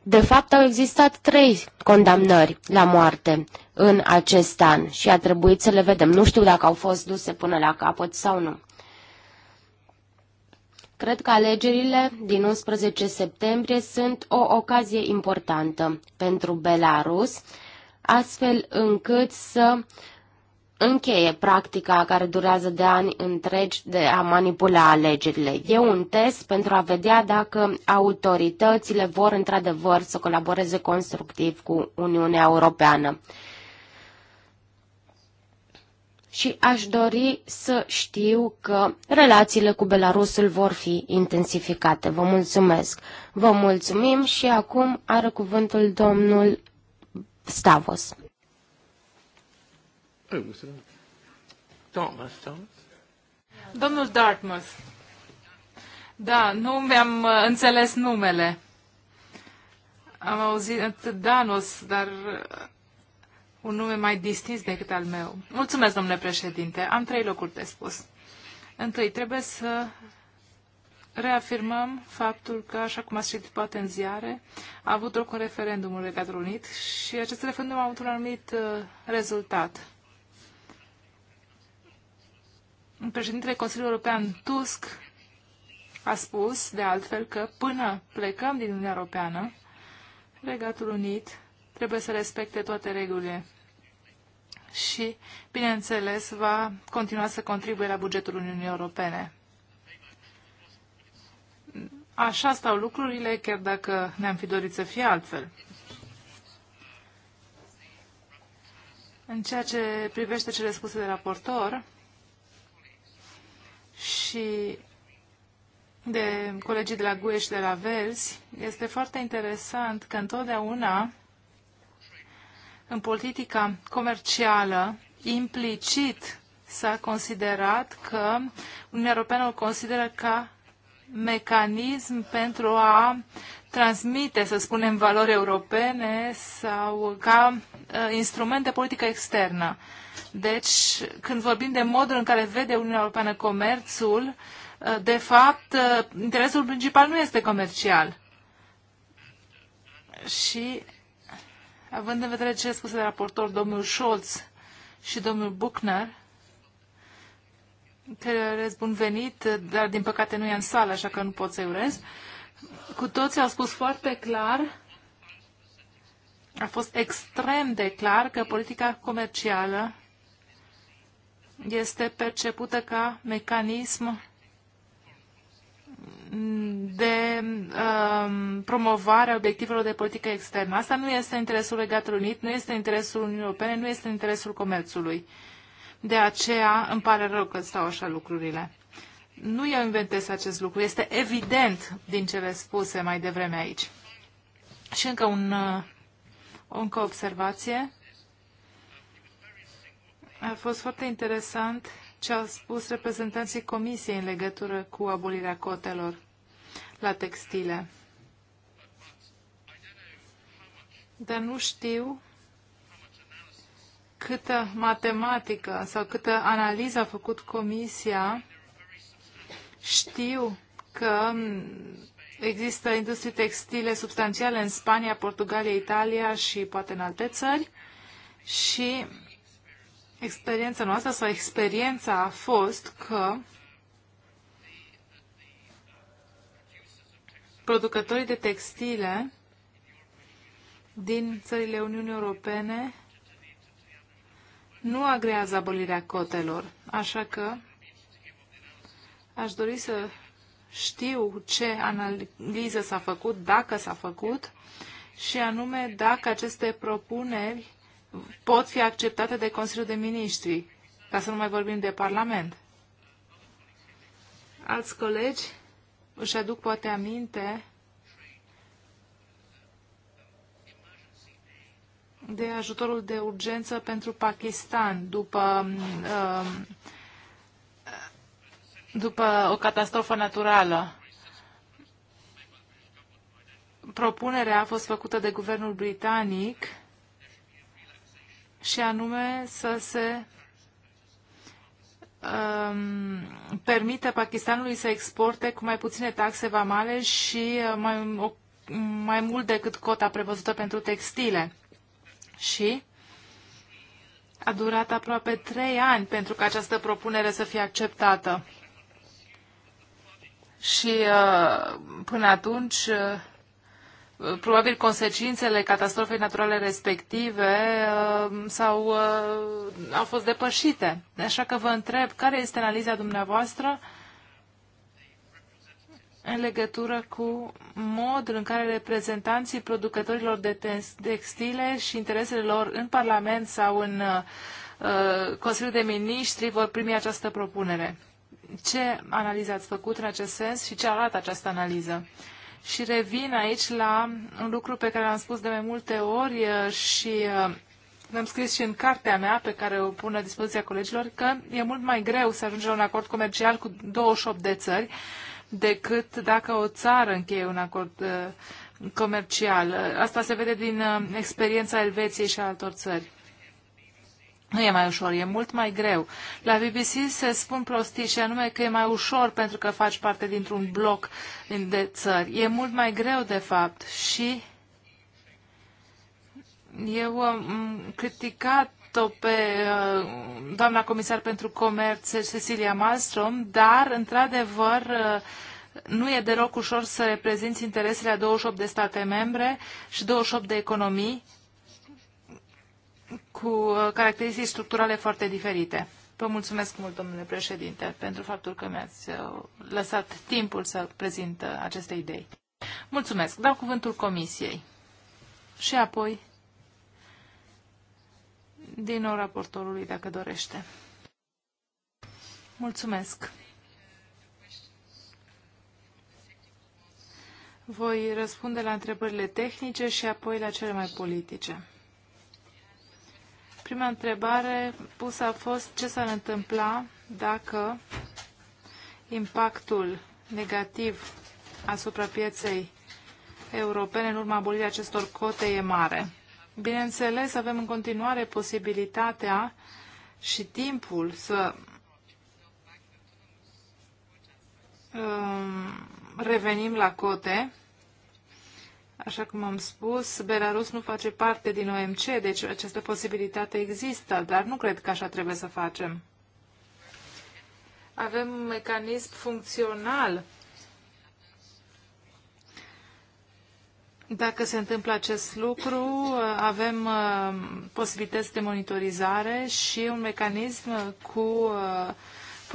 De fapt, au existat trei condamnări la moarte în acest an și a trebuit să le vedem. Nu știu dacă au fost duse până la capăt sau nu. Cred că alegerile din 11 septembrie sunt o ocazie importantă pentru Belarus, astfel încât să încheie practica care durează de ani întregi de a manipula alegerile. E un test pentru a vedea dacă autoritățile vor într-adevăr să colaboreze constructiv cu Uniunea Europeană și aș dori să știu că relațiile cu Belarusul vor fi intensificate. Vă mulțumesc. Vă mulțumim și acum are cuvântul domnul Stavos. Domnul Dartmouth. Da, nu mi-am uh, înțeles numele. Am auzit Danos, dar uh, un nume mai distins decât al meu. Mulțumesc, domnule președinte. Am trei lucruri de spus. Întâi, trebuie să reafirmăm faptul că, așa cum ați citit poate în ziare, a avut loc un referendum în Regatul Unit și acest referendum a avut un anumit uh, rezultat. Președintele Consiliului European Tusk a spus, de altfel, că până plecăm din Uniunea Europeană, Regatul Unit trebuie să respecte toate regulile și, bineînțeles, va continua să contribuie la bugetul Uniunii Europene. Așa stau lucrurile, chiar dacă ne-am fi dorit să fie altfel. În ceea ce privește cele spuse de raportor și de colegii de la GUE și de la Vels, este foarte interesant că întotdeauna în politica comercială, implicit s-a considerat că Uniunea Europeană o consideră ca mecanism pentru a transmite, să spunem, valori europene sau ca uh, instrument de politică externă. Deci, când vorbim de modul în care vede Uniunea Europeană comerțul, uh, de fapt, uh, interesul principal nu este comercial. Și având în vedere ce spuse de raportor domnul Scholz și domnul Buchner, care bun venit, dar din păcate nu e în sală, așa că nu pot să-i urez, cu toții au spus foarte clar, a fost extrem de clar că politica comercială este percepută ca mecanism de um, promovarea obiectivelor de politică externă. Asta nu este interesul Regatului Unit, nu este interesul Uniunii Europene, nu este interesul comerțului. De aceea îmi pare rău că stau așa lucrurile. Nu eu inventez acest lucru, este evident din cele spuse mai devreme aici. Și încă un, uh, încă o observație. A fost foarte interesant ce au spus reprezentanții Comisiei în legătură cu abolirea cotelor la textile. Dar nu știu câtă matematică sau câtă analiză a făcut comisia. Știu că există industrii textile substanțiale în Spania, Portugalia, Italia și poate în alte țări și experiența noastră sau experiența a fost că producătorii de textile din țările Uniunii Europene nu agrează abolirea cotelor, așa că aș dori să știu ce analiză s-a făcut, dacă s-a făcut, și anume dacă aceste propuneri pot fi acceptate de Consiliul de Ministri, ca să nu mai vorbim de Parlament. Alți colegi își aduc poate aminte de ajutorul de urgență pentru Pakistan după, um, după o catastrofă naturală. Propunerea a fost făcută de guvernul britanic și anume să se Um, permite Pakistanului să exporte cu mai puține taxe vamale și uh, mai, o, mai mult decât cota prevăzută pentru textile. Și a durat aproape trei ani pentru ca această propunere să fie acceptată. Și uh, până atunci. Uh, probabil consecințele catastrofei naturale respective uh, sau uh, au fost depășite. Așa că vă întreb, care este analiza dumneavoastră în legătură cu modul în care reprezentanții producătorilor de textile și interesele lor în Parlament sau în uh, Consiliul de Ministri vor primi această propunere. Ce analiză ați făcut în acest sens și ce arată această analiză? Și revin aici la un lucru pe care l-am spus de mai multe ori uh, și uh, am scris și în cartea mea pe care o pun la dispoziția colegilor că e mult mai greu să ajungi la un acord comercial cu 28 de țări decât dacă o țară încheie un acord uh, comercial. Asta se vede din experiența Elveției și a altor țări. Nu e mai ușor, e mult mai greu. La BBC se spun prostii și anume că e mai ușor pentru că faci parte dintr-un bloc de țări. E mult mai greu, de fapt, și eu am criticat pe uh, doamna comisar pentru comerț Cecilia Malmström, dar, într-adevăr, uh, nu e deloc ușor să reprezinți interesele a 28 de state membre și 28 de economii cu uh, caracteristici structurale foarte diferite. Vă mulțumesc mult, domnule președinte, pentru faptul că mi-ați uh, lăsat timpul să prezint uh, aceste idei. Mulțumesc. Dau cuvântul comisiei. Și apoi, din nou raportorului, dacă dorește. Mulțumesc. Voi răspunde la întrebările tehnice și apoi la cele mai politice. Prima întrebare pusă a fost ce s-ar întâmpla dacă impactul negativ asupra pieței europene în urma abolirii acestor cote e mare. Bineînțeles, avem în continuare posibilitatea și timpul să um, revenim la cote, Așa cum am spus, Belarus nu face parte din OMC, deci această posibilitate există, dar nu cred că așa trebuie să facem. Avem un mecanism funcțional. Dacă se întâmplă acest lucru, avem uh, posibilități de monitorizare și un mecanism cu uh,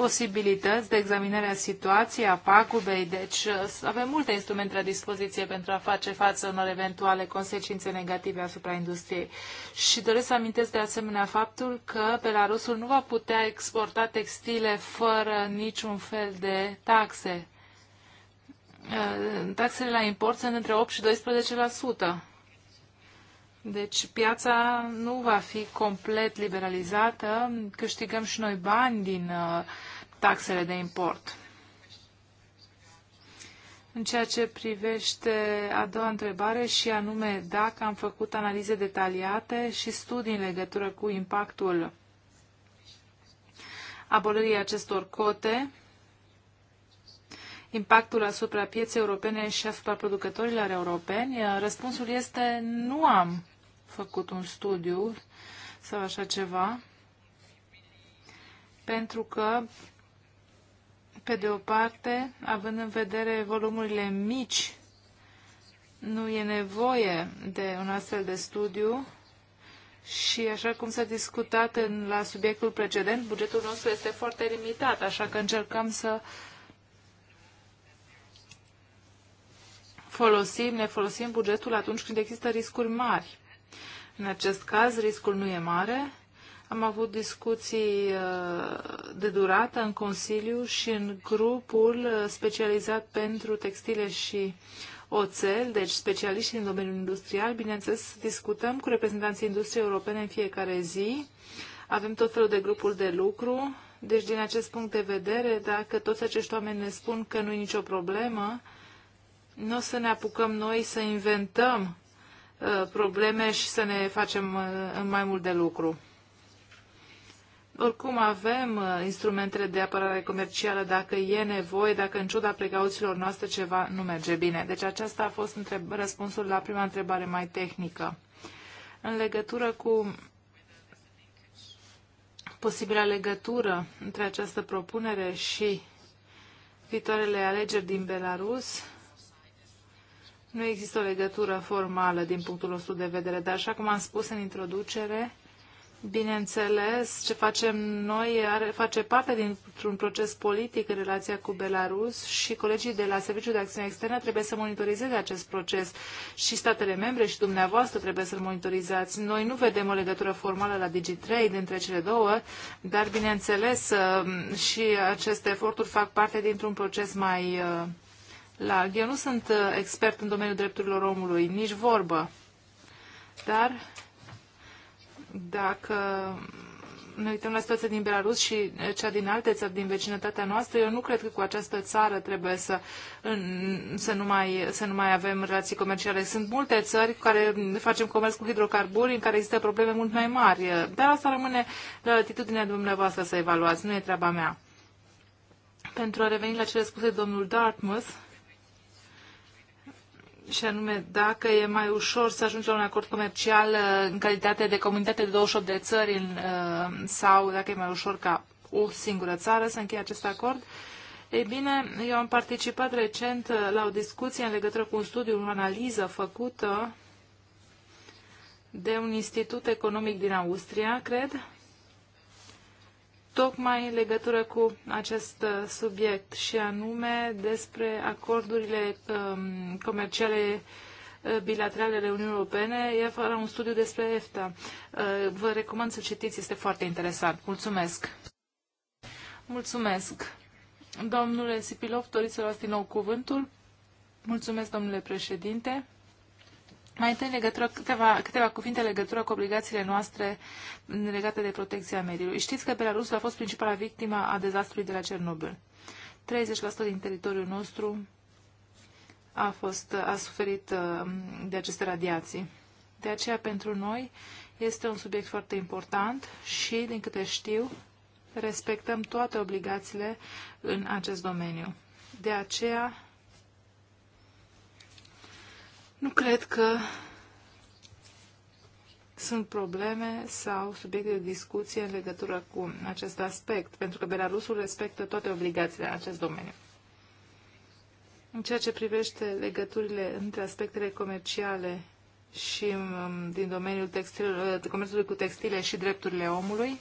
posibilități de examinare a situației, a pacubei, deci uh, avem multe instrumente la dispoziție pentru a face față unor eventuale consecințe negative asupra industriei. Și doresc să amintesc de asemenea faptul că Belarusul nu va putea exporta textile fără niciun fel de taxe. Uh, taxele la import sunt între 8 și 12%. Deci piața nu va fi complet liberalizată, câștigăm și noi bani din uh, taxele de import. În ceea ce privește a doua întrebare și anume dacă am făcut analize detaliate și studii în legătură cu impactul abolării acestor cote, impactul asupra pieței europene și asupra producătorilor europeni, răspunsul este nu am făcut un studiu sau așa ceva, pentru că pe de o parte, având în vedere volumurile mici, nu e nevoie de un astfel de studiu și așa cum s-a discutat în, la subiectul precedent, bugetul nostru este foarte limitat, așa că încercăm să folosim, ne folosim bugetul atunci când există riscuri mari. În acest caz, riscul nu e mare, am avut discuții uh, de durată în Consiliu și în grupul uh, specializat pentru textile și oțel, deci specialiști în domeniul industrial. Bineînțeles, discutăm cu reprezentanții industriei europene în fiecare zi. Avem tot felul de grupuri de lucru. Deci, din acest punct de vedere, dacă toți acești oameni ne spun că nu e nicio problemă, nu o să ne apucăm noi să inventăm uh, probleme și să ne facem uh, mai mult de lucru. Oricum avem uh, instrumentele de apărare comercială dacă e nevoie, dacă în ciuda precauțiilor noastre ceva nu merge bine. Deci aceasta a fost întreb- răspunsul la prima întrebare mai tehnică. În legătură cu posibila legătură între această propunere și viitoarele alegeri din Belarus, nu există o legătură formală din punctul nostru de vedere, dar așa cum am spus în introducere, Bineînțeles, ce facem noi are, face parte dintr-un proces politic în relația cu Belarus și colegii de la Serviciul de Acțiune Externă trebuie să monitorizeze acest proces și statele membre și dumneavoastră trebuie să-l monitorizați. Noi nu vedem o legătură formală la DigiTrade dintre cele două, dar bineînțeles uh, și aceste eforturi fac parte dintr-un proces mai uh, larg. Eu nu sunt uh, expert în domeniul drepturilor omului, nici vorbă, dar dacă ne uităm la situația din Belarus și cea din alte țări din vecinătatea noastră, eu nu cred că cu această țară trebuie să, să, nu, mai, să nu mai avem relații comerciale. Sunt multe țări cu care facem comerț cu hidrocarburi, în care există probleme mult mai mari. Dar asta rămâne la atitudinea dumneavoastră să evaluați, nu e treaba mea. Pentru a reveni la cele spuse domnul Dartmouth, și anume dacă e mai ușor să ajungi la un acord comercial uh, în calitate de comunitate de 28 de țări în, uh, sau dacă e mai ușor ca o singură țară să încheie acest acord. Ei bine, eu am participat recent uh, la o discuție în legătură cu un studiu, o analiză făcută de un institut economic din Austria, cred, tocmai în legătură cu acest uh, subiect și anume despre acordurile um, comerciale uh, bilaterale ale Uniunii Europene, ea fără un studiu despre EFTA. Uh, vă recomand să citiți, este foarte interesant. Mulțumesc! Mulțumesc! Domnule Sipilov, doriți să luați din nou cuvântul? Mulțumesc, domnule președinte! Mai întâi legătură, câteva, câteva cuvinte legătură cu obligațiile noastre legate de protecția mediului. Știți că Belarusul a fost principala victima a dezastrului de la Cernobâl. 30% din teritoriul nostru a, fost, a suferit um, de aceste radiații. De aceea, pentru noi, este un subiect foarte important și, din câte știu, respectăm toate obligațiile în acest domeniu. De aceea, nu cred că sunt probleme sau subiecte de discuție în legătură cu acest aspect, pentru că Belarusul respectă toate obligațiile în acest domeniu. În ceea ce privește legăturile între aspectele comerciale și um, din domeniul uh, comerțului cu textile și drepturile omului,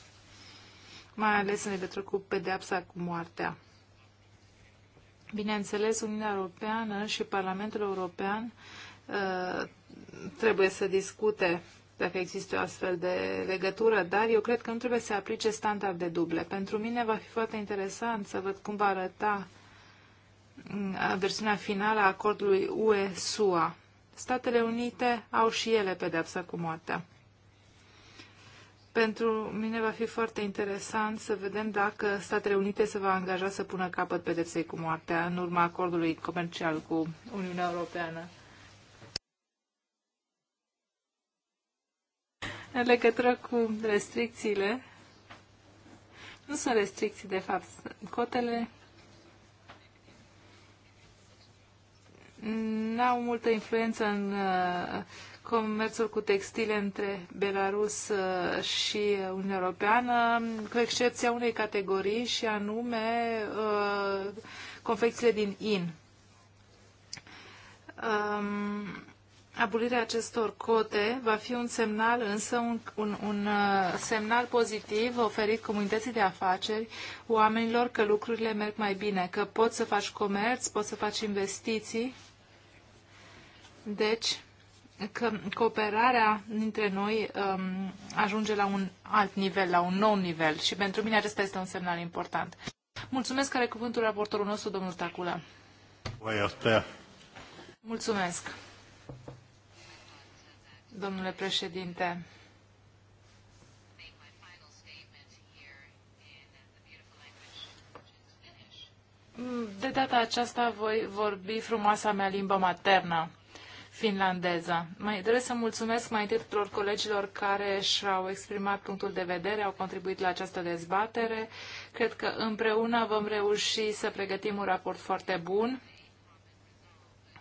mai ales în legătură cu pedeapsa cu moartea. Bineînțeles, Uniunea Europeană și Parlamentul European Uh, trebuie să discute dacă există o astfel de legătură, dar eu cred că nu trebuie să aplice standarde duble. Pentru mine va fi foarte interesant să văd cum va arăta uh, versiunea finală a acordului UE-SUA. Statele Unite au și ele pedepsa cu moartea. Pentru mine va fi foarte interesant să vedem dacă Statele Unite se va angaja să pună capăt pedepsei cu moartea în urma acordului comercial cu Uniunea Europeană. În legătură cu restricțiile, nu sunt restricții, de fapt, cotele n-au multă influență în uh, comerțul cu textile între Belarus uh, și Uniunea Europeană, cu excepția unei categorii și anume uh, confecțiile din IN. Um, Abolirea acestor cote va fi un semnal, însă un, un, un uh, semnal pozitiv oferit comunității de afaceri, oamenilor că lucrurile merg mai bine, că poți să faci comerț, poți să faci investiții. Deci, că cooperarea dintre noi um, ajunge la un alt nivel, la un nou nivel și pentru mine acesta este un semnal important. Mulțumesc, care cuvântul raportorul nostru, domnul Tacula. Mulțumesc domnule președinte. De data aceasta voi vorbi frumoasa mea limbă maternă, finlandeză. Mai doresc să mulțumesc mai întâi tuturor colegilor care și-au exprimat punctul de vedere, au contribuit la această dezbatere. Cred că împreună vom reuși să pregătim un raport foarte bun.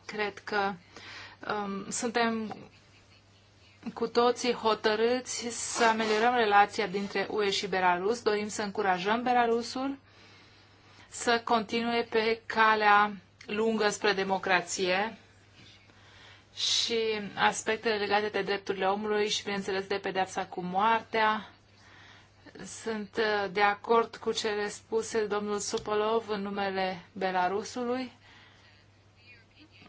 Cred că um, suntem cu toții hotărâți să ameliorăm relația dintre UE și Belarus. Dorim să încurajăm Belarusul să continue pe calea lungă spre democrație și aspectele legate de drepturile omului și, bineînțeles, de pedeapsa cu moartea. Sunt uh, de acord cu cele spuse domnul Supolov în numele Belarusului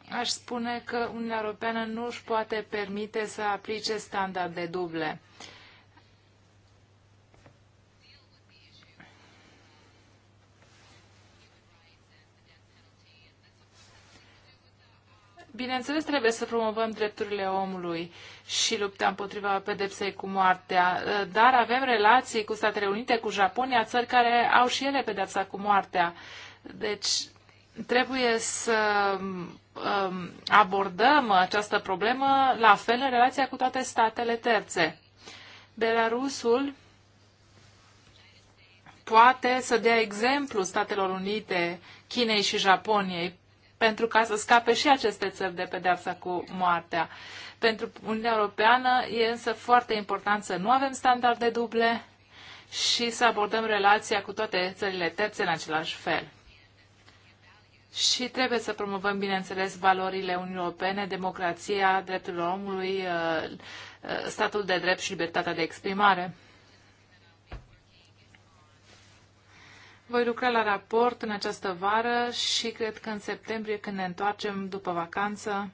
aș spune că Uniunea Europeană nu își poate permite să aplice standarde duble. Bineînțeles, trebuie să promovăm drepturile omului și lupta împotriva pedepsei cu moartea, dar avem relații cu Statele Unite, cu Japonia, țări care au și ele pedepsa cu moartea. Deci, trebuie să Um, abordăm această problemă la fel în relația cu toate statele terțe. Belarusul poate să dea exemplu Statelor Unite, Chinei și Japoniei pentru ca să scape și aceste țări de pedeapsa cu moartea. Pentru Uniunea Europeană e însă foarte important să nu avem standarde duble și să abordăm relația cu toate țările terțe în același fel. Și trebuie să promovăm, bineînțeles, valorile Uniunii Europene, democrația, drepturile omului, uh, uh, statul de drept și libertatea de exprimare. Voi lucra la raport în această vară și cred că în septembrie, când ne întoarcem după vacanță,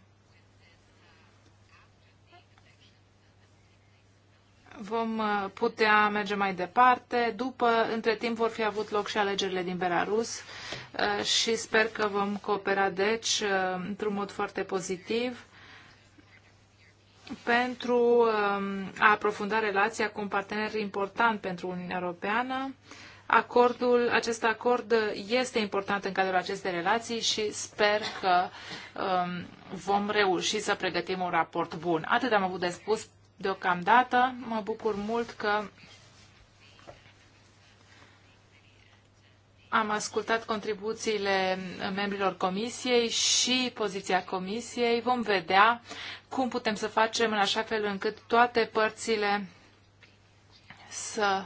vom uh, putea merge mai departe. După, între timp, vor fi avut loc și alegerile din Belarus uh, și sper că vom coopera, deci, uh, într-un mod foarte pozitiv pentru um, a aprofunda relația cu un partener important pentru Uniunea Europeană. Acordul, acest acord este important în cadrul acestei relații și sper că um, vom reuși să pregătim un raport bun. Atât am avut de spus deocamdată. Mă bucur mult că am ascultat contribuțiile membrilor comisiei și poziția comisiei. Vom vedea cum putem să facem în așa fel încât toate părțile să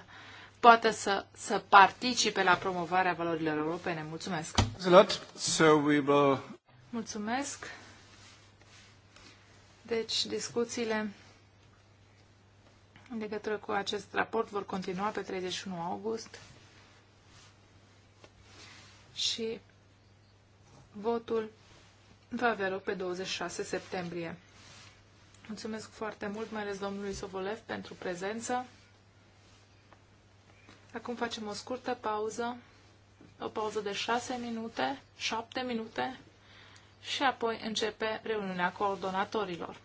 poată să, să participe la promovarea valorilor europene. Mulțumesc! Mulțumesc! Deci, discuțiile în legătură cu acest raport vor continua pe 31 august și votul va avea loc pe 26 septembrie. Mulțumesc foarte mult, mai ales domnului Sovolev, pentru prezență. Acum facem o scurtă pauză, o pauză de 6 minute, 7 minute și apoi începe reuniunea coordonatorilor.